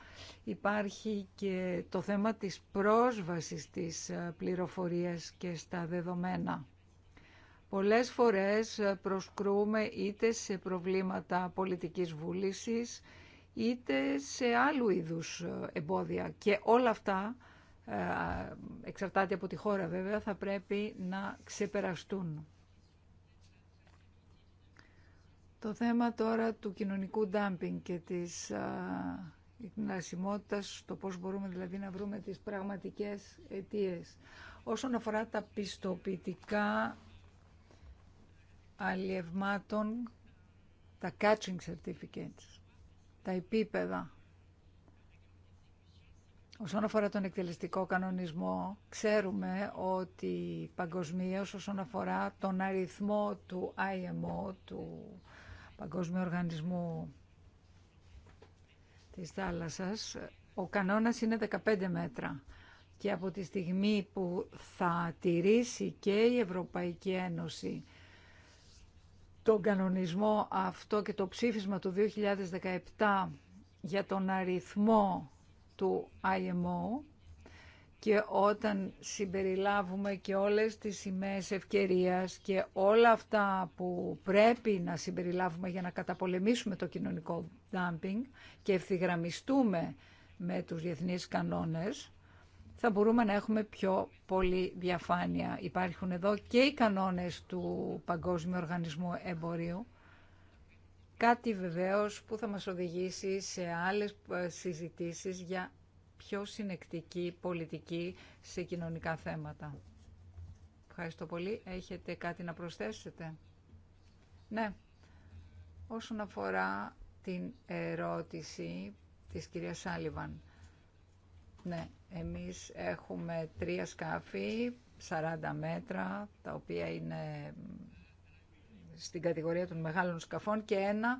Υπάρχει και το θέμα της πρόσβασης της ε, πληροφορίας και στα δεδομένα. Πολλές φορές ε, προσκρούμε είτε σε προβλήματα πολιτικής βούλησης, είτε σε άλλου είδους ε, εμπόδια. Και όλα αυτά, εξαρτάται από τη χώρα βέβαια, θα πρέπει να ξεπεραστούν. Το θέμα τώρα του κοινωνικού ντάμπινγκ και της χνασιμότητας, το πώς μπορούμε δηλαδή να βρούμε τις πραγματικές αιτίες. Όσον αφορά τα πιστοποιητικά αλλιευμάτων, τα catching certificates, τα επίπεδα. Όσον αφορά τον εκτελεστικό κανονισμό, ξέρουμε ότι παγκοσμίως, όσον αφορά τον αριθμό του IMO, του Παγκόσμιο Οργανισμό της Θάλασσας, ο κανόνας είναι 15 μέτρα. Και από τη στιγμή που θα τηρήσει και η Ευρωπαϊκή Ένωση τον κανονισμό αυτό και το ψήφισμα του 2017 για τον αριθμό του IMO, και όταν συμπεριλάβουμε και όλες τις σημαίες ευκαιρίας και όλα αυτά που πρέπει να συμπεριλάβουμε για να καταπολεμήσουμε το κοινωνικό dumping και ευθυγραμμιστούμε με τους διεθνείς κανόνες, θα μπορούμε να έχουμε πιο πολύ διαφάνεια. Υπάρχουν εδώ και οι κανόνες του Παγκόσμιου Οργανισμού Εμπορίου, κάτι βεβαίως που θα μας οδηγήσει σε άλλες ε, συζητήσεις για πιο συνεκτική πολιτική σε κοινωνικά θέματα. Ευχαριστώ πολύ. Έχετε κάτι να προσθέσετε. Ναι. Όσον αφορά την ερώτηση της κυρίας Σάλιβαν. Ναι, εμείς έχουμε τρία σκάφη, 40 μέτρα, τα οποία είναι στην κατηγορία των μεγάλων σκαφών και ένα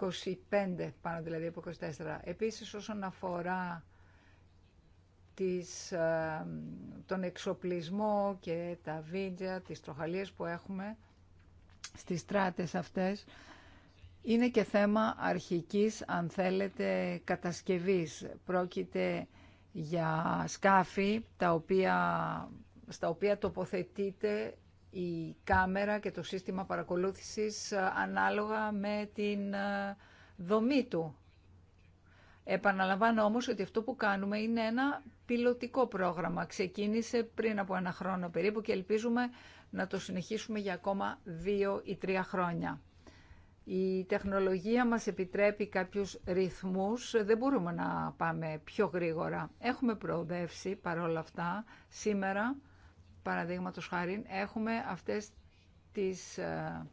25 πάνω δηλαδή από 24. Επίσης όσον αφορά τις, τον εξοπλισμό και τα βίντεο, τις τροχαλίες που έχουμε στις στράτες αυτές. Είναι και θέμα αρχικής, αν θέλετε, κατασκευής. Πρόκειται για σκάφη τα οποία, στα οποία τοποθετείται η κάμερα και το σύστημα παρακολούθησης ε, ανάλογα με την ε, δομή του. Επαναλαμβάνω όμως ότι αυτό που κάνουμε είναι ένα πιλωτικό πρόγραμμα. Ξεκίνησε πριν από ένα χρόνο περίπου και ελπίζουμε να το συνεχίσουμε για ακόμα δύο ή τρία χρόνια. Η τεχνολογία μας επιτρέπει κάποιους ρυθμούς, δεν μπορούμε να πάμε πιο γρήγορα. Έχουμε προοδεύσει παρόλα αυτά. Σήμερα, παραδείγματος χάρη, έχουμε αυτές τις ε,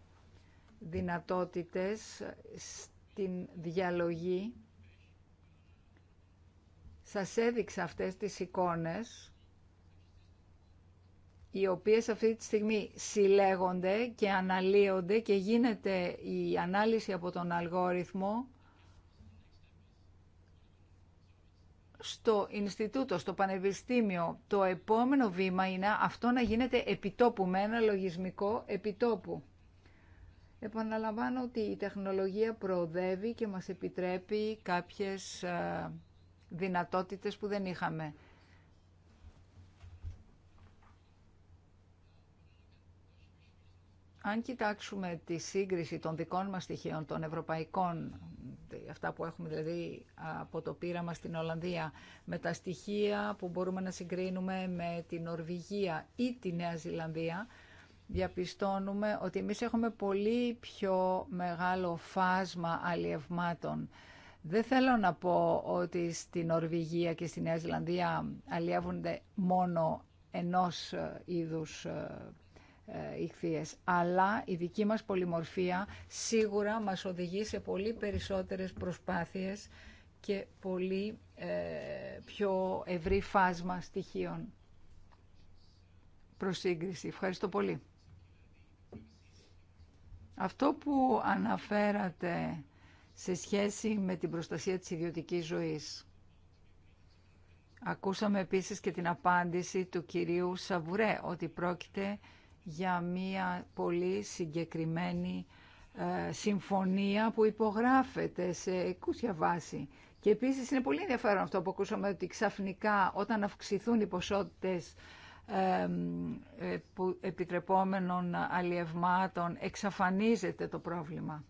δυνατότητες στην διαλογή σας έδειξα αυτές τις εικόνες, οι οποίες αυτή τη στιγμή συλλέγονται και αναλύονται και γίνεται η ανάλυση από τον αλγόριθμο στο Ινστιτούτο, στο Πανεπιστήμιο. Το επόμενο βήμα είναι αυτό να γίνεται επιτόπου με ένα λογισμικό επιτόπου. Επαναλαμβάνω ότι η τεχνολογία προοδεύει και μας επιτρέπει κάποιες ε, δυνατότητες που δεν είχαμε. Αν κοιτάξουμε τη σύγκριση των δικών μας στοιχείων, των ευρωπαϊκών, αυτά που έχουμε δηλαδή από το πείραμα στην Ολλανδία, με τα στοιχεία που μπορούμε να συγκρίνουμε με την Νορβηγία ή τη Νέα Ζηλανδία, διαπιστώνουμε ότι εμείς έχουμε πολύ πιο μεγάλο φάσμα αλλιευμάτων. Δεν θέλω να πω ότι στη Νορβηγία και στη Νέα Ζηλανδία αλλιεύονται μόνο ενός ε, είδους ε, ε, ηχθείες, αλλά η δική μας πολυμορφία σίγουρα μας οδηγεί σε πολύ περισσότερες προσπάθειες και πολύ πιο ευρύ φάσμα στοιχείων προς σύγκριση. Ευχαριστώ πολύ. Αυτό που αναφέρατε σε σχέση με την προστασία της ιδιωτικής ζωής. Ακούσαμε επίσης και την απάντηση του κυρίου Σαβουρέ ότι πρόκειται για μία πολύ συγκεκριμένη ε, συμφωνία που υπογράφεται σε εκούσια βάση. Και επίσης είναι πολύ ενδιαφέρον αυτό που ακούσαμε ότι ξαφνικά όταν αυξηθούν οι ποσότητες ε, επιτρεπόμενων αλλιευμάτων εξαφανίζεται το πρόβλημα.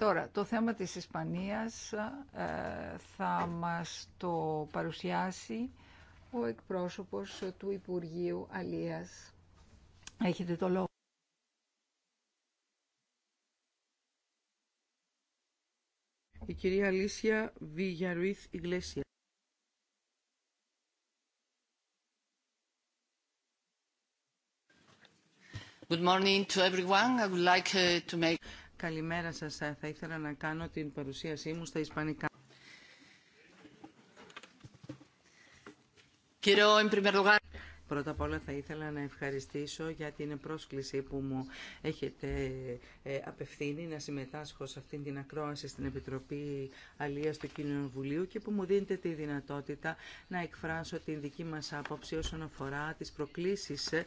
Τώρα, το θέμα της Ισπανίας ε, θα μας το παρουσιάσει ο εκπρόσωπος του Υπουργείου Αλίας. Έχετε το λόγο. Η κυρία Αλίσια Βιγιαρουίθ Ιγλέσια. Good morning to everyone. I would like uh, to make... Καλημέρα σας. Θα ήθελα να κάνω την παρουσίασή μου στα Ισπανικά. Πρώτα απ' όλα θα ήθελα να ευχαριστήσω για την πρόσκληση που μου έχετε ε, απευθύνει να συμμετάσχω σε αυτήν την ακρόαση στην Επιτροπή Αλίας του Κοινοβουλίου και που μου δίνετε τη δυνατότητα να εκφράσω την δική μας άποψη όσον αφορά τις προκλήσεις ε,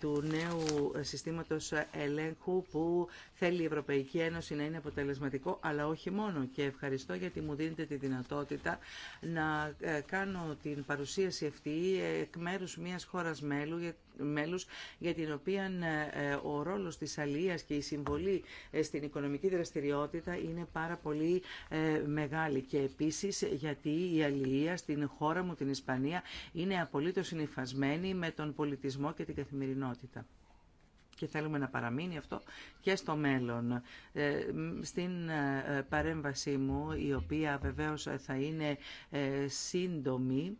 του νέου συστήματος ελέγχου που θέλει η Ευρωπαϊκή Ένωση να είναι αποτελεσματικό, αλλά όχι μόνο. Και ευχαριστώ γιατί μου δίνετε τη δυνατότητα να ε, κάνω την παρουσίαση αυτή εκ μια μιας χώρας μέλους για την οποία ε, ε, ο ρόλος της αλίας και η συμβολή ε, στην οικονομική δραστηριότητα είναι πάρα πολύ μεγάλη και επίσης γιατί η αλληλεία στην χώρα μου την Ισπανία είναι απολύτως συνειφασμένη με τον πολιτισμό και την καθημερινότητα και θέλουμε να παραμείνει αυτό και στο μέλλον. Στην παρέμβασή μου, η οποία βεβαίως θα είναι σύντομη,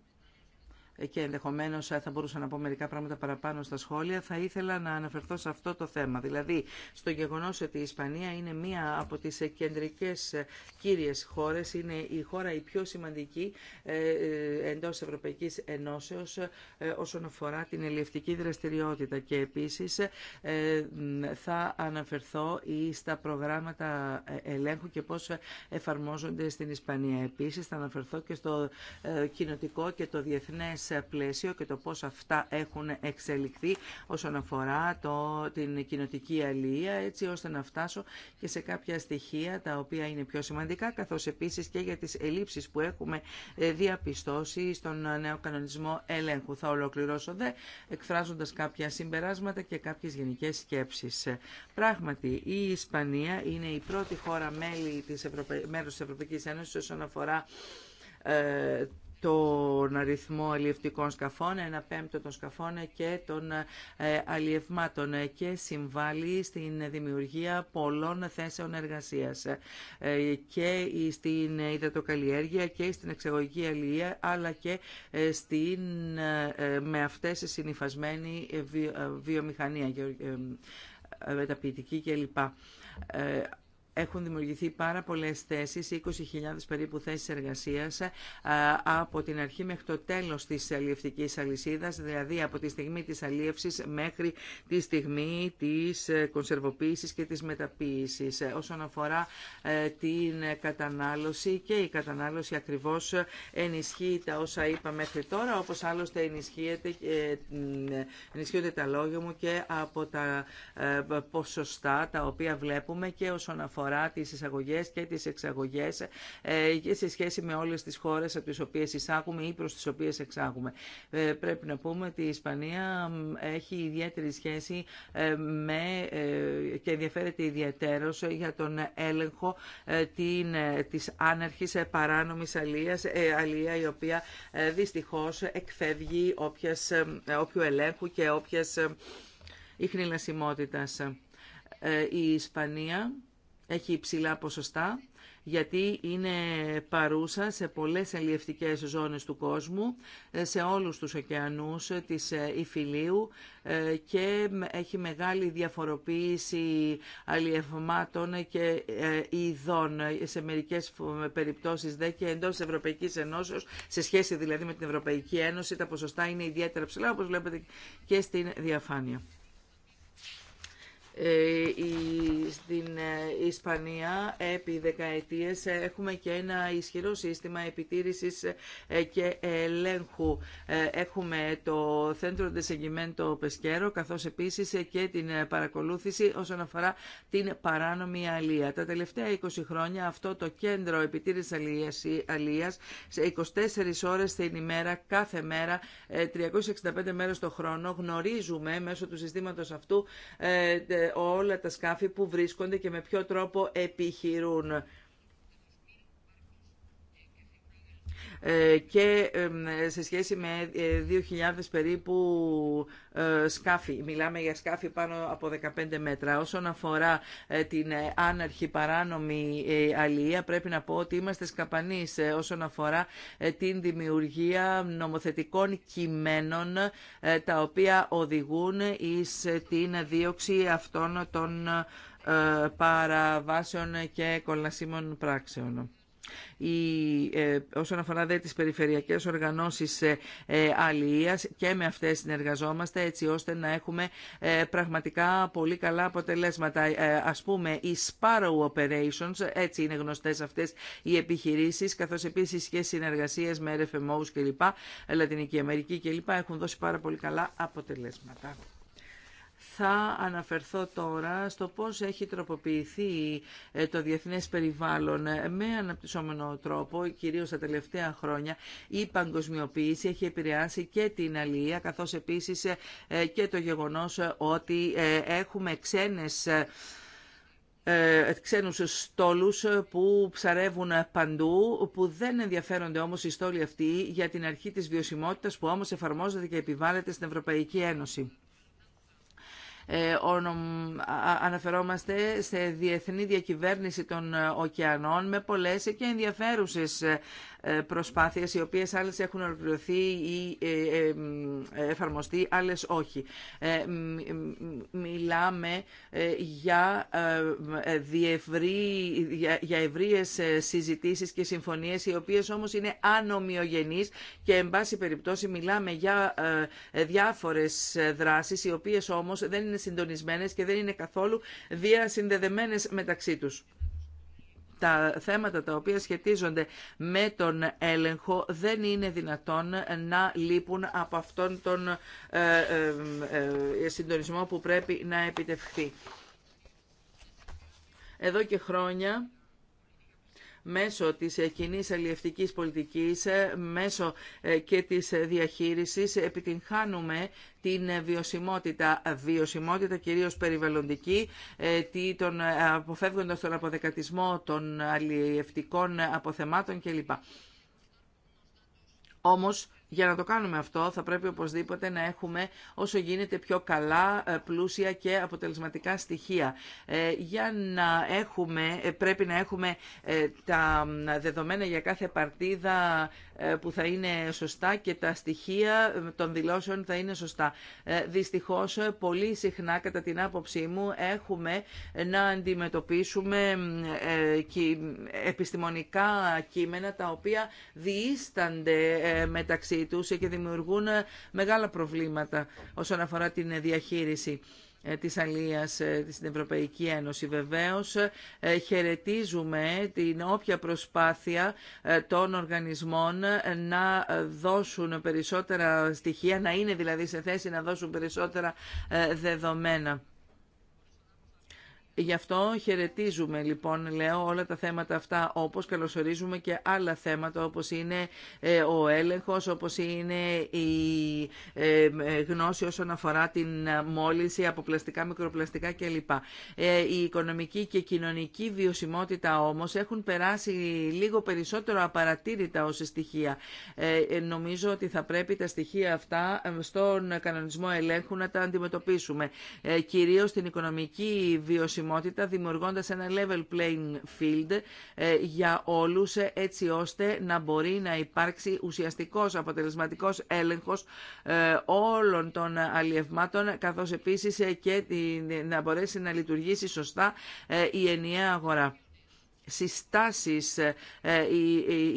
και ενδεχομένω ε, θα μπορούσα να πω μερικά πράγματα παραπάνω στα σχόλια, θα ήθελα να αναφερθώ σε αυτό το θέμα. Δηλαδή, στο γεγονός ότι η Ισπανία είναι μία από τις κεντρικέ ε, κύριε χώρες, είναι η χώρα η πιο σημαντική ε, εντός Ευρωπαϊκής Ενώσεω όσον αφορά την ελιευτική δραστηριότητα και επίσης θα αναφερθώ στα προγράμματα ελέγχου και πώ εφαρμόζονται στην Ισπανία. Επίση, θα αναφερθώ και στο κοινοτικό και το διεθνές πλαίσιο και το πώς αυτά έχουν εξελιχθεί όσον αφορά το, την κοινοτική αλληλεία, έτσι ώστε να φτάσω και σε κάποια στοιχεία τα οποία είναι πιο σημαντικά, καθώς επίσης και για τις ελλείψεις που έχουμε ε, διαπιστώσει στον νέο κανονισμό ελέγχου. Θα ολοκληρώσω δε εκφράζοντας κάποια συμπεράσματα και κάποιες γενικές σκέψεις. Πράγματι, η Ισπανία είναι η πρώτη χώρα μέλη της της Ευρωπαϊκής Ένωσης όσον αφορά ε, τον αριθμό αλλιευτικών σκαφών, ένα πέμπτο των σκαφών και των ε, αλλιευμάτων ε, και συμβάλλει στην δημιουργία πολλών θέσεων εργασίας ε, και στην υδατοκαλλιέργεια και στην εξαγωγική αλληλεία αλλά και στην, με αυτές συνειφασμένη βιομηχανία μεταποιητική κλπ έχουν δημιουργηθεί πάρα πολλές θέσεις, 20.000 περίπου θέσεις εργασίας ε, από την αρχή μέχρι το τέλος της αλλιευτικής αλυσίδας, δηλαδή από τη στιγμή της αλλιεύσης μέχρι τη στιγμή της ε, κονσερβοποίησης και της μεταποίησης. Ε, όσον αφορά την κατανάλωση και η κατανάλωση ακριβώς ενισχύει τα όσα είπα μέχρι τώρα, όπως άλλωστε ενισχύεται, ενισχύονται τα λόγια μου και από τα ποσοστά τα οποία βλέπουμε και όσον αφορά αφορά τις εισαγωγές και τις εξαγωγές ε, σε σχέση με όλες τις χώρες από τις οποίες εισάγουμε ή προς τις οποίες εξάγουμε. Ε, πρέπει να πούμε ότι η Ισπανία έχει ιδιαίτερη σχέση ε, με και ενδιαφέρεται ιδιαίτερος για τον έλεγχο την, της παράνομη παράνομης αλίας, αλία η οποία δυστυχώς εκφεύγει όποιας, όποιου ελέγχου και όποιας ιχνηλασιμότητας. Η Ισπανία έχει υψηλά ποσοστά γιατί είναι παρούσα σε πολλές αλλιευτικές ζώνες του κόσμου, ε, σε όλους τους ωκεανούς ε, της ε, Ιφιλίου και έχει μεγάλη διαφοροποίηση αλλιευμάτων και ειδών σε μερικές περιπτώσεις δε και εντός της Ευρωπαϊκής Ενώσεως, σε σχέση δηλαδή με την Ευρωπαϊκή Ένωση, τα ποσοστά είναι ιδιαίτερα ψηλά όπως βλέπετε και στην διαφάνεια. Ε, στην ε, Ισπανία επί δεκαετίες έχουμε και ένα ισχυρό σύστημα επιτήρησης ε, και ελέγχου. Έχουμε το Centro de Πεσκέρο, Pesquero καθώς επίσης και την παρακολούθηση όσον αφορά την παράνομη αλία. Τα τελευταία 20 χρόνια αυτό το κέντρο επιτήρησης αλίας, αλίας 24 ώρες την ημέρα, κάθε μέρα, 365 μέρες το χρόνο γνωρίζουμε μέσω του συστήματος αυτού όλα τα σκάφη που βρίσκονται και με ποιο τρόπο επιχειρούν. Ε, και σε σχέση με 2.000 ε, περίπου ε, σκάφη. Μιλάμε για σκάφη πάνω από 15 μέτρα. Όσον αφορά την άναρχη παράνομη αλληλεία, πρέπει να πω ότι είμαστε σκαπανείς όσον αφορά την δημιουργία νομοθετικών κειμένων τα οποία οδηγούν εις την δίωξη αυτών των παραβάσεων και κολασίμων πράξεων. Ε, όσον αφορά δε τις περιφερειακές οργανώσεις ε, ε, αλληλείας και με αυτές συνεργαζόμαστε έτσι ώστε να έχουμε πραγματικά πολύ καλά αποτελέσματα. Ας πούμε οι Sparrow Operations, έτσι είναι γνωστές αυτές οι επιχειρήσεις, καθώς επίσης και συνεργασίες με RFMOs κλπ, Λατινική Αμερική κλπ έχουν δώσει πάρα πολύ καλά αποτελέσματα θα αναφερθώ τώρα στο πώς έχει τροποποιηθεί ε, το διεθνές περιβάλλον ε, με αναπτυσσόμενο τρόπο, κυρίως τα τελευταία χρόνια. Η παγκοσμιοποίηση έχει επηρεάσει και την αλληλεία, καθώς επίσης ε, και το γεγονός ότι έχουμε ξένες ξένους στόλους που ψαρεύουν παντού, που δεν ενδιαφέρονται όμως οι στόλοι αυτοί για την αρχή της βιωσιμότητας που όμως εφαρμόζεται και επιβάλλεται στην Ευρωπαϊκή Ένωση. Ε, αναφερόμαστε σε διεθνή διακυβέρνηση των ε, ωκεανών με πολλές και ενδιαφέρουσες ε, ε, προσπάθειες οι οποίες άλλες έχουν ολοκληρωθεί ή ε, ε, εφαρμοστεί, άλλες όχι. Μιλάμε για, διευρύ, για συζητήσεις και συμφωνίες οι οποίες όμως είναι ανομοιογενείς και εν πάση περιπτώσει μιλάμε για διάφορες δράσεις οι οποίες όμως δεν είναι συντονισμένες και δεν είναι καθόλου διασυνδεδεμένες μεταξύ τους τα θέματα τα οποία σχετίζονται με τον έλεγχο δεν είναι δυνατόν να λείπουν από αυτόν τον ε, ε, ε συντονισμό που πρέπει να επιτευχθεί. Εδώ και χρόνια μέσω της ε, κοινή αλλιευτικής πολιτικής, ε, μέσω ε, και της διαχείρισης επιτυγχάνουμε την βιωσιμότητα, βιωσιμότητα κυρίως περιβαλλοντική, αποφεύγοντα αποφεύγοντας τον αποδεκατισμό των αλλιευτικών αποθεμάτων κλπ. Όμως, για να το κάνουμε αυτό θα πρέπει οπωσδήποτε να έχουμε όσο γίνεται πιο καλά, ε, πλούσια και αποτελεσματικά στοιχεία. Ε, για να έχουμε, ε, πρέπει να έχουμε τα δεδομένα για κάθε παρτίδα που θα είναι σωστά και τα στοιχεία των δηλώσεων θα είναι σωστά. Δυστυχώς πολύ συχνά κατά την άποψή μου έχουμε να αντιμετωπίσουμε επιστημονικά κείμενα τα οποία διήστανται μεταξύ μεταξύ και δημιουργούν ε, μεγάλα προβλήματα όσον αφορά την ε, διαχείριση ε, της Αλίας στην Ευρωπαϊκή Ένωση. Βεβαίως χαιρετίζουμε την όποια προσπάθεια των οργανισμών να δώσουν περισσότερα στοιχεία, να είναι δηλαδή σε θέση να δώσουν περισσότερα δεδομένα. Γι' αυτό χαιρετίζουμε λοιπόν, λέω, όλα τα θέματα αυτά, όπως καλωσορίζουμε και άλλα θέματα, όπως είναι ε, ο έλεγχος, όπως είναι η ε, ε, γνώση όσον αφορά την μόλυνση από πλαστικά, μικροπλαστικά κλπ. Η οικονομική και κοινωνική βιωσιμότητα όμως έχουν περάσει λίγο περισσότερο απαρατήρητα ως στοιχεία. Νομίζω ότι θα πρέπει τα στοιχεία αυτά στον κανονισμό ελέγχου να τα αντιμετωπίσουμε. Κυρίως την οικονομική βιωσιμότητα δημιουργώντα δημιουργώντας ένα level playing field ε, για όλους ε, έτσι ώστε να μπορεί να υπάρξει ουσιαστικός αποτελεσματικός έλεγχος ε, όλων των αλλιευμάτων καθώς επίσης και να μπορέσει να λειτουργήσει σωστά η ενιαία αγορά συστάσεις ε, ε,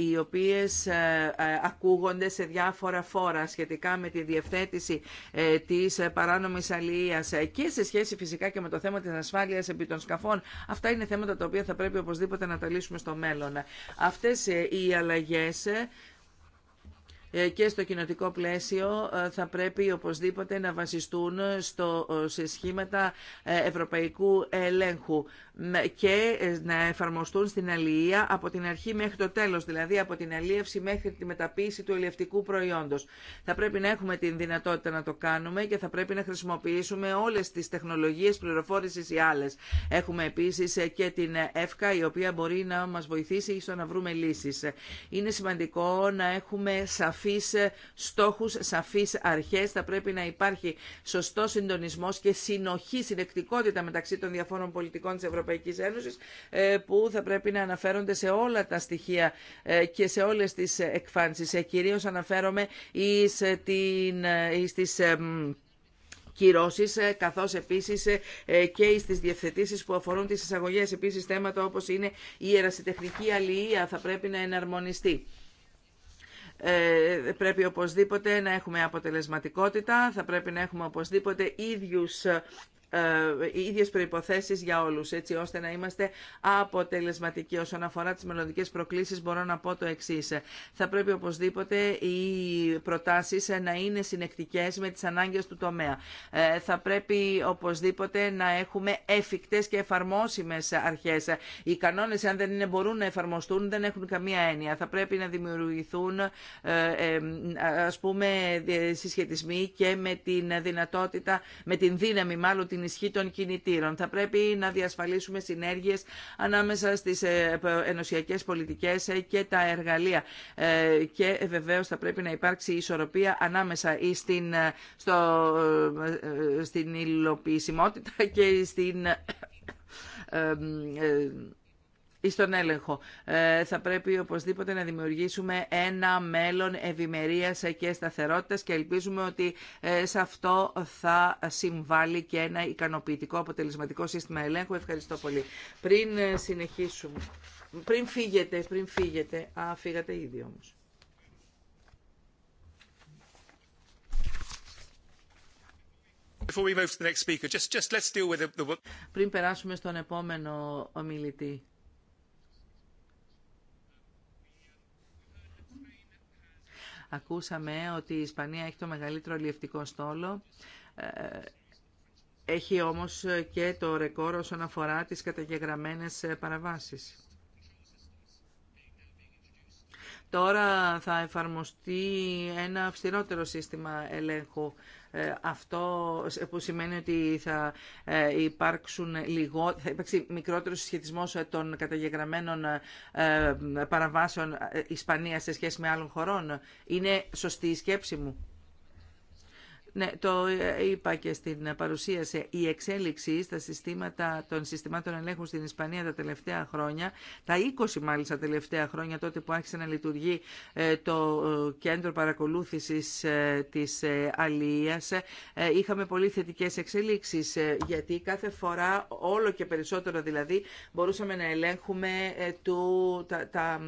οι οποίες ε, ακούγονται σε διάφορα φόρα σχετικά με τη διευθέτηση της παράνομης αλληλείας και σε σχέση φυσικά και με το θέμα της ασφάλειας επί των σκαφών. Αυτά είναι θέματα τα οποία θα πρέπει οπωσδήποτε να τα λύσουμε στο μέλλον. Αυτές οι αλλαγές και στο κοινοτικό πλαίσιο θα πρέπει οπωσδήποτε να βασιστούν στο, σε σχήματα ευρωπαϊκού ελέγχου και ε, να εφαρμοστούν στην αλληλεία από την αρχή μέχρι το τέλος, δηλαδή από την αλλίευση μέχρι τη μεταποίηση του ελευτικού προϊόντος. Θα πρέπει να έχουμε την δυνατότητα να το κάνουμε και θα πρέπει να χρησιμοποιήσουμε όλες τις τεχνολογίες πληροφόρησης ή άλλες. Έχουμε επίσης ε, και την ε, ΕΦΚΑ η οποία μπορεί να μας βοηθήσει στο να βρούμε λύσεις. Είναι σημαντικό να έχουμε σαφείς στόχους, σαφείς αρχές. Θα πρέπει να υπάρχει σωστό συντονισμός και συνοχή, συνεκτικότητα μεταξύ των διαφόρων πολιτικών τη Ευρωπαϊκής Ευρωπαϊκής Ένωσης ε, που θα πρέπει να αναφέρονται σε όλα τα στοιχεία ε, και σε όλες τις ε, εκφάνσεις. Κυρίως αναφέρομαι εις, την, εις τις κυρώσεις, καθώς επίσης και στις διευθετήσεις που αφορούν τις εισαγωγές. Επίσης θέματα όπως είναι η ερασιτεχνική αλληλεία θα πρέπει να εναρμονιστεί. Ε, πρέπει οπωσδήποτε να έχουμε αποτελεσματικότητα, θα πρέπει να έχουμε οπωσδήποτε ίδιους ε, οι ίδιες προϋποθέσεις για όλους, έτσι ώστε να είμαστε αποτελεσματικοί. Όσον αφορά τις μελλοντικές προκλήσεις μπορώ να πω το εξή. Θα πρέπει οπωσδήποτε οι προτάσεις να είναι συνεκτικές με τις ανάγκες του τομέα. Ε, θα πρέπει οπωσδήποτε να έχουμε εφικτές και εφαρμόσιμες αρχές. Οι κανόνες, αν δεν είναι, μπορούν να εφαρμοστούν, δεν έχουν καμία έννοια. Θα πρέπει να δημιουργηθούν, ε, ας πούμε, συσχετισμοί και με την δυνατότητα, με την δύναμη μάλλον την των κινητήρων. Θα πρέπει να διασφαλίσουμε συνέργειες ανάμεσα στι ε, ενωσιακές πολιτικές ε, και τα εργαλεία. Ε, και βεβαίως θα πρέπει να υπάρξει ισορροπία ανάμεσα στην, στο, στην υλοποιησιμότητα και στην στον έλεγχο. Ε, θα πρέπει οπωσδήποτε να δημιουργήσουμε ένα μέλλον ευημερία και σταθερότητα και ελπίζουμε ότι ε, σε αυτό θα συμβάλλει και ένα ικανοποιητικό αποτελεσματικό σύστημα ελέγχου. Ευχαριστώ πολύ. Πριν ε, συνεχίσουμε, πριν φύγετε, πριν φύγετε, α, φύγατε ήδη όμως. Πριν περάσουμε στον επόμενο ομιλητή, Ακούσαμε ότι η Ισπανία έχει το μεγαλύτερο αλλιευτικό στόλο. Ε, έχει όμως και το ρεκόρ όσον αφορά τις καταγεγραμμένες παραβάσεις. Τώρα θα εφαρμοστεί ένα αυστηρότερο σύστημα ελέγχου ε, αυτό που σημαίνει ότι θα ε, υπάρξουν λιγό, θα υπάρξει μικρότερο σχετισμός ε, των καταγεγραμμένων παραβάσεων Ισπανίας σε σχέση με άλλων χωρών. Είναι σωστή η σκέψη μου. Ναι, το ε, είπα και στην παρουσίαση. Η εξέλιξη στα συστήματα των συστημάτων ελέγχου στην Ισπανία τα τελευταία χρόνια, τα 20 μάλιστα τελευταία χρόνια, τότε που άρχισε να λειτουργεί ε, το ε, κέντρο παρακολούθησης της αλίας, είχαμε πολύ θετικές εξελίξεις, γιατί κάθε φορά, όλο και περισσότερο δηλαδή, μπορούσαμε να ελέγχουμε του, τα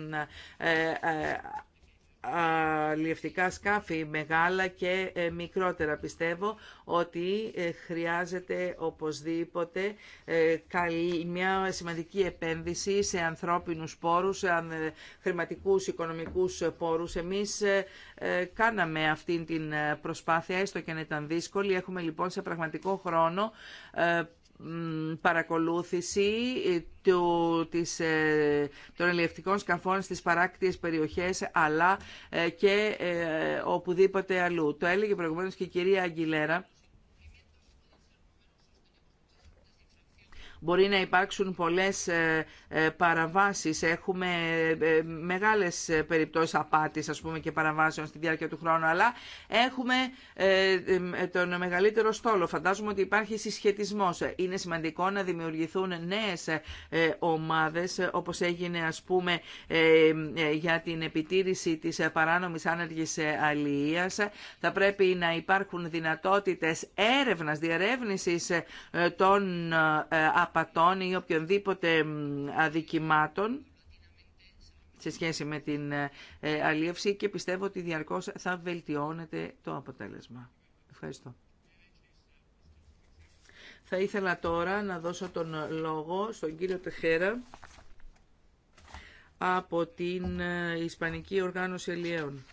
αλλιευτικά σκάφη μεγάλα και ε, μικρότερα. Πιστεύω ότι ε, χρειάζεται οπωσδήποτε ε, μια σημαντική επένδυση σε ανθρώπινους πόρους, σε χρηματικούς, οικονομικούς πόρους. Εμείς κάναμε αυτή την προσπάθεια, έστω και αν ήταν δύσκολη. Έχουμε λοιπόν σε πραγματικό χρόνο παρακολούθηση του, της, ε, των ελευθερικών σκαφών στις παράκτιες περιοχές αλλά ε, και ε, οπουδήποτε αλλού. Το έλεγε προηγουμένως και η κυρία Αγγιλέρα Μπορεί να υπάρξουν πολλές ε, ε, παραβάσεις. Έχουμε ε, μεγάλες περιπτώσεις απάτης ας πούμε, και παραβάσεων στη διάρκεια του χρόνου, αλλά έχουμε τον μεγαλύτερο στόλο. Φαντάζομαι ότι υπάρχει συσχετισμός. Είναι σημαντικό να δημιουργηθούν νέες ομάδες, όπως έγινε ας πούμε για την επιτήρηση της παράνομης άνεργης αλληλείας. Θα πρέπει να υπάρχουν δυνατότητες έρευνας, διαρεύνησης των απατών ή οποιονδήποτε αδικημάτων σε σχέση με την ε, ε, αλίευση και πιστεύω ότι διαρκώς θα βελτιώνεται το αποτέλεσμα. Ευχαριστώ. Θα ήθελα τώρα να δώσω τον λόγο στον κύριο Τεχέρα από την ε, Ισπανική Οργάνωση Ελιέων.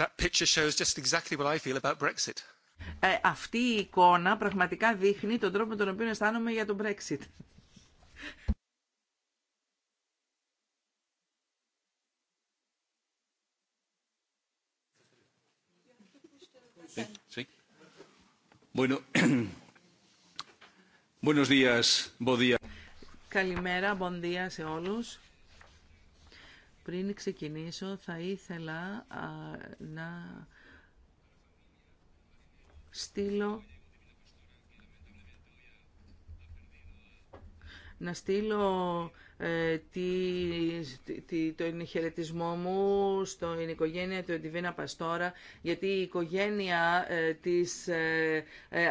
That picture shows just exactly what I feel about Brexit. Ε, αυτή η εικόνα πραγματικά δείχνει τον τρόπο τον οποίο αισθάνομαι για τον Brexit. Bueno. Buenos Καλημέρα, bon día σε όλους. Πριν ξεκινήσω θα ήθελα να στείλω να στείλω ε, τι τον χαιρετισμό μου στην οικογένεια του Εντιβίνα Παστόρα, γιατί η οικογένεια ε, της ε,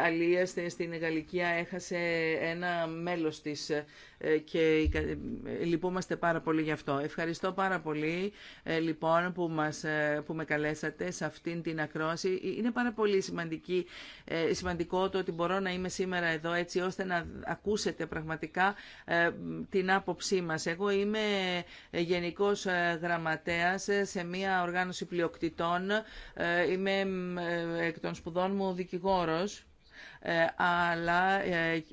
Αλίας στην Γαλλικία έχασε ένα μέλος της και λυπούμαστε πάρα πολύ γι' αυτό. Ευχαριστώ πάρα πολύ λοιπόν που, μας, που με καλέσατε σε αυτήν την ακρόαση. Είναι πάρα πολύ σημαντική, σημαντικό το ότι μπορώ να είμαι σήμερα εδώ έτσι ώστε να ακούσετε πραγματικά την άποψή εγώ είμαι γενικός ε, γραμματέας σε μια οργάνωση πλειοκτητών. Ε, είμαι ε, εκ των σπουδών μου δικηγόρος ε, αλλά ε,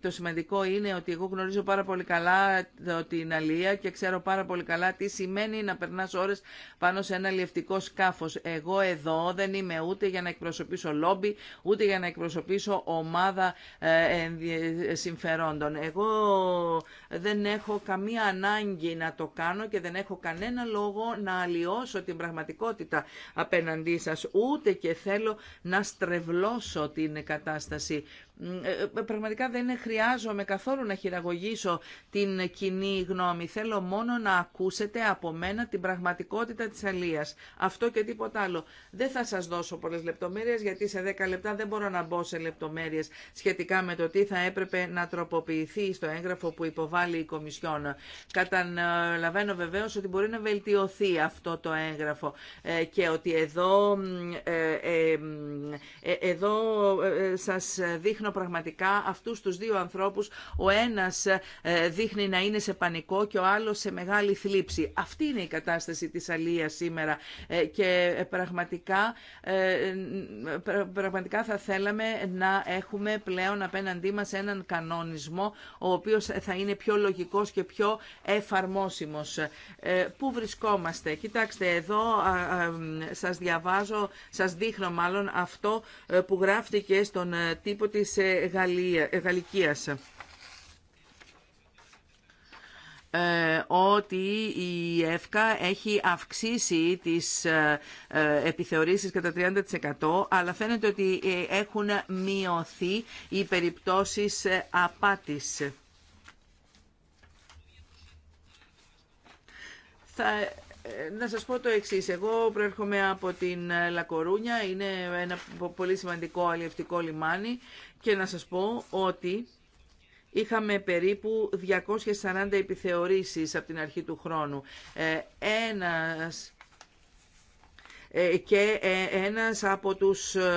το σημαντικό είναι ότι εγώ γνωρίζω πάρα πολύ καλά την αλία και ξέρω πάρα πολύ καλά τι σημαίνει να περνάς ώρες πάνω σε ένα λιευτικό σκάφος. Εγώ εδώ δεν είμαι ούτε για να εκπροσωπήσω λόμπι, ούτε για να εκπροσωπήσω ομάδα ε, συμφερόντων. Εγώ δεν έχω καμία ανάγκη να το κάνω και δεν έχω κανένα λόγο να αλλοιώσω την πραγματικότητα απέναντί σας, ούτε και θέλω να στρεβλώσω την κατάσταση κατάσταση ε, ε, πραγματικά δεν χρειάζομαι καθόλου να χειραγωγήσω την κοινή γνώμη. Θέλω μόνο να ακούσετε από μένα την πραγματικότητα της αλίας. Αυτό και τίποτα άλλο. Δεν θα σας δώσω πολλές λεπτομέρειες γιατί σε 10 λεπτά δεν μπορώ να μπω σε λεπτομέρειες σχετικά με το τι θα έπρεπε να τροποποιηθεί στο έγγραφο που υποβάλλει η Κομισιόν. Καταλαβαίνω βεβαίως ότι μπορεί να βελτιωθεί αυτό το έγγραφο ε, και ότι εδώ, εδώ σας δείχνω δείχνω πραγματικά αυτούς τους δύο ανθρώπους, ο ένας ε, δείχνει να είναι σε πανικό και ο άλλος σε μεγάλη θλίψη. Αυτή είναι η κατάσταση της αλίας σήμερα ε, και ε, πραγματικά, πραγματικά θα θέλαμε να έχουμε πλέον απέναντί μας έναν κανονισμό ο οποίος θα είναι πιο λογικός και πιο εφαρμόσιμος. Πού βρισκόμαστε. Κοιτάξτε, εδώ σας διαβάζω, σας δείχνω μάλλον αυτό που γράφτηκε στον τύπο της ε, Γαλλία, ε, Γαλλικίας ε, ότι η ΕΦΚΑ έχει αυξήσει τις επιθεωρήσεις κατά 30% αλλά φαίνεται ότι έχουν μειωθεί οι περιπτώσεις απάτης. Θα... Να σας πω το εξής. Εγώ προέρχομαι από την Λακορούνια, είναι ένα πολύ σημαντικό αλλιευτικό λιμάνι και να σας πω ότι είχαμε περίπου 240 επιθεωρήσεις από την αρχή του χρόνου. Ε, ένας και ε, ένας από τους ε,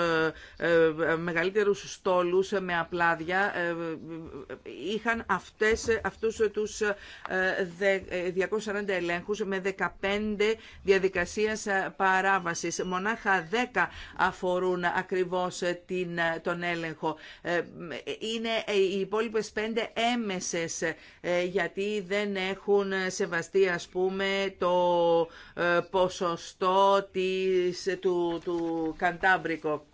ε, μεγαλύτερους στόλους με απλάδια είχαν αυτές, αυτούς τους 240 ελέγχους με 15 διαδικασίες παράβασης. Μονάχα 10 αφορούν ακριβώς την, τον έλεγχο. Είναι οι υπόλοιπε 5 έμεσες γιατί δεν έχουν σεβαστεί ας πούμε το ποσοστό της της, του, του Καντάμπρικο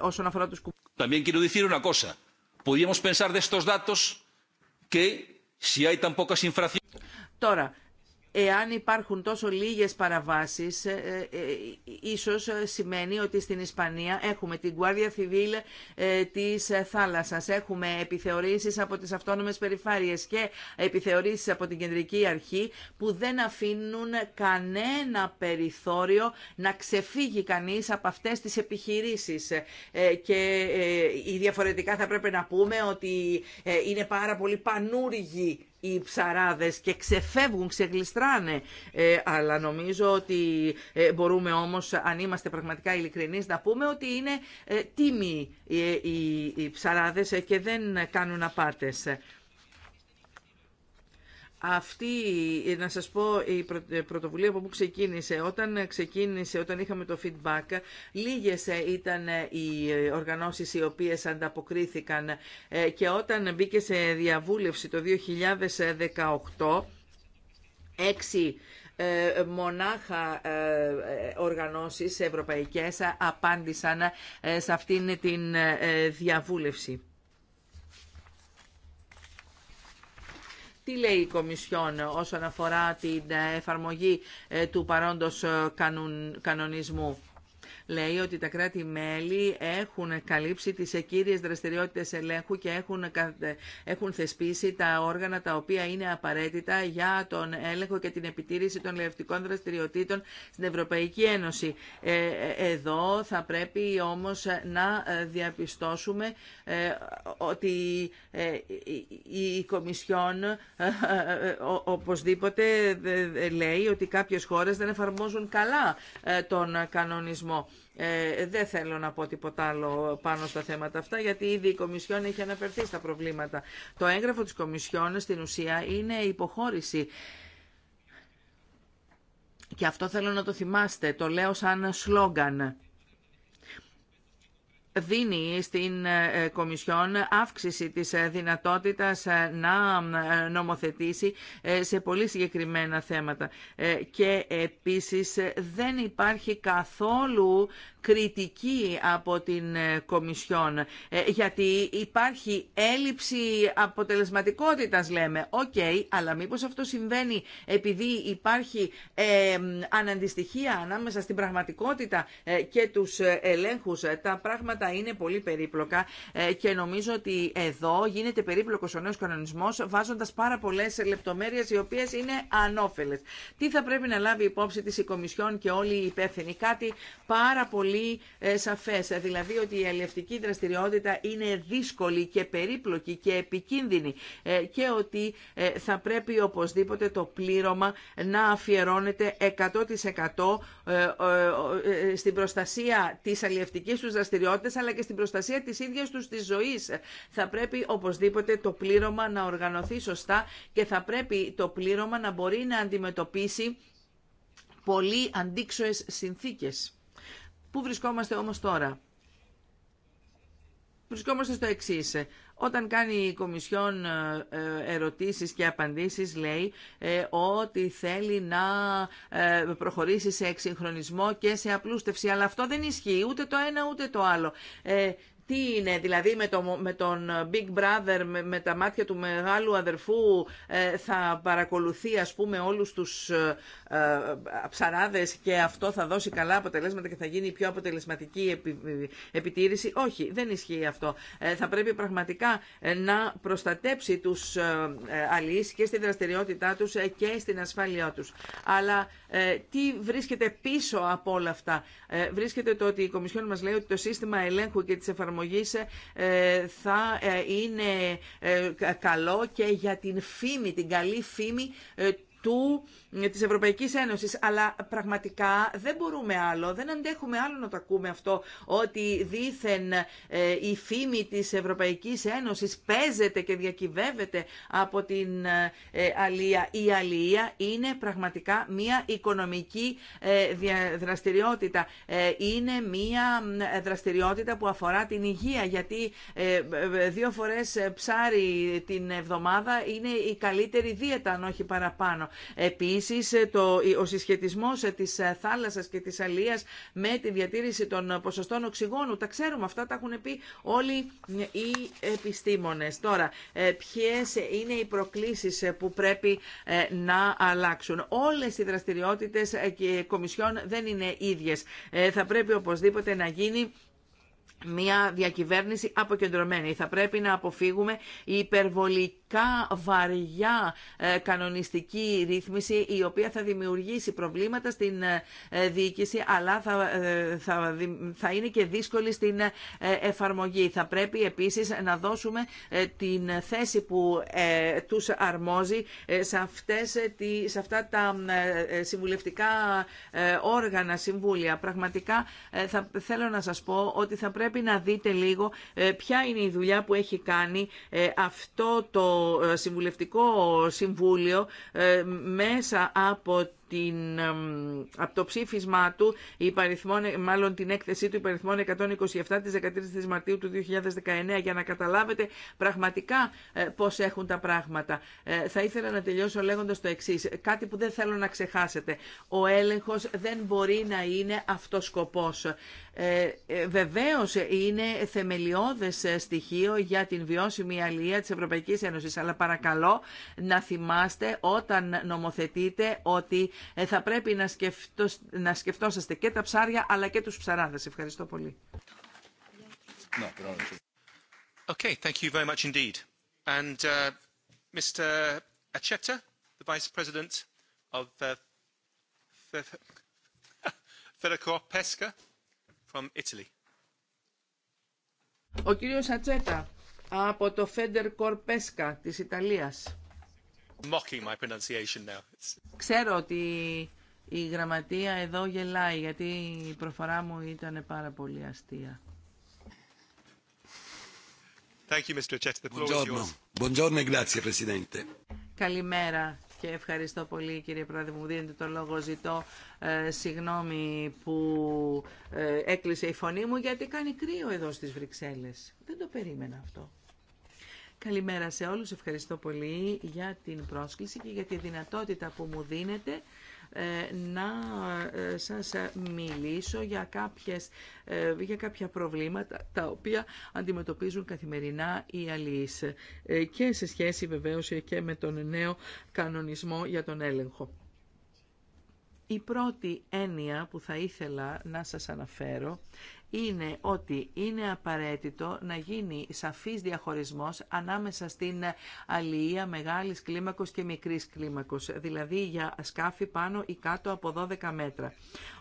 όσον αφορά τους También quiero decir una cosa. Podríamos pensar de estos datos que si hay tan pocas infracciones... Τώρα, Εάν υπάρχουν τόσο λίγες παραβάσεις, ε, ε, ε, ίσως σημαίνει ότι στην Ισπανία έχουμε την Guardia Civil της θάλασσας, έχουμε επιθεωρήσεις από τις αυτόνομες περιφάρειες και επιθεωρήσεις από την Κεντρική Αρχή που δεν αφήνουν κανένα περιθώριο να ξεφύγει κανείς από αυτές τις επιχειρήσεις. Και διαφορετικά θα πρέπει να πούμε ότι είναι πάρα πολύ πανούργοι οι ψαράδες και ξεφεύγουν, ξεγλιστράνε. Ε, αλλά νομίζω ότι ε, μπορούμε όμως, αν είμαστε πραγματικά ειλικρινείς, να πούμε ότι είναι ε, τίμοι οι, ε, οι, οι ψαράδες και δεν κάνουν απάτες αυτή, να σας πω, η ε, πρωτοβουλία από που ξεκίνησε, όταν ξεκίνησε, όταν είχαμε το feedback, λίγες ε, ήταν ε, οι οργανώσεις οι οποίες ανταποκρίθηκαν και όταν μπήκε σε διαβούλευση το 2018, έξι μονάχα οργανώσεις ευρωπαϊκές απάντησαν σε αυτήν την διαβούλευση. τι λέει η Κομισιόν όσον αφορά την ε, εφαρμογή ε, του παρόντος ε, κανονισμού λέει ότι τα κράτη-μέλη έχουν καλύψει τις κύριες δραστηριότητες ελέγχου και έχουν, έχουν θεσπίσει τα όργανα τα οποία είναι απαραίτητα για τον έλεγχο και την επιτήρηση των λευτικών δραστηριοτήτων στην Ευρωπαϊκή Ένωση. Ε, εδώ θα πρέπει όμως να διαπιστώσουμε ε, ότι ε, η Κομισιόν οπωσδήποτε λέει ότι κάποιες χώρες δεν εφαρμόζουν καλά τον κανονισμό. Ε, δεν θέλω να πω τίποτα άλλο πάνω στα θέματα αυτά, γιατί ήδη η Κομισιόν έχει αναφερθεί στα προβλήματα. Το έγγραφο της Κομισιόν στην ουσία είναι υποχώρηση. Και αυτό θέλω να το θυμάστε, το λέω σαν σλόγγαν δίνει στην ε, Κομισιόν αύξηση της ε, δυνατότητας ε, να νομοθετήσει σε πολύ συγκεκριμένα θέματα. Και επίσης δεν υπάρχει καθόλου κριτική από την ε, Κομισιόν, ε, γιατί υπάρχει έλλειψη αποτελεσματικότητας λέμε. Οκ, αλλά μήπως αυτό συμβαίνει επειδή υπάρχει ε, ανάμεσα στην πραγματικότητα ε, και τους ελέγχους. Τα πράγματα είναι πολύ περίπλοκα και νομίζω ότι εδώ γίνεται περίπλοκος ο νέος κανονισμός βάζοντας πάρα πολλές λεπτομέρειες οι οποίες είναι ανώφελες. Τι θα πρέπει να λάβει υπόψη της η Κομισιόν και όλοι οι υπεύθυνοι. Κάτι πάρα πολύ πολύ ε, σαφές. Ε, δηλαδή ότι η αλληλευτική δραστηριότητα είναι δύσκολη και περίπλοκη και επικίνδυνη ε, και ότι θα πρέπει οπωσδήποτε το πλήρωμα να αφιερώνεται 100% στην προστασία της αλληλευτικής τους δραστηριότητας αλλά και στην προστασία της ίδιας τους της ζωής. Θα πρέπει οπωσδήποτε το πλήρωμα να οργανωθεί σωστά και θα πρέπει το πλήρωμα να μπορεί να αντιμετωπίσει πολύ αντίξωες συνθήκες. Πού βρισκόμαστε όμως τώρα. Βρισκόμαστε στο εξή. Όταν κάνει η Κομισιόν ε, ε, ερωτήσεις και απαντήσεις λέει ε, ότι θέλει να προχωρήσει σε εξυγχρονισμό και σε απλούστευση. Αλλά αυτό δεν ισχύει ούτε το ένα ούτε το άλλο τι είναι, δηλαδή με, το, με τον Big Brother, με, τα μάτια του μεγάλου αδερφού ε, θα παρακολουθεί ας πούμε όλους τους ε, ε, ψαράδες και αυτό θα δώσει καλά αποτελέσματα και θα γίνει η πιο αποτελεσματική ε, επιτήρηση. Όχι, δεν ισχύει αυτό. Θα πρέπει πραγματικά να προστατέψει τους αλληλείς και στην δραστηριότητά τους και στην ασφάλειά τους. Αλλά ε, τι βρίσκεται πίσω από όλα αυτά. Ε, βρίσκεται το ότι η Κομισιόν μας λέει ότι το σύστημα ελέγχου και της εφαρμογής ε, θα είναι καλό και για την φήμη, την καλή φήμη του, ε, της Ευρωπαϊκής Ένωσης. Αλλά πραγματικά δεν μπορούμε άλλο, δεν αντέχουμε άλλο να το ακούμε αυτό, ότι δήθεν ε, η φήμη της Ευρωπαϊκής Ένωσης παίζεται και διακυβεύεται από την ε, αλία. Η αλία είναι πραγματικά μια οικονομική δραστηριότητα. Είναι μια δραστηριότητα που αφορά την υγεία, γιατί δύο φορές ψάρι την εβδομάδα είναι η καλύτερη δίαιτα, αν όχι παραπάνω. Επίσης, το, ο συσχετισμός της θάλασσας και της αλίας με τη διατήρηση των ποσοστών οξυγόνου. Τα ξέρουμε αυτά, τα έχουν πει όλοι οι επιστήμονες. Τώρα, ε, ποιες είναι οι προκλήσεις που πρέπει ε, να αλλάξουν. Όλες οι δραστηριότητες ε, και κομισιόν δεν είναι ίδιες. Θα πρέπει οπωσδήποτε να γίνει μια διακυβέρνηση αποκεντρωμένη. Θα πρέπει να αποφύγουμε υπερβολική σχετικά βαριά ε, κανονιστική ρύθμιση η οποία θα δημιουργήσει προβλήματα στην ε, ε, διοίκηση αλλά θα, θα, θα είναι και δύσκολη στην εφαρμογή. Θα πρέπει επίσης να δώσουμε την θέση που τους αρμόζει σε, αυτές, σε αυτά τα συμβουλευτικά όργανα, συμβούλια. Πραγματικά θα, θέλω να σας πω ότι θα πρέπει να δείτε λίγο ποια είναι η δουλειά που έχει κάνει αυτό το ε, συμβουλευτικό Συμβούλιο ε, μέσα από την, από το ψήφισμά του, μάλλον την έκθεσή του υπαριθμών 127 της 13ης Μαρτίου του 2019 για να καταλάβετε πραγματικά ε, πώς έχουν τα πράγματα. Ε, θα ήθελα να τελειώσω λέγοντας το εξής, κάτι που δεν θέλω να ξεχάσετε. Ο έλεγχος δεν μπορεί να είναι αυτός σκοπός. Ε, βεβαίως είναι θεμελιώδες στοιχείο για την βιώσιμη αλληλεία της Ευρωπαϊκής Ένωσης, αλλά παρακαλώ να θυμάστε όταν νομοθετείτε ότι ε, θα πρέπει να, σκεφτώ, να σκεφτόσαστε και τα ψάρια αλλά και τους ψαράδες. Ευχαριστώ πολύ. Okay, thank you very much indeed. And uh, Mr. Acheta, the Vice President of uh, Federico Pesca from Italy. Ο κύριος Ατσέτα από το Feder Pesca της Ιταλίας. Ξέρω ότι η γραμματεία εδώ γελάει γιατί η προφορά μου ήταν πάρα πολύ αστεία. Καλημέρα και ευχαριστώ πολύ κύριε Πρόεδρε μου δίνετε το λόγο. Ζητώ ε, συγγνώμη που ε, έκλεισε η φωνή μου γιατί κάνει κρύο εδώ στις Βρυξέλλες. Δεν το περίμενα αυτό. Καλημέρα σε όλους, ευχαριστώ πολύ για την πρόσκληση και για τη δυνατότητα που μου δίνετε ε, να ε, σας μιλήσω για, κάποιες, ε, για κάποια προβλήματα τα οποία αντιμετωπίζουν καθημερινά οι αλληλείς και σε σχέση βεβαίως και με τον νέο κανονισμό για τον έλεγχο. Η πρώτη έννοια που θα ήθελα να σας αναφέρω είναι ότι είναι απαραίτητο να γίνει σαφής διαχωρισμός ανάμεσα στην αλληλεία μεγάλης κλίμακος και μικρής κλίμακος, δηλαδή για σκάφη πάνω ή κάτω από 12 μέτρα.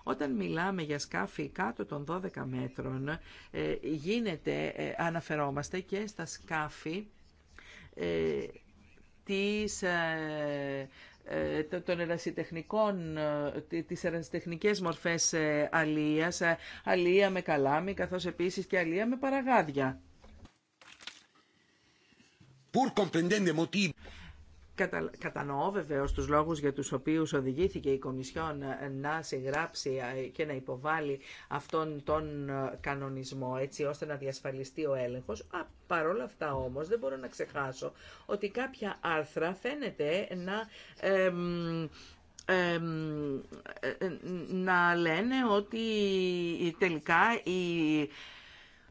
Όταν μιλάμε για σκάφη κάτω των 12 μέτρων, ε, γίνεται, ε, αναφερόμαστε και στα σκάφη ε, της ε, των ερασιτεχνικών, ε, τις ερασιτεχνικές μορφές ε, αλίας, αλία με καλάμι, καθώς επίσης και αλία με παραγάδια. Κατα... Κατανοώ βεβαίω του λόγου για του οποίου οδηγήθηκε η Κομισιόν ε, να συγγράψει και να υποβάλει αυτόν τον ε, κανονισμό έτσι ώστε να διασφαλιστεί ο έλεγχο. Παρ' όλα αυτά όμω δεν μπορώ να ξεχάσω ότι κάποια άρθρα φαίνεται να. Ε, να λένε ότι τελικά η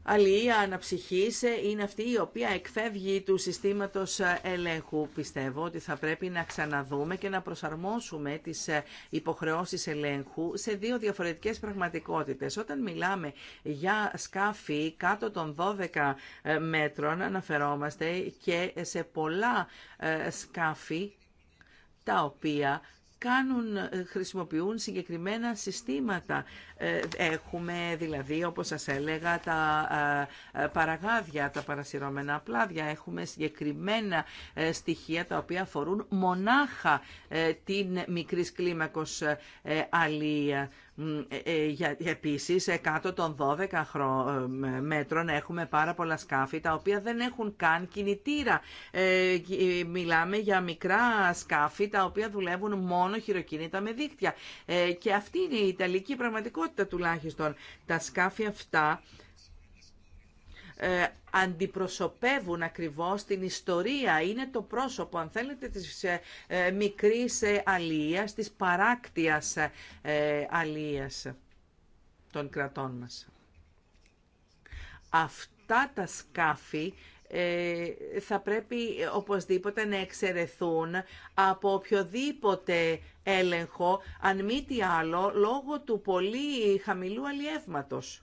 αλληλεία αναψυχής ε, είναι αυτή η οποία εκφεύγει του συστήματος ε, ελέγχου. Πιστεύω ότι θα πρέπει να ξαναδούμε και να προσαρμόσουμε τις ε, υποχρεώσεις ελέγχου σε δύο διαφορετικές πραγματικότητες. Όταν μιλάμε για σκάφη κάτω των 12 μέτρων αναφερόμαστε και σε πολλά σκάφη τα οποία κάνουν, ε, χρησιμοποιούν συγκεκριμένα συστήματα. Ε, έχουμε δηλαδή, όπως σας έλεγα, τα ε, παραγάδια, τα παρασυρώμενα πλάδια. Έχουμε συγκεκριμένα στοιχεία τα οποία αφορούν μονάχα την μικρής κλίμακος αλία. Ε, ε, επίσης, ε, κάτω των 12 μέτρων έχουμε πάρα πολλά σκάφη τα οποία δεν έχουν καν κινητήρα. Μιλάμε για μικρά σκάφη τα οποία δουλεύουν μόνο χειροκίνητα με δίκτυα. Και αυτή είναι η ιταλική πραγματικότητα τουλάχιστον. Τα σκάφη αυτά ε, αντιπροσωπεύουν ακριβώς την ιστορία. Είναι το πρόσωπο, αν θέλετε, της ε, ε, μικρής αλίας, της παράκτιας αλίας των κρατών μας. Αυτά τα σκάφη θα πρέπει οπωσδήποτε να εξαιρεθούν από οποιοδήποτε έλεγχο, αν μη τι άλλο, λόγω του πολύ χαμηλού αλλιεύματος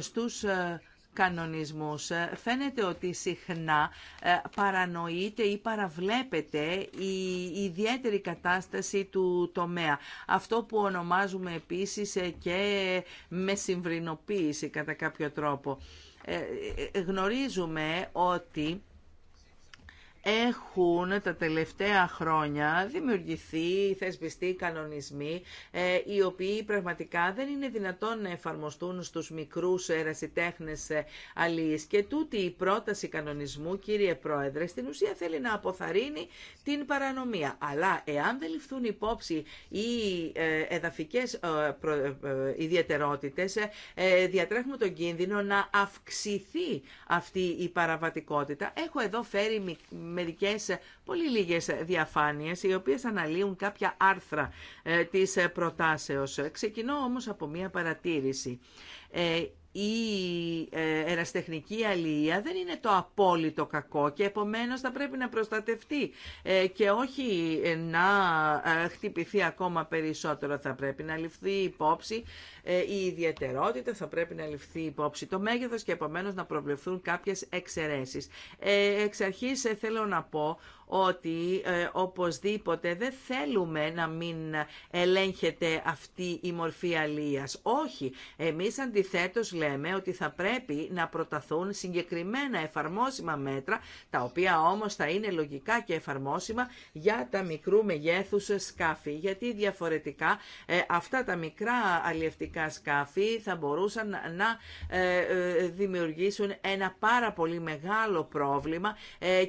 στους ε, κανονισμούς ε, φαίνεται ότι συχνά ε, παρανοείται ή παραβλέπεται η ιδιαίτερη κατάσταση του τομέα. Αυτό που ονομάζουμε επίσης και με συμβρινοποίηση κατά κάποιο τρόπο. Γνωρίζουμε ότι έχουν τα τελευταία χρόνια δημιουργηθεί, θεσπιστεί κανονισμοί ε, οι οποίοι πραγματικά δεν είναι δυνατόν να εφαρμοστούν στους μικρούς ερασιτέχνες ε, αλληλείς. Και τούτη η πρόταση κανονισμού, κύριε Πρόεδρε, στην ουσία θέλει να αποθαρρύνει την παρανομία. Αλλά εάν δεν ληφθούν υπόψη οι ε, εδαφικές ιδιαιτερότητες, διατρέχουμε τον κίνδυνο να αυξηθεί αυτή η παραβατικότητα. Έχω εδώ φέρει μερικές πολύ λίγες διαφάνειες οι οποίες αναλύουν κάποια άρθρα ε, της προτάσεως. Ξεκινώ όμως από μία παρατήρηση. Ε, η ε, εραστεχνική αλληλεία δεν είναι το απόλυτο κακό και επομένως θα πρέπει να προστατευτεί ε, και όχι ε, να χτυπηθεί ακόμα περισσότερο. Θα πρέπει να ληφθεί υπόψη η ιδιαιτερότητα, θα πρέπει να ληφθεί υπόψη το μέγεθος και επομένως να προβλεφθούν κάποιες εξαιρέσεις. Εξ αρχής θέλω να πω ότι ε, οπωσδήποτε δεν θέλουμε να μην ελέγχεται αυτή η μορφή αλίας. Όχι, εμείς αντιθέτως λέμε ότι θα πρέπει να προταθούν συγκεκριμένα εφαρμόσιμα μέτρα, τα οποία όμως θα είναι λογικά και εφαρμόσιμα για τα μικρού μεγέθους σκάφη, γιατί διαφορετικά ε, αυτά τα μικρά αλλιευτικά σκάφη θα μπορούσαν να ε, ε, δημιουργήσουν ένα πάρα πολύ μεγάλο πρόβλημα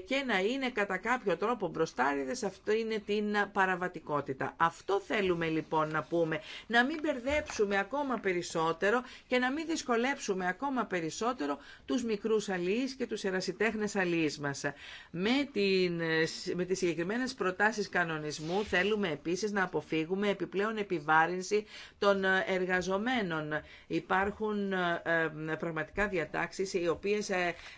και να είναι κατά κάποιο κάποιο τρόπο μπροστάριδε, αυτό είναι την παραβατικότητα. Αυτό θέλουμε λοιπόν να πούμε, να μην μπερδέψουμε ακόμα περισσότερο και να μην δυσκολέψουμε ακόμα περισσότερο τους μικρούς αλληλεί και τους ερασιτέχνες αλληλεί μας. Με, την, με τις συγκεκριμένε προτάσεις κανονισμού θέλουμε επίσης να αποφύγουμε επιπλέον επιβάρυνση των εργαζομένων. Υπάρχουν ε, ε, πραγματικά διατάξεις οι οποίε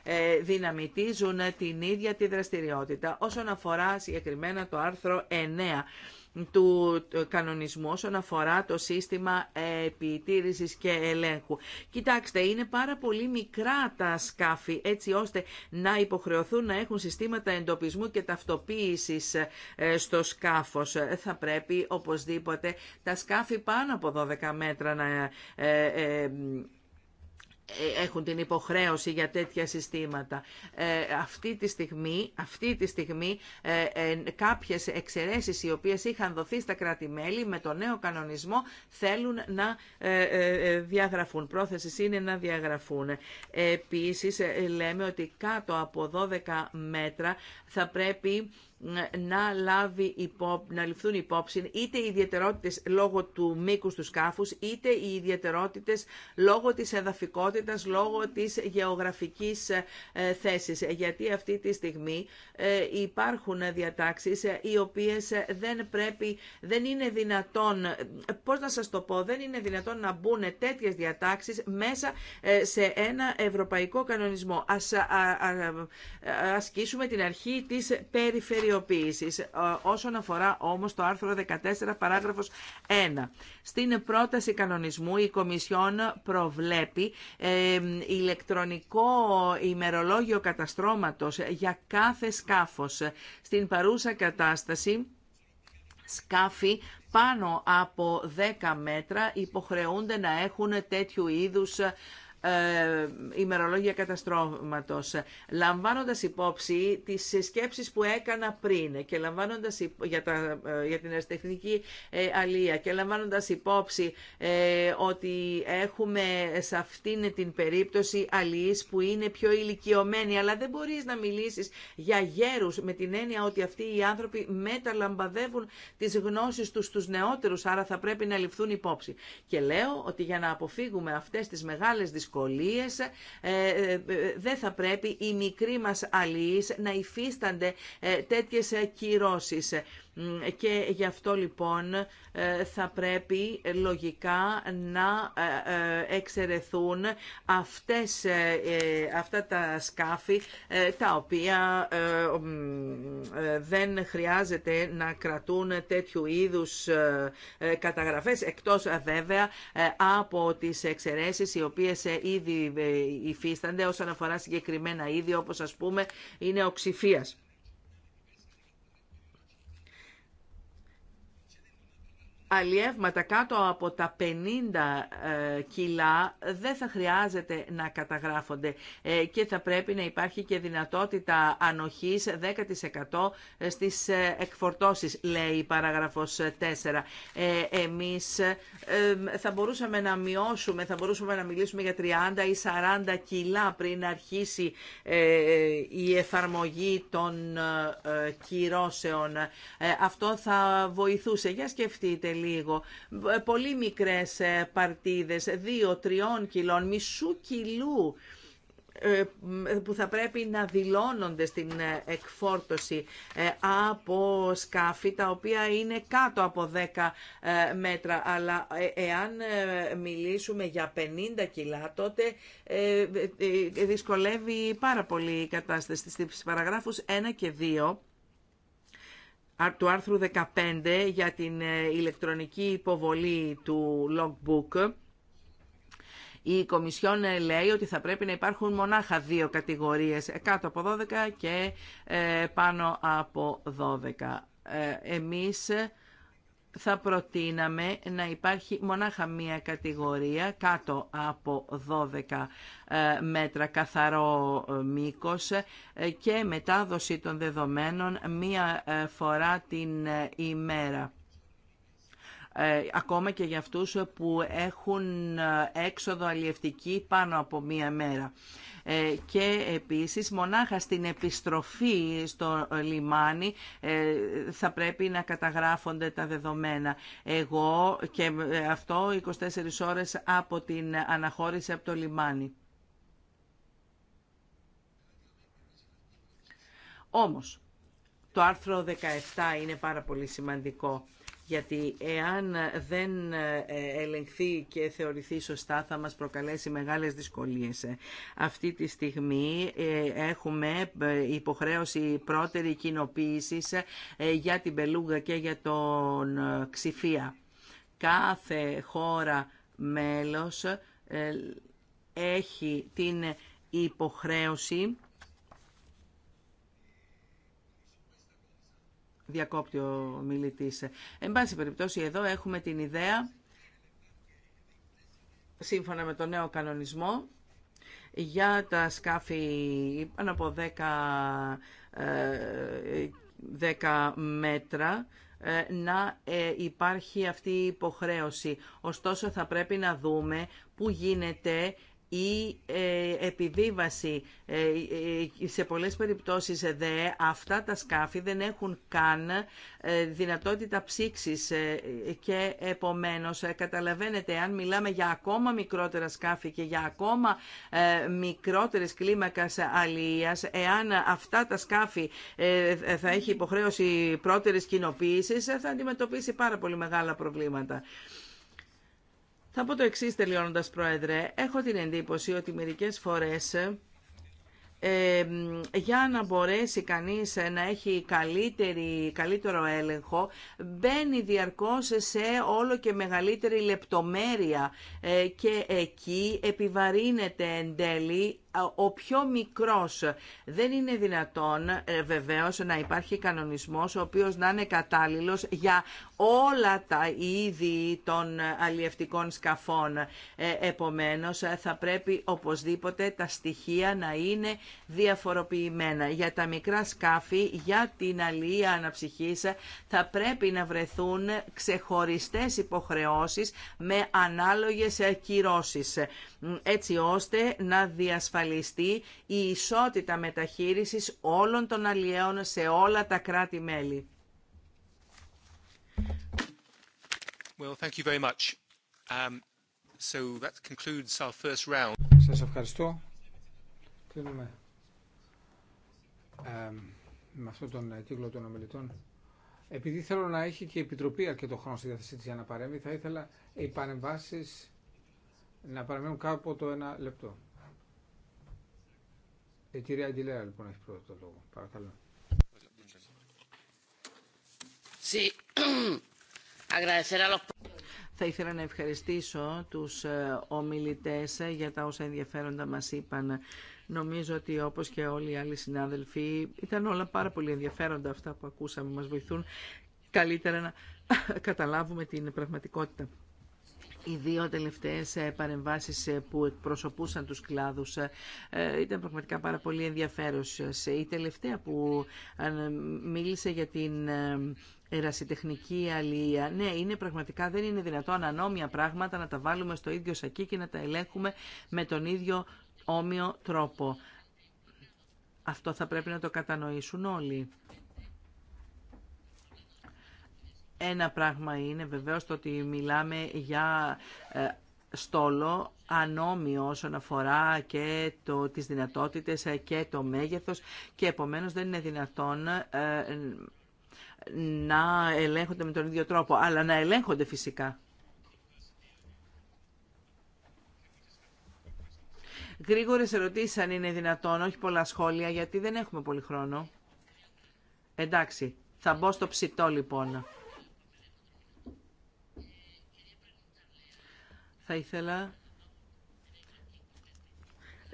ε, δυναμητίζουν την ίδια τη δραστηριότητα όσον αφορά συγκεκριμένα το άρθρο 9 του κανονισμού όσον αφορά το σύστημα επιτήρησης και ελέγχου. Κοιτάξτε, είναι πάρα πολύ μικρά τα σκάφη έτσι ώστε να υποχρεωθούν να έχουν συστήματα εντοπισμού και ταυτοποίησης ε, στο σκάφος. Θα πρέπει οπωσδήποτε τα σκάφη πάνω από 12 μέτρα να ε, ε, ε, έχουν την υποχρέωση για τέτοια συστήματα. Ε, αυτή τη στιγμή, αυτή τη στιγμή ε, ε, κάποιες εξαιρέσεις οι οποίες είχαν δοθεί στα κράτη-μέλη με το νέο κανονισμό θέλουν να διαγραφούν. Πρόθεση είναι να διαγραφούν. Επίσης λέμε ότι κάτω από 12 μέτρα θα πρέπει να, λάβει υπό, να ληφθούν υπόψη είτε οι ιδιαιτερότητες λόγω του μήκους του σκάφους, είτε οι ιδιαιτερότητες λόγω της εδαφικότητας, λόγω της γεωγραφικής ε, θέσης. Γιατί αυτή τη στιγμή ε, υπάρχουν διατάξεις ε, οι οποίες δεν πρέπει, δεν είναι δυνατόν, πώς να σας το πω, δεν είναι δυνατόν να μπουν τέτοιες διατάξεις μέσα σε ένα ευρωπαϊκό κανονισμό. Ας ασκήσουμε την αρχή της περιφερειοποίησης ε, όσον αφορά όμως το άρθρο 14 παράγραφος 1. Στην πρόταση κανονισμού η Κομισιόν προβλέπει ε, ηλεκτρονικό ημερολόγιο καταστρώματος για κάθε σκάφος. Στην παρούσα κατάσταση σκάφη πάνω από 10 μέτρα υποχρεούνται να έχουν τέτοιου είδους ε, ημερολόγια καταστρώματος. Λαμβάνοντας υπόψη τις σκέψεις που έκανα πριν και λαμβάνοντας υπο... για, τα... Ε, για την αριστεχνική ε, αλία και λαμβάνοντας υπόψη ότι έχουμε σε αυτήν την περίπτωση αλίες που είναι πιο ηλικιωμένη, αλλά δεν μπορείς να μιλήσεις για γέρους με την έννοια ότι αυτοί οι άνθρωποι μεταλαμπαδεύουν τις γνώσεις τους στους νεότερους, άρα θα πρέπει να ληφθούν υπόψη. Και λέω ότι για να αποφύγουμε αυτές τις μεγάλες δυσκολίες ε, ε, ε, δεν θα πρέπει οι μικροί μας αλληλείς να υφίστανται τέτοιες κυρώσεις. Και γι' αυτό λοιπόν ε, θα πρέπει λογικά να ε, ε, εξαιρεθούν αυτές, αυτά τα σκάφη τα οποία δεν χρειάζεται να κρατούν τέτοιου είδους καταγραφές εκτός βέβαια από τις εξαιρέσεις οι οποίες ήδη υφίστανται όσον αφορά συγκεκριμένα είδη όπως ας πούμε είναι οξυφίας. αλλιεύματα κάτω από τα 50 ε, κιλά δεν θα χρειάζεται να καταγράφονται ε, και θα πρέπει να υπάρχει και δυνατότητα ανοχής 10% στις ε, εκφορτώσεις, λέει η παράγραφος 4. Εμείς θα μπορούσαμε να μειώσουμε, θα μπορούσαμε να μιλήσουμε για 30 ή 40 κιλά πριν αρχίσει η εφαρμογή των κυρώσεων. Αυτό θα βοηθούσε. Για σκεφτείτε λίγο. Ε, πολύ μικρές ε, παρτίδες, 2-3 κιλών, μισού κιλού ε, που θα πρέπει να δηλώνονται στην εκφόρτωση από σκάφη τα οποία είναι κάτω από 10 μέτρα. Αλλά εάν μιλήσουμε για 50 κιλά τότε δυσκολεύει πάρα πολύ η κατάσταση στις παραγράφους 1 και 2 του άρθρου 15 για την ε, ηλεκτρονική υποβολή του logbook, η Κομισιόν ε, λέει ότι θα πρέπει να υπάρχουν μονάχα δύο κατηγορίες, ε, κάτω από 12 και πάνω από 12. Εμείς θα προτείναμε να υπάρχει μονάχα μία κατηγορία κάτω από 12 ε, μέτρα καθαρό ε, μήκος ε, και μετάδοση των δεδομένων μία φορά την ημέρα. Ακόμα και για αυτούς που έχουν έξοδο αλλιευτική πάνω από μία μέρα. Ε, και επίσης μονάχα στην επιστροφή στο λιμάνι ε, θα πρέπει να καταγράφονται τα δεδομένα. Εγώ και ε, αυτό 24 ώρες από την αναχώρηση από το λιμάνι. Όμως, το άρθρο 17 είναι πάρα πολύ σημαντικό γιατί εάν δεν ε, ελεγχθεί και θεωρηθεί σωστά θα μας προκαλέσει μεγάλες δυσκολίες. Ε, αυτή τη στιγμή ε, έχουμε υποχρέωση πρώτερη κοινοποίηση για την Πελούγα και για τον Ξηφία. Κάθε χώρα μέλος έχει την υποχρέωση διακόπτει ο μιλητή. Εν πάση περιπτώσει εδώ έχουμε την ιδέα, σύμφωνα με τον νέο κανονισμό, για τα σκάφη πάνω από 10, 10 ε, μέτρα, ε, να ε, υπάρχει αυτή η υποχρέωση. Ωστόσο θα πρέπει να δούμε που γίνεται η ε, επιβίβαση. Ε, ε, σε πολλές περιπτώσεις δε αυτά τα σκάφη δεν έχουν καν δυνατότητα ψήξης και επομένως καταλαβαίνετε αν μιλάμε για ακόμα μικρότερα σκάφη και για ακόμα μικρότερες κλίμακας αλλήλεία, εάν αυτά τα σκάφη θα έχει υποχρέωση πρώτερης κοινοποίησης θα αντιμετωπίσει πάρα πολύ μεγάλα προβλήματα. Θα πω το εξής τελειώνοντας, Πρόεδρε. Έχω την εντύπωση ότι μερικές φορές ε, για να μπορέσει κανείς να έχει καλύτερη, καλύτερο έλεγχο μπαίνει διαρκώς σε όλο και μεγαλύτερη λεπτομέρεια ε, και εκεί επιβαρύνεται εν τέλει ο πιο μικρός. Δεν είναι δυνατόν ε, βεβαίως να υπάρχει κανονισμός ο οποίος να είναι κατάλληλος για όλα τα είδη των αλλιευτικών σκαφών. Ε, επομένως θα πρέπει οπωσδήποτε τα στοιχεία να είναι διαφοροποιημένα. Για τα μικρά σκάφη, για την αλληλεία αναψυχής θα πρέπει να βρεθούν ξεχωριστές υποχρεώσεις με ανάλογες ε, κυρώσεις έτσι ώστε να διασφαλιστεί η ισότητα μεταχείρισης όλων των αλλιέων σε όλα τα κράτη-μέλη. Well, thank you very much. Um, Σας ευχαριστώ. Κλείνουμε με αυτόν τον ε, κύκλο των ομιλητών. Επειδή θέλω να έχει και η Επιτροπή αρκετό χρόνο στη διάθεσή της για να παρέμβει, θα ήθελα οι παρεμβάσεις να παραμένουν κάπου το ένα λεπτό. Η κυρία Αγγιλέα λοιπόν έχει πρώτο το λόγο. Παρακαλώ. Θα ήθελα να ευχαριστήσω τους ε, ομιλητές ε, για τα όσα ενδιαφέροντα μας είπαν. Νομίζω ότι όπως και όλοι οι άλλοι συνάδελφοι ήταν όλα πάρα πολύ ενδιαφέροντα αυτά που ακούσαμε. Μας βοηθούν καλύτερα να καταλάβουμε την πραγματικότητα. Οι δύο τελευταίες ε, παρεμβάσεις ε, που εκπροσωπούσαν τους κλάδους ε, ήταν πραγματικά πάρα πολύ ενδιαφέρουσες. Η τελευταία που μίλησε για την ερασιτεχνική αλληλεία. Ναι, είναι πραγματικά, δεν είναι δυνατόν ανώμια πράγματα να τα βάλουμε στο ίδιο σακί και να τα ελέγχουμε με τον ίδιο όμοιο τρόπο. Αυτό θα πρέπει να το κατανοήσουν όλοι. Ένα πράγμα είναι βεβαίως το ότι μιλάμε για ε, στόλο ανώμιο όσον αφορά και το, τις δυνατότητες ε, και το μέγεθος και επομένως δεν είναι δυνατόν ε, να ελέγχονται με τον ίδιο τρόπο, αλλά να ελέγχονται φυσικά. Γρήγορες ερωτήσεις αν είναι δυνατόν, όχι πολλά σχόλια, γιατί δεν έχουμε πολύ χρόνο. Εντάξει, θα μπω στο ψητό λοιπόν. θα ήθελα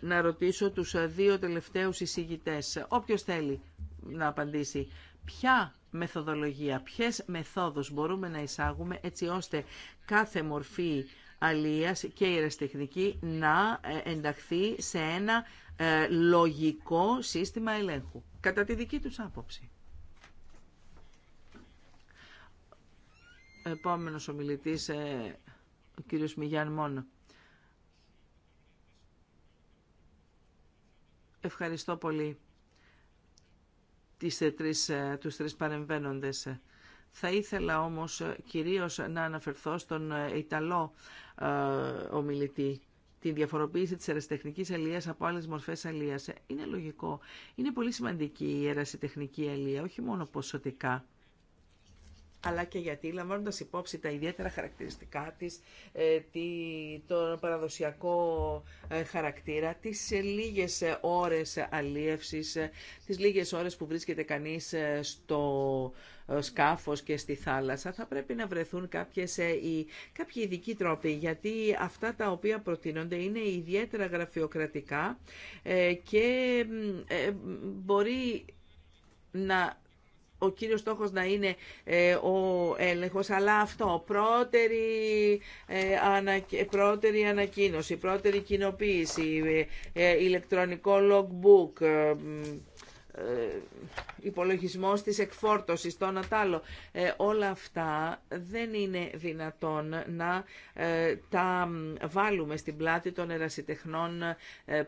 να ρωτήσω τους δύο τελευταίους εισηγητές. Όποιος θέλει να απαντήσει. Ποια μεθοδολογία, ποιες μεθόδους μπορούμε να εισάγουμε έτσι ώστε κάθε μορφή αλίας και η να ε, ενταχθεί σε ένα ε, λογικό σύστημα ελέγχου. Κατά τη δική τους άποψη. Επόμενος ομιλητής ε, κύριος Μιγιάν μόνο. Ευχαριστώ πολύ τις ε, τρεις, ε, τους τρεις παρεμβαίνοντες. Θα ήθελα όμως ε, κυρίως να αναφερθώ στον Ιταλό ομιλητή Την διαφοροποίηση της ερασιτεχνικής αλίας από άλλες μορφές αλίας. Είναι λογικό. Είναι πολύ σημαντική η ερασιτεχνική αλία, όχι μόνο ποσοτικά αλλά και γιατί λαμβάνοντας υπόψη τα ιδιαίτερα χαρακτηριστικά της, ε, τον παραδοσιακό ε, χαρακτήρα, τις ε, λίγες ώρες αλίευσης, τις λίγες ώρες που βρίσκεται κανείς στο σκάφος και στη θάλασσα, θα πρέπει να βρεθούν κάποιες, κάποιοι ειδικοί τρόποι, γιατί αυτά τα οποία προτείνονται είναι ιδιαίτερα γραφειοκρατικά και μπορεί να ο κύριος στόχος να είναι ε, ο έλεγχος, αλλά αυτό, πρώτερη, ε, ανα, πρώτερη ανακοίνωση, πρώτερη κοινοποίηση, ε, ηλεκτρονικό logbook, ε, υπολογισμός της εκφόρτωσης, το να άλλο. Ε, όλα αυτά δεν είναι δυνατόν να ε, τα βάλουμε στην πλάτη των ερασιτεχνών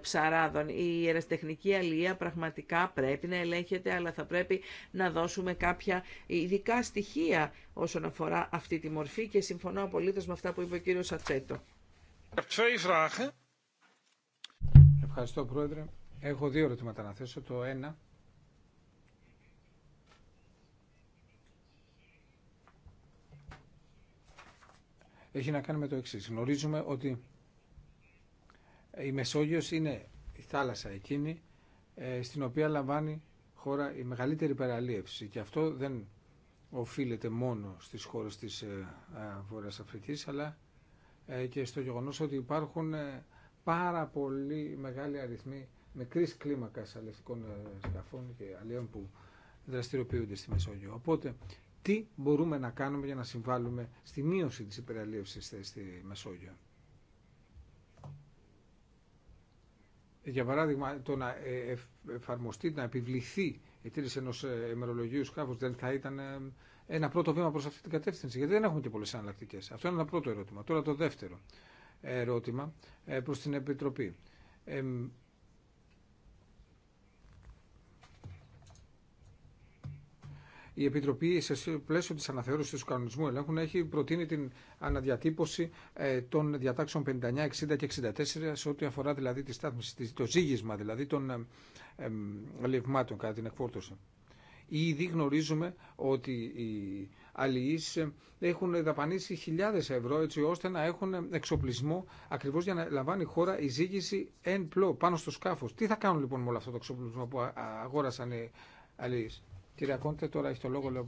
ψαράδων. Η ερασιτεχνική αλία πραγματικά πρέπει να ελέγχεται, αλλά θα πρέπει να δώσουμε κάποια ειδικά στοιχεία όσον αφορά αυτή τη μορφή και συμφωνώ απολύτως με αυτά που είπε ο κύριος Ατσέτο. Ευχαριστώ, Πρόεδρε. Έχω δύο ερωτήματα να θέσω. Το ένα έχει να κάνει με το εξή. Γνωρίζουμε ότι η Μεσόγειος είναι η θάλασσα εκείνη ε, στην οποία λαμβάνει χώρα η μεγαλύτερη παραλίευση και αυτό δεν οφείλεται μόνο στις χώρες της ε, ε, Βόρειας Αφρικής αλλά και στο γεγονός ότι υπάρχουν πάρα πολύ μεγάλοι αριθμοί μικρής κλίμακα αλευτικών σκαφών και αλλιών που δραστηριοποιούνται στη Μεσόγειο. Οπότε τι μπορούμε να κάνουμε για να συμβάλλουμε στη μείωση της υπεραλίευσης στη Μεσόγειο. Για παράδειγμα, το να ε, ε, εφαρμοστεί, να επιβληθεί η τήρηση ενός ε, ημερολογίου σκάφους δεν θα ήταν ένα πρώτο βήμα προς αυτή την κατεύθυνση, γιατί δεν έχουμε και πολλές ανάλλακτικές. Αυτό είναι ένα πρώτο ερώτημα. Τώρα το δεύτερο ερώτημα προς την Επιτροπή. η Επιτροπή σε πλαίσιο της αναθεώρησης του κανονισμού ελέγχου έχει προτείνει την αναδιατύπωση ε, των διατάξεων 59, 60 και 64 σε ό,τι αφορά δηλαδή τη στάθμιση, το ζήγισμα δηλαδή των ε, λευμάτων κατά την εκφόρτωση. Ήδη γνωρίζουμε ότι οι αλληλείς έχουν δαπανίσει χιλιάδες ευρώ έτσι ώστε να έχουν εξοπλισμό ακριβώς για να λαμβάνει η χώρα η ζήγηση εν πλώ πάνω στο σκάφος. Τι θα κάνουν λοιπόν με όλο αυτό το εξοπλισμό που αγόρασαν οι αλληλείς. Κυρία Κόντε, τώρα έχει το λόγο,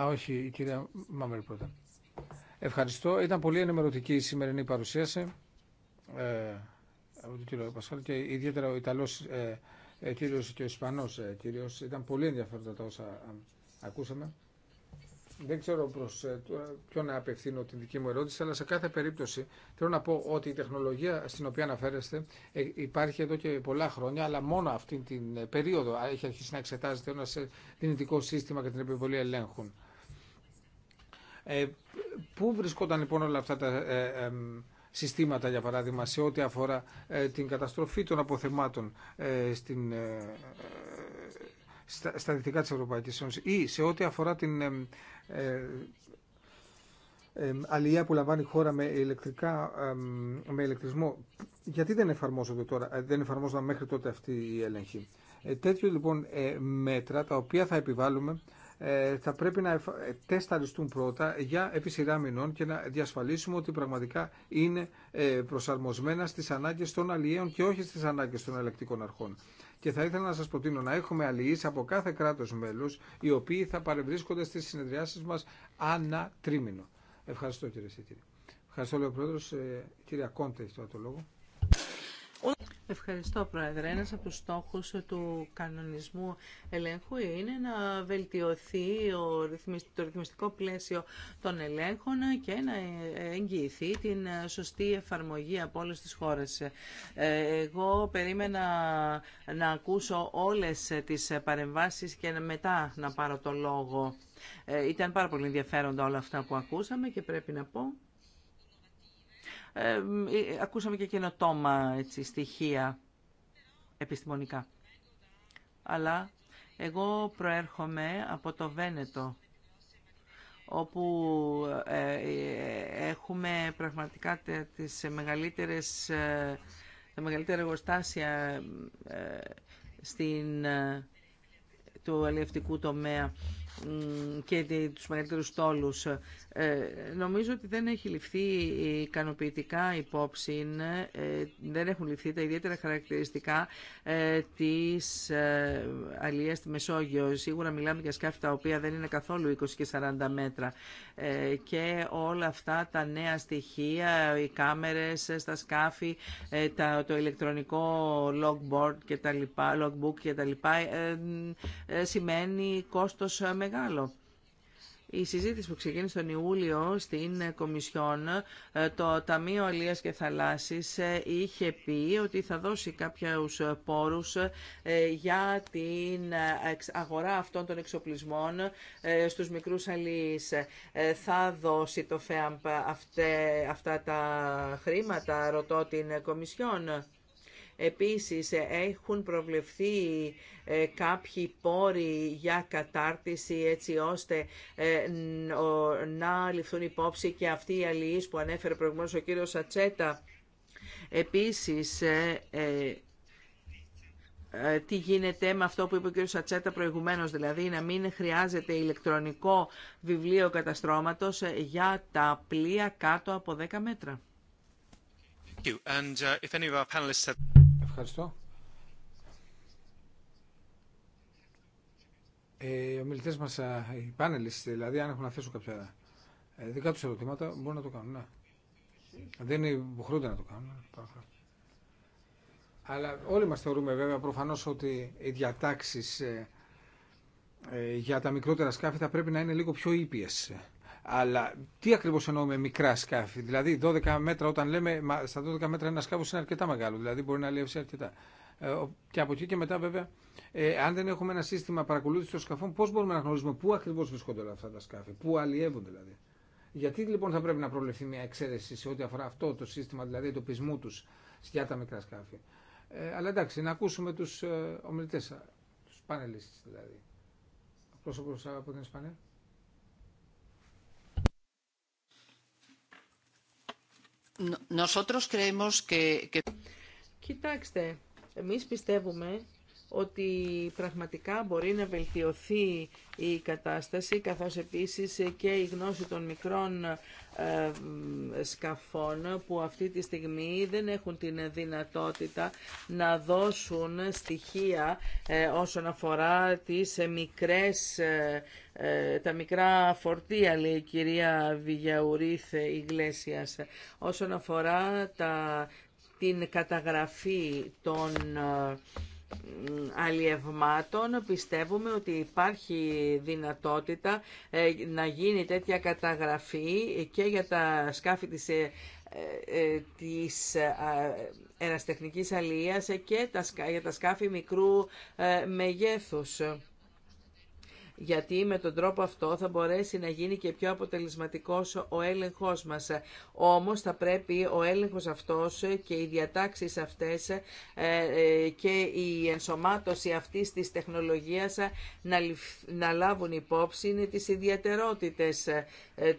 Α, όχι, η κυρία Μάμερ πρώτα. Ευχαριστώ. Ήταν πολύ ενημερωτική η σημερινή παρουσίαση ε, από τον κύριο Πασχάλ και ιδιαίτερα ο Ιταλός ε, ε, κύριος και ο Ισπανός ε, κύριος. Ήταν πολύ ενδιαφέροντα τα όσα ε, ακούσαμε δεν ξέρω προς ε, ποιον να απευθύνω την δική μου ερώτηση, αλλά σε κάθε περίπτωση θέλω να πω ότι η τεχνολογία στην οποία αναφέρεστε ε, υπάρχει εδώ και πολλά χρόνια, αλλά μόνο αυτή την ε, περίοδο έχει αρχίσει να εξετάζεται ένα δυνητικό σύστημα για την επιβολή ελέγχων. Ε, πού βρισκόταν λοιπόν όλα αυτά τα συστήματα, για παράδειγμα, σε ό,τι αφορά την καταστροφή των αποθεμάτων στην στα, δυτικά της Ευρωπαϊκής Ένωσης ή σε ό,τι αφορά την ε, ε, αλληλεία που λαμβάνει η χώρα με, ηλεκτρικά, με ηλεκτρισμό, γιατί δεν εφαρμόζονται τώρα, ε, δεν εφαρμόζονταν μέχρι τότε αυτή η έλεγχη. Ε, λοιπόν ε, μέτρα τα οποία θα επιβάλλουμε ε, θα πρέπει να τεσταριστούν πρώτα για επί σειρά μηνών και να διασφαλίσουμε ότι πραγματικά είναι προσαρμοσμένα στις ανάγκες των αλλιέων και όχι στις ανάγκες των ελεκτικών αρχών και θα ήθελα να σας προτείνω να έχουμε αλληλεί από κάθε κράτος μέλου, οι οποίοι θα παρευρίσκονται στι συνεδριάσει μας ανά τρίμηνο. Ευχαριστώ κύριε Σίτηρη. Ευχαριστώ λέει ο Ε, Κύριε Κόντε έχει τώρα το λόγο. Ευχαριστώ, Πρόεδρε. Ένας από τους στόχους του κανονισμού ελέγχου είναι να βελτιωθεί το ρυθμιστικό πλαίσιο των ελέγχων και να εγγυηθεί την σωστή εφαρμογή από όλες τις χώρες. Ε, εγώ περίμενα να ακούσω όλες τις παρεμβάσεις και μετά να πάρω το λόγο. Ε, ήταν πάρα πολύ ενδιαφέροντα όλα αυτά που ακούσαμε και πρέπει να πω ε, ακούσαμε και καινοτόμα έτσι, στοιχεία επιστημονικά. Αλλά εγώ προέρχομαι από το Βένετο, όπου ε, ε, έχουμε πραγματικά τις μεγαλύτερες, τα μεγαλύτερα εργοστάσια στην, του αλληλευτικού τομέα και τους μεγαλύτερους τόλους. Ε, νομίζω ότι δεν έχει ληφθεί ικανοποιητικά υπόψη, ε, δεν έχουν ληφθεί τα ιδιαίτερα χαρακτηριστικά ε, της αλίας στη Μεσόγειο. Σίγουρα μιλάμε για σκάφη τα οποία δεν είναι καθόλου 20 και 40 μέτρα. και όλα αυτά τα νέα στοιχεία, οι κάμερες στα σκάφη, το ηλεκτρονικό logboard και τα logbook και τα λοιπά, σημαίνει κόστος μεγάλο. Η συζήτηση που ξεκίνησε τον Ιούλιο στην Κομισιόν, ε, το Ταμείο Αλίας και Θαλάσσης ε, είχε πει ότι θα δώσει κάποιους πόρους ε, για την αγορά αυτών των εξοπλισμών στους μικρούς αλίες. Θα δώσει το ΦΕΑΜΠ αυτά τα χρήματα, ρωτώ την Κομισιόν. Επίσης έχουν προβλεφθεί ε, κάποιοι πόροι για κατάρτιση έτσι ώστε ε, να ληφθούν υπόψη και αυτοί οι αλληλείς που ανέφερε προηγουμένως ο κύριος Σατσέτα. Επίσης, ε, τι γίνεται με αυτό που είπε ο κ. Σατσέτα προηγουμένως, δηλαδή να μην χρειάζεται ηλεκτρονικό βιβλίο καταστρώματος για τα πλοία κάτω από 10 μέτρα. Uh, Ευχαριστώ. Ε, οι μιλητέ μα, οι πάνελιστ, δηλαδή, αν έχουν να θέσουν κάποια ε, δικά του ερωτήματα, μπορούν να το κάνουν. Ναι. Δεν υποχρεούνται να το κάνουν. Ναι, Αλλά όλοι μα θεωρούμε βέβαια προφανώ ότι οι διατάξει ε, για τα μικρότερα σκάφη θα πρέπει να είναι λίγο πιο ήπιε αλλά τι ακριβώ εννοούμε μικρά σκάφη. Δηλαδή 12 μέτρα, όταν λέμε στα 12 μέτρα ένα σκάφο είναι αρκετά μεγάλο. Δηλαδή μπορεί να αλλιεύσει αρκετά. Ε, και από εκεί και μετά βέβαια, ε, αν δεν έχουμε ένα σύστημα παρακολούθηση των σκαφών, πώ μπορούμε να γνωρίζουμε πού ακριβώ βρισκόνται όλα αυτά τα σκάφη, πού αλλιεύουν δηλαδή. Γιατί λοιπόν θα πρέπει να προβλεφθεί μια εξαίρεση σε ό,τι αφορά αυτό το σύστημα, δηλαδή εντοπισμού του για τα μικρά σκάφη. Ε, αλλά εντάξει, να ακούσουμε του ε, ομιλητέ, του πανελίστε δηλαδή. Πρόσωπο από την Ισπανία. Κοιτάξτε, εμείς πιστεύουμε ότι πραγματικά μπορεί να βελτιωθεί η κατάσταση, καθώς επίσης και η γνώση των μικρών ε, σκαφών που αυτή τη στιγμή δεν έχουν την δυνατότητα να δώσουν στοιχεία ε, όσον αφορά τις μικρές, ε, τα μικρά φορτία, λέει η κυρία Βιγιαουρίθε Ιγλέσιας, όσον αφορά τα, την καταγραφή των αλλιευμάτων πιστεύουμε ότι υπάρχει δυνατότητα ε, να γίνει τέτοια καταγραφή και για τα σκάφη της ε, ε, της εραστεχνικής αλίας και για τα σκάφη μικρού μεγέθους γιατί με τον τρόπο αυτό θα μπορέσει να γίνει και πιο αποτελεσματικός ο έλεγχος μας. Όμως θα πρέπει ο έλεγχος αυτός και οι διατάξεις αυτές ε, και η ενσωμάτωση αυτής της τεχνολογίας να λάβουν υπόψη είναι τις ιδιαιτερότητες ε,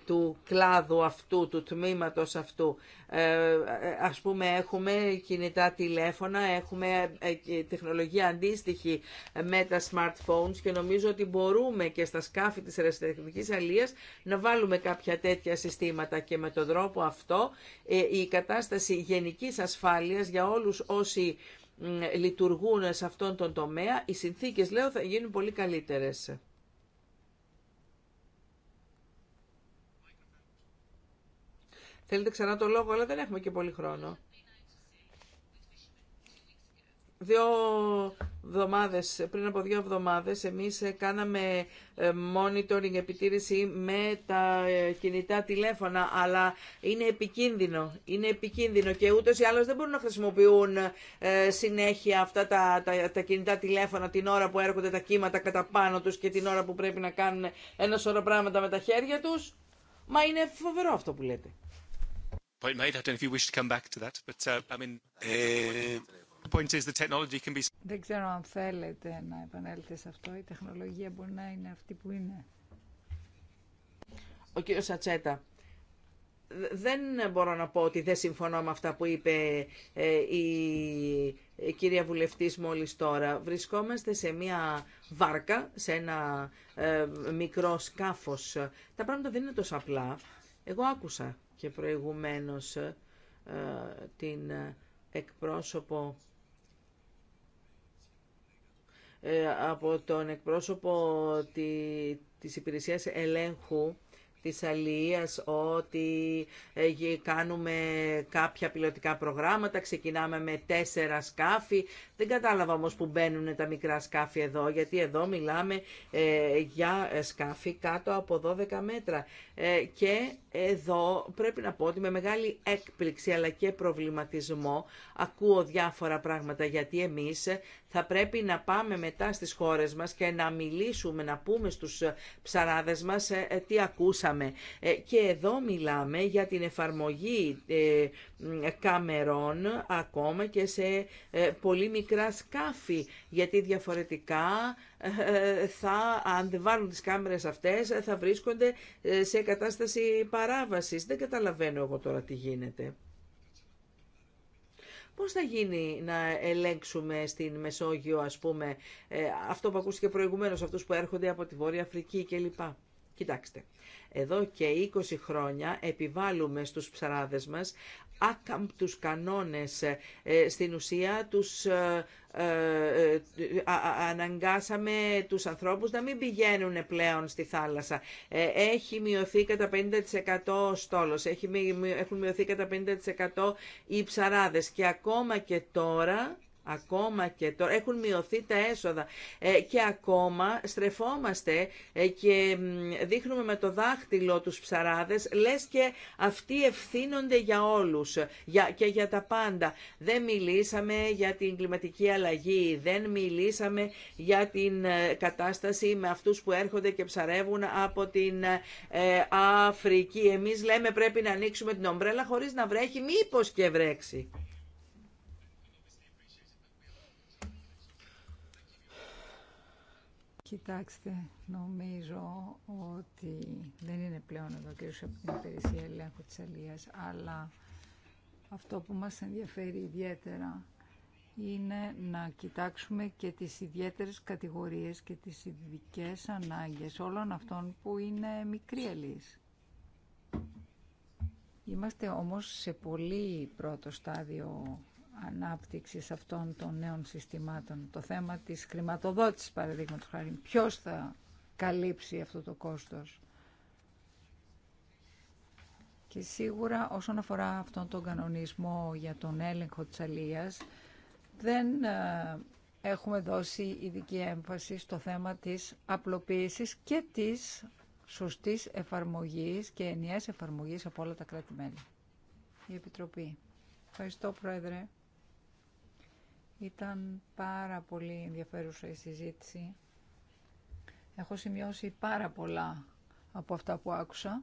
του κλάδου αυτού, του τμήματος αυτού. Ε, ας πούμε έχουμε κινητά τηλέφωνα, έχουμε ε, τεχνολογία αντίστοιχη με τα smartphones και νομίζω ότι μπορούμε και στα σκάφη της αεραστεχνικής αλίας να βάλουμε κάποια τέτοια συστήματα και με τον τρόπο αυτό ε, η κατάσταση γενικής ασφάλειας για όλους όσοι λειτουργούν σε αυτόν τον τομέα, οι συνθήκες λέω θα γίνουν πολύ καλύτερες. Θέλετε ξανά το λόγο, αλλά δεν έχουμε και πολύ χρόνο. Δύο εβδομάδες, πριν από δύο εβδομάδες, εμείς κάναμε ε, monitoring, επιτήρηση με τα ε, κινητά τηλέφωνα, αλλά είναι επικίνδυνο. Είναι επικίνδυνο και ούτως ή άλλως δεν μπορούν να χρησιμοποιούν ε, συνέχεια αυτά τα, τα, κινητά τηλέφωνα την ώρα που έρχονται τα κύματα κατά πάνω τους και την ώρα που πρέπει να κάνουν ένα σωρό πράγματα με τα χέρια τους. Μα είναι φοβερό αυτό που λέτε point made. I don't know if you wish to come back to that, but uh, I mean, ε, the point is the technology can be. Δεν ξέρω αν θέλετε να επανέλθετε σε αυτό. Η τεχνολογία μπορεί να είναι αυτή που είναι. Ο κύριο Ατσέτα. Δεν μπορώ να πω ότι δεν συμφωνώ με αυτά που είπε ε, η κυρία Βουλευτής μόλις τώρα. Βρισκόμαστε σε μια βάρκα, σε ένα ε, μικρό σκάφος. Τα πράγματα δεν είναι τόσο απλά. Εγώ άκουσα και προηγουμένως ε, την εκπρόσωπο ε, από τον εκπρόσωπο τη, της υπηρεσίας ελέγχου της αλληλείας ότι ε, κάνουμε κάποια πιλωτικά προγράμματα, ξεκινάμε με τέσσερα σκάφη. Δεν κατάλαβα όμως που μπαίνουν τα μικρά σκάφη εδώ, γιατί εδώ μιλάμε ε, για ε, σκάφη κάτω από 12 μέτρα. Και εδώ πρέπει να πω ότι με μεγάλη έκπληξη αλλά και προβληματισμό ακούω διάφορα πράγματα, γιατί εμείς θα πρέπει να πάμε μετά στις χώρες μας και να μιλήσουμε, να πούμε στους ψαράδες μας τι ακούσαμε ε, και εδώ μιλάμε για την εφαρμογή ε, καμερών ακόμα και σε ε, πολύ μικρά σκάφη, γιατί διαφορετικά θα, αν δεν βάλουν τις κάμερες αυτές, θα βρίσκονται σε κατάσταση παράβασης. Δεν καταλαβαίνω εγώ τώρα τι γίνεται. Πώς θα γίνει να ελέγξουμε στην Μεσόγειο, ας πούμε, αυτό που ακούστηκε προηγουμένως, αυτούς που έρχονται από τη Βόρεια Αφρική κλπ. Κοιτάξτε, εδώ και 20 χρόνια επιβάλλουμε στους ψαράδες μας άκαμπτους κανόνες. Ε, στην ουσία τους ε, ε, αναγκάσαμε τους ανθρώπους να μην πηγαίνουν πλέον στη θάλασσα. Έχει μειωθεί κατά 50% ο στόλος, έχουν μειωθεί κατά 50% οι ψαράδες και ακόμα και τώρα Ακόμα και τώρα έχουν μειωθεί τα έσοδα ε, και ακόμα στρεφόμαστε ε, και δείχνουμε με το δάχτυλο τους ψαράδες, λες και αυτοί ευθύνονται για όλους και για τα πάντα. Δεν μιλήσαμε για την κλιματική αλλαγή, δεν μιλήσαμε για την ε, κατάσταση με αυτούς που έρχονται και ψαρεύουν από την Αφρική. Εμείς λέμε πρέπει να ανοίξουμε την ομπρέλα χωρίς να βρέχει, μήπως και βρέξει. Κοιτάξτε, νομίζω ότι δεν είναι πλέον εδώ και από την υπηρεσία ελέγχου της Αλίας, αλλά αυτό που μας ενδιαφέρει ιδιαίτερα είναι να κοιτάξουμε και τις ιδιαίτερες κατηγορίες και τις ειδικέ ανάγκες όλων αυτών που είναι μικρή αλής. Είμαστε όμως σε πολύ πρώτο στάδιο ανάπτυξης αυτών των νέων συστημάτων. Το θέμα της χρηματοδότησης, παραδείγματος χάρη, ποιος θα καλύψει αυτό το κόστος. Και σίγουρα όσον αφορά αυτόν τον κανονισμό για τον έλεγχο της αλίας, δεν ε, έχουμε δώσει ειδική έμφαση στο θέμα της απλοποίησης και της σωστής εφαρμογής και ενιαίας εφαρμογής από όλα τα κράτη-μέλη. Η Επιτροπή. Ευχαριστώ, Πρόεδρε. Ήταν πάρα πολύ ενδιαφέρουσα η συζήτηση. Έχω σημειώσει πάρα πολλά από αυτά που άκουσα.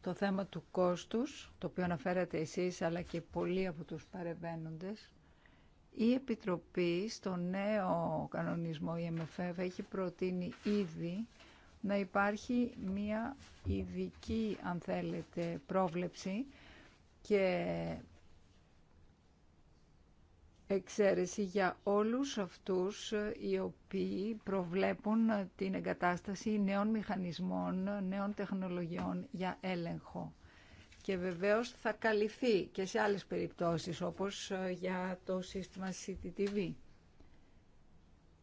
Το θέμα του κόστους, το οποίο αναφέρατε εσείς, αλλά και πολλοί από τους παρεμβαίνοντες. Η Επιτροπή στο νέο κανονισμό, η έχει προτείνει ήδη να υπάρχει μία ειδική, αν θέλετε, πρόβλεψη και εξαίρεση για όλους αυτούς ε, οι οποίοι προβλέπουν ε, την εγκατάσταση νέων μηχανισμών, νέων τεχνολογιών για έλεγχο. Και βεβαίως θα καλυφθεί και σε άλλες περιπτώσεις, όπως ε, για το σύστημα CCTV.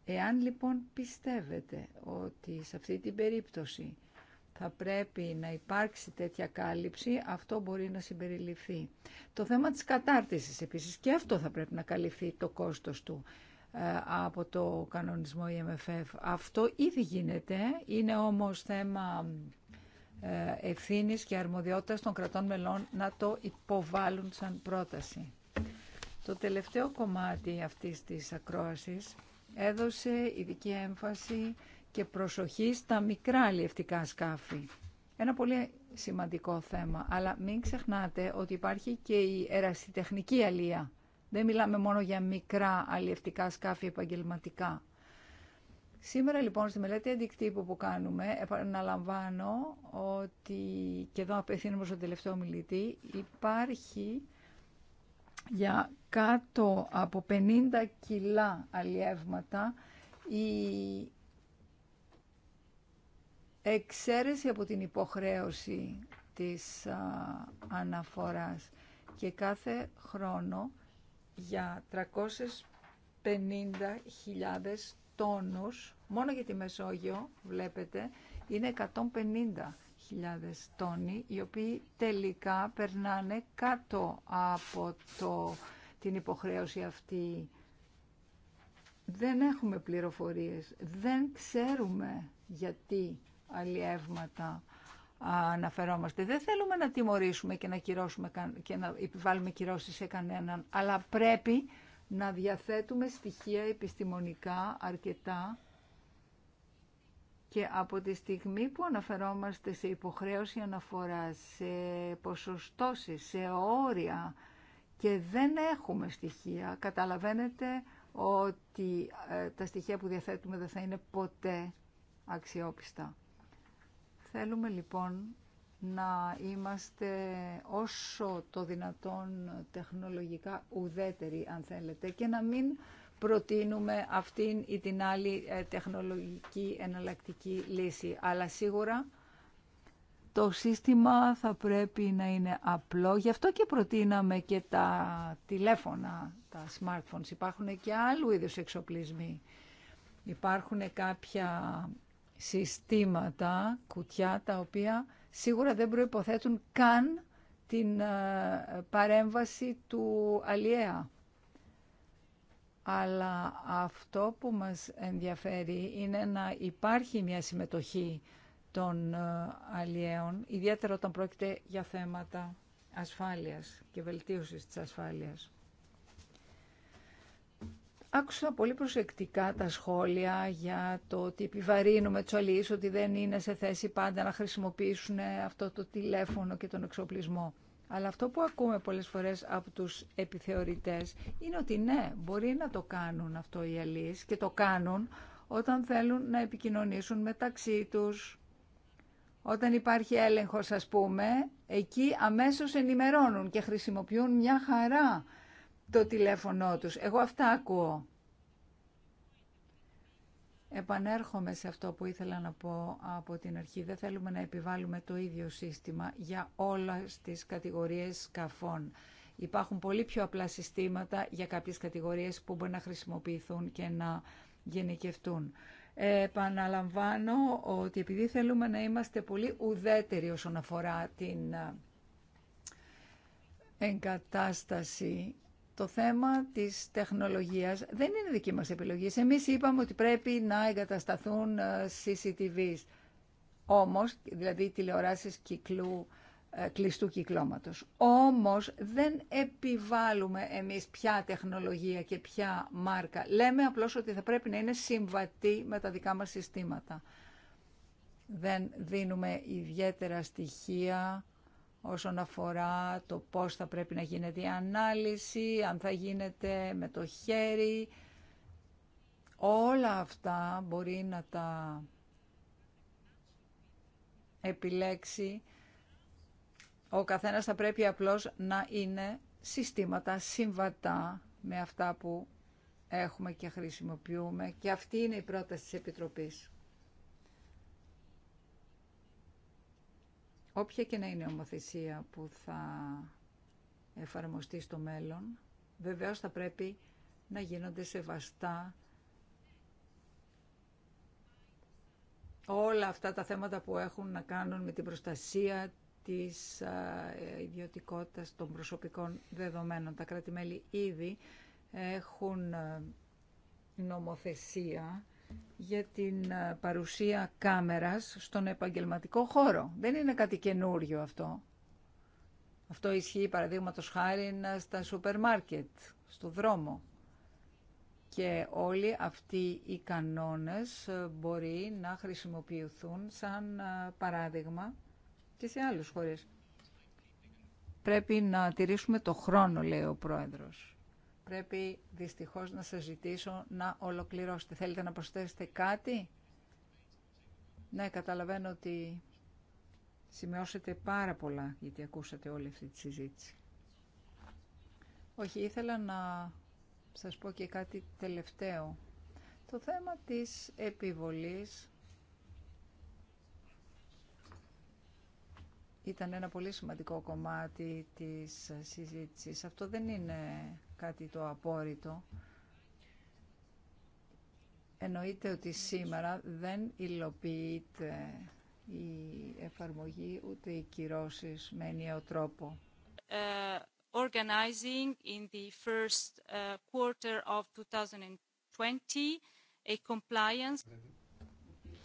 Εάν λοιπόν πιστεύετε ότι σε αυτή την περίπτωση θα πρέπει να υπάρξει τέτοια κάλυψη, αυτό μπορεί να συμπεριληφθεί. Το θέμα της κατάρτισης επίσης και αυτό θα πρέπει να καλυφθεί το κόστος του ε, από το κανονισμό EMFF. Αυτό ήδη γίνεται, είναι όμως θέμα ε, ευθύνης και αρμοδιότητας των κρατών μελών να το υποβάλουν σαν πρόταση. Το τελευταίο κομμάτι αυτής της ακρόασης έδωσε ειδική έμφαση και προσοχή στα μικρά αλλιευτικά σκάφη. Ένα πολύ σημαντικό θέμα, αλλά μην ξεχνάτε ότι υπάρχει και η ερασιτεχνική αλία. Δεν μιλάμε μόνο για μικρά αλλιευτικά σκάφη επαγγελματικά. Σήμερα λοιπόν στη μελέτη αντικτύπου που κάνουμε, επαναλαμβάνω ότι, και εδώ απευθύνομαι στον τελευταίο μιλητή, υπάρχει για κάτω από 50 κιλά αλλιεύματα η εξαίρεση από την υποχρέωση της α, αναφοράς και κάθε χρόνο για 350.000 τόνους, μόνο για τη Μεσόγειο βλέπετε, είναι 150.000 τόνοι, οι οποίοι τελικά περνάνε κάτω από το, την υποχρέωση αυτή. Δεν έχουμε πληροφορίες, δεν ξέρουμε γιατί αλλιεύματα αναφερόμαστε. Δεν θέλουμε να τιμωρήσουμε και να, κυρώσουμε, και να επιβάλλουμε κυρώσεις σε κανέναν, αλλά πρέπει να διαθέτουμε στοιχεία επιστημονικά αρκετά και από τη στιγμή που αναφερόμαστε σε υποχρέωση αναφορά, σε ποσοστώσεις, σε όρια και δεν έχουμε στοιχεία, καταλαβαίνετε ότι ε, τα στοιχεία που διαθέτουμε δεν θα είναι ποτέ αξιόπιστα. Θέλουμε λοιπόν να είμαστε όσο το δυνατόν τεχνολογικά ουδέτεροι, αν θέλετε, και να μην προτείνουμε αυτήν ή την άλλη ε, τεχνολογική εναλλακτική λύση. Αλλά σίγουρα το σύστημα θα πρέπει να είναι απλό. Γι' αυτό και προτείναμε και τα τηλέφωνα, τα smartphones. Υπάρχουν και άλλου είδους εξοπλισμοί. Υπάρχουν κάποια συστήματα, κουτιά, τα οποία σίγουρα δεν προϋποθέτουν καν την ε, παρέμβαση του Αλιέα. Αλλά αυτό που μας ενδιαφέρει είναι να υπάρχει μια συμμετοχή των ε, Αλιέων, ιδιαίτερα όταν πρόκειται για θέματα ασφάλειας και βελτίωσης της ασφάλειας. Άκουσα πολύ προσεκτικά τα σχόλια για το ότι επιβαρύνουμε του αλληλείς, ότι δεν είναι σε θέση πάντα να χρησιμοποιήσουν αυτό το τηλέφωνο και τον εξοπλισμό. Αλλά αυτό που ακούμε πολλές φορές από τους επιθεωρητές είναι ότι ναι, μπορεί να το κάνουν αυτό οι αλληλείς και το κάνουν όταν θέλουν να επικοινωνήσουν μεταξύ τους. Όταν υπάρχει έλεγχος, ας πούμε, εκεί αμέσως ενημερώνουν και χρησιμοποιούν μια χαρά το τηλέφωνό τους. Εγώ αυτά ακούω. Επανέρχομαι σε αυτό που ήθελα να πω από την αρχή. Δεν θέλουμε να επιβάλλουμε το ίδιο σύστημα για όλα τις κατηγορίες σκαφών. Υπάρχουν πολύ πιο απλά συστήματα για κάποιες κατηγορίες που μπορεί να χρησιμοποιηθούν και να γενικευτούν. Ε, επαναλαμβάνω ότι επειδή θέλουμε να είμαστε πολύ ουδέτεροι όσον αφορά την ε, εγκατάσταση το θέμα της τεχνολογίας δεν είναι δική μας επιλογή. Εμείς είπαμε ότι πρέπει να εγκατασταθούν ε, CCTV, όμως, δηλαδή τηλεοράσεις κυκλού, ε, κλειστού κυκλώματος. Όμως δεν επιβάλλουμε εμείς ποια τεχνολογία και ποια μάρκα. Λέμε απλώς ότι θα πρέπει να είναι συμβατή με τα δικά μας συστήματα. Δεν δίνουμε ιδιαίτερα στοιχεία όσον αφορά το πώς θα πρέπει να γίνεται η ανάλυση, αν θα γίνεται με το χέρι. Όλα αυτά μπορεί να τα επιλέξει. Ο καθένας θα πρέπει απλώς να είναι συστήματα συμβατά με αυτά που έχουμε και χρησιμοποιούμε. Και αυτή είναι η πρόταση της Επιτροπής. Όποια και να είναι η νομοθεσία που θα εφαρμοστεί στο μέλλον, βεβαίως θα πρέπει να γίνονται σεβαστά όλα αυτά τα θέματα που έχουν να κάνουν με την προστασία της ε, ιδιωτικότητας των προσωπικών δεδομένων. Τα κράτη-μέλη ήδη έχουν ε, νομοθεσία για την ε, παρουσία κάμερας στον επαγγελματικό χώρο. Δεν είναι κάτι καινούριο αυτό. Αυτό ισχύει παραδείγματος χάρη στα σούπερ μάρκετ, στο δρόμο. Και όλοι αυτοί οι κανόνες ε, μπορεί να χρησιμοποιηθούν σαν ε, παράδειγμα και σε άλλους χώρες. Πρέπει να τηρήσουμε το χρόνο, λέει ο Πρόεδρος πρέπει δυστυχώς να σας ζητήσω να ολοκληρώσετε. Θέλετε να προσθέσετε κάτι? Ναι, καταλαβαίνω ότι σημειώσετε πάρα πολλά, γιατί ακούσατε όλη αυτή τη συζήτηση. Όχι, ήθελα να σας πω και κάτι τελευταίο. Το θέμα της επιβολής ήταν ένα πολύ σημαντικό κομμάτι της συζήτησης. Αυτό δεν είναι κάτι το απόρριτο. Εννοείται ότι σήμερα δεν υλοποιείται η εφαρμογή ούτε οι κυρώσεις με ενιαίο τρόπο. Ε, in the ε, of 2020 a compliance.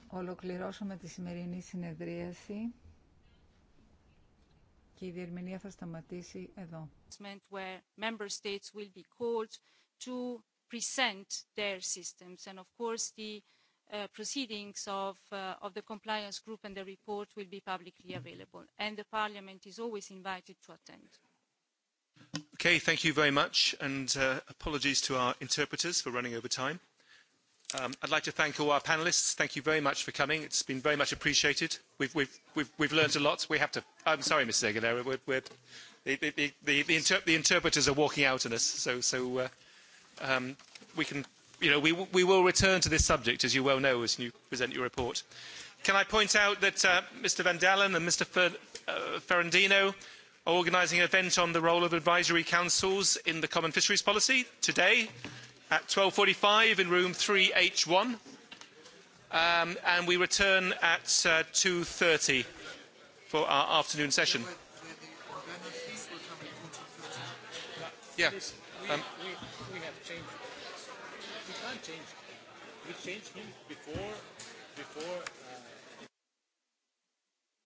Ολοκληρώσαμε τη σημερινή συνεδρίαση και η διερμηνία θα σταματήσει εδώ. Where member states will be called to present their systems and of course the proceedings of of the compliance group and the report will be publicly available and the parliament is always invited to attend. Okay, thank you very much and apologies to our interpreters for running over time. I'd like to thank all our panelists. Thank you very much for coming. It's been very much appreciated. We've, we've, we've, we've learned a lot. We have to... I'm sorry, Mrs. Aguilera. We're, we're, the, the, the, the, inter the interpreters are walking out on us. So, so uh, um, we can... You know, we, we will return to this subject, as you well know, as you present your report. Can I point out that uh, Mr. Van Dalen and Mr. Fer, uh, Ferrandino are organising an event on the role of advisory councils in the common fisheries policy today at 12.45 in room 3H1 um, and we return at 2.30 for our afternoon session. Yeah. Um, we, we, have changed. change. We changed before, before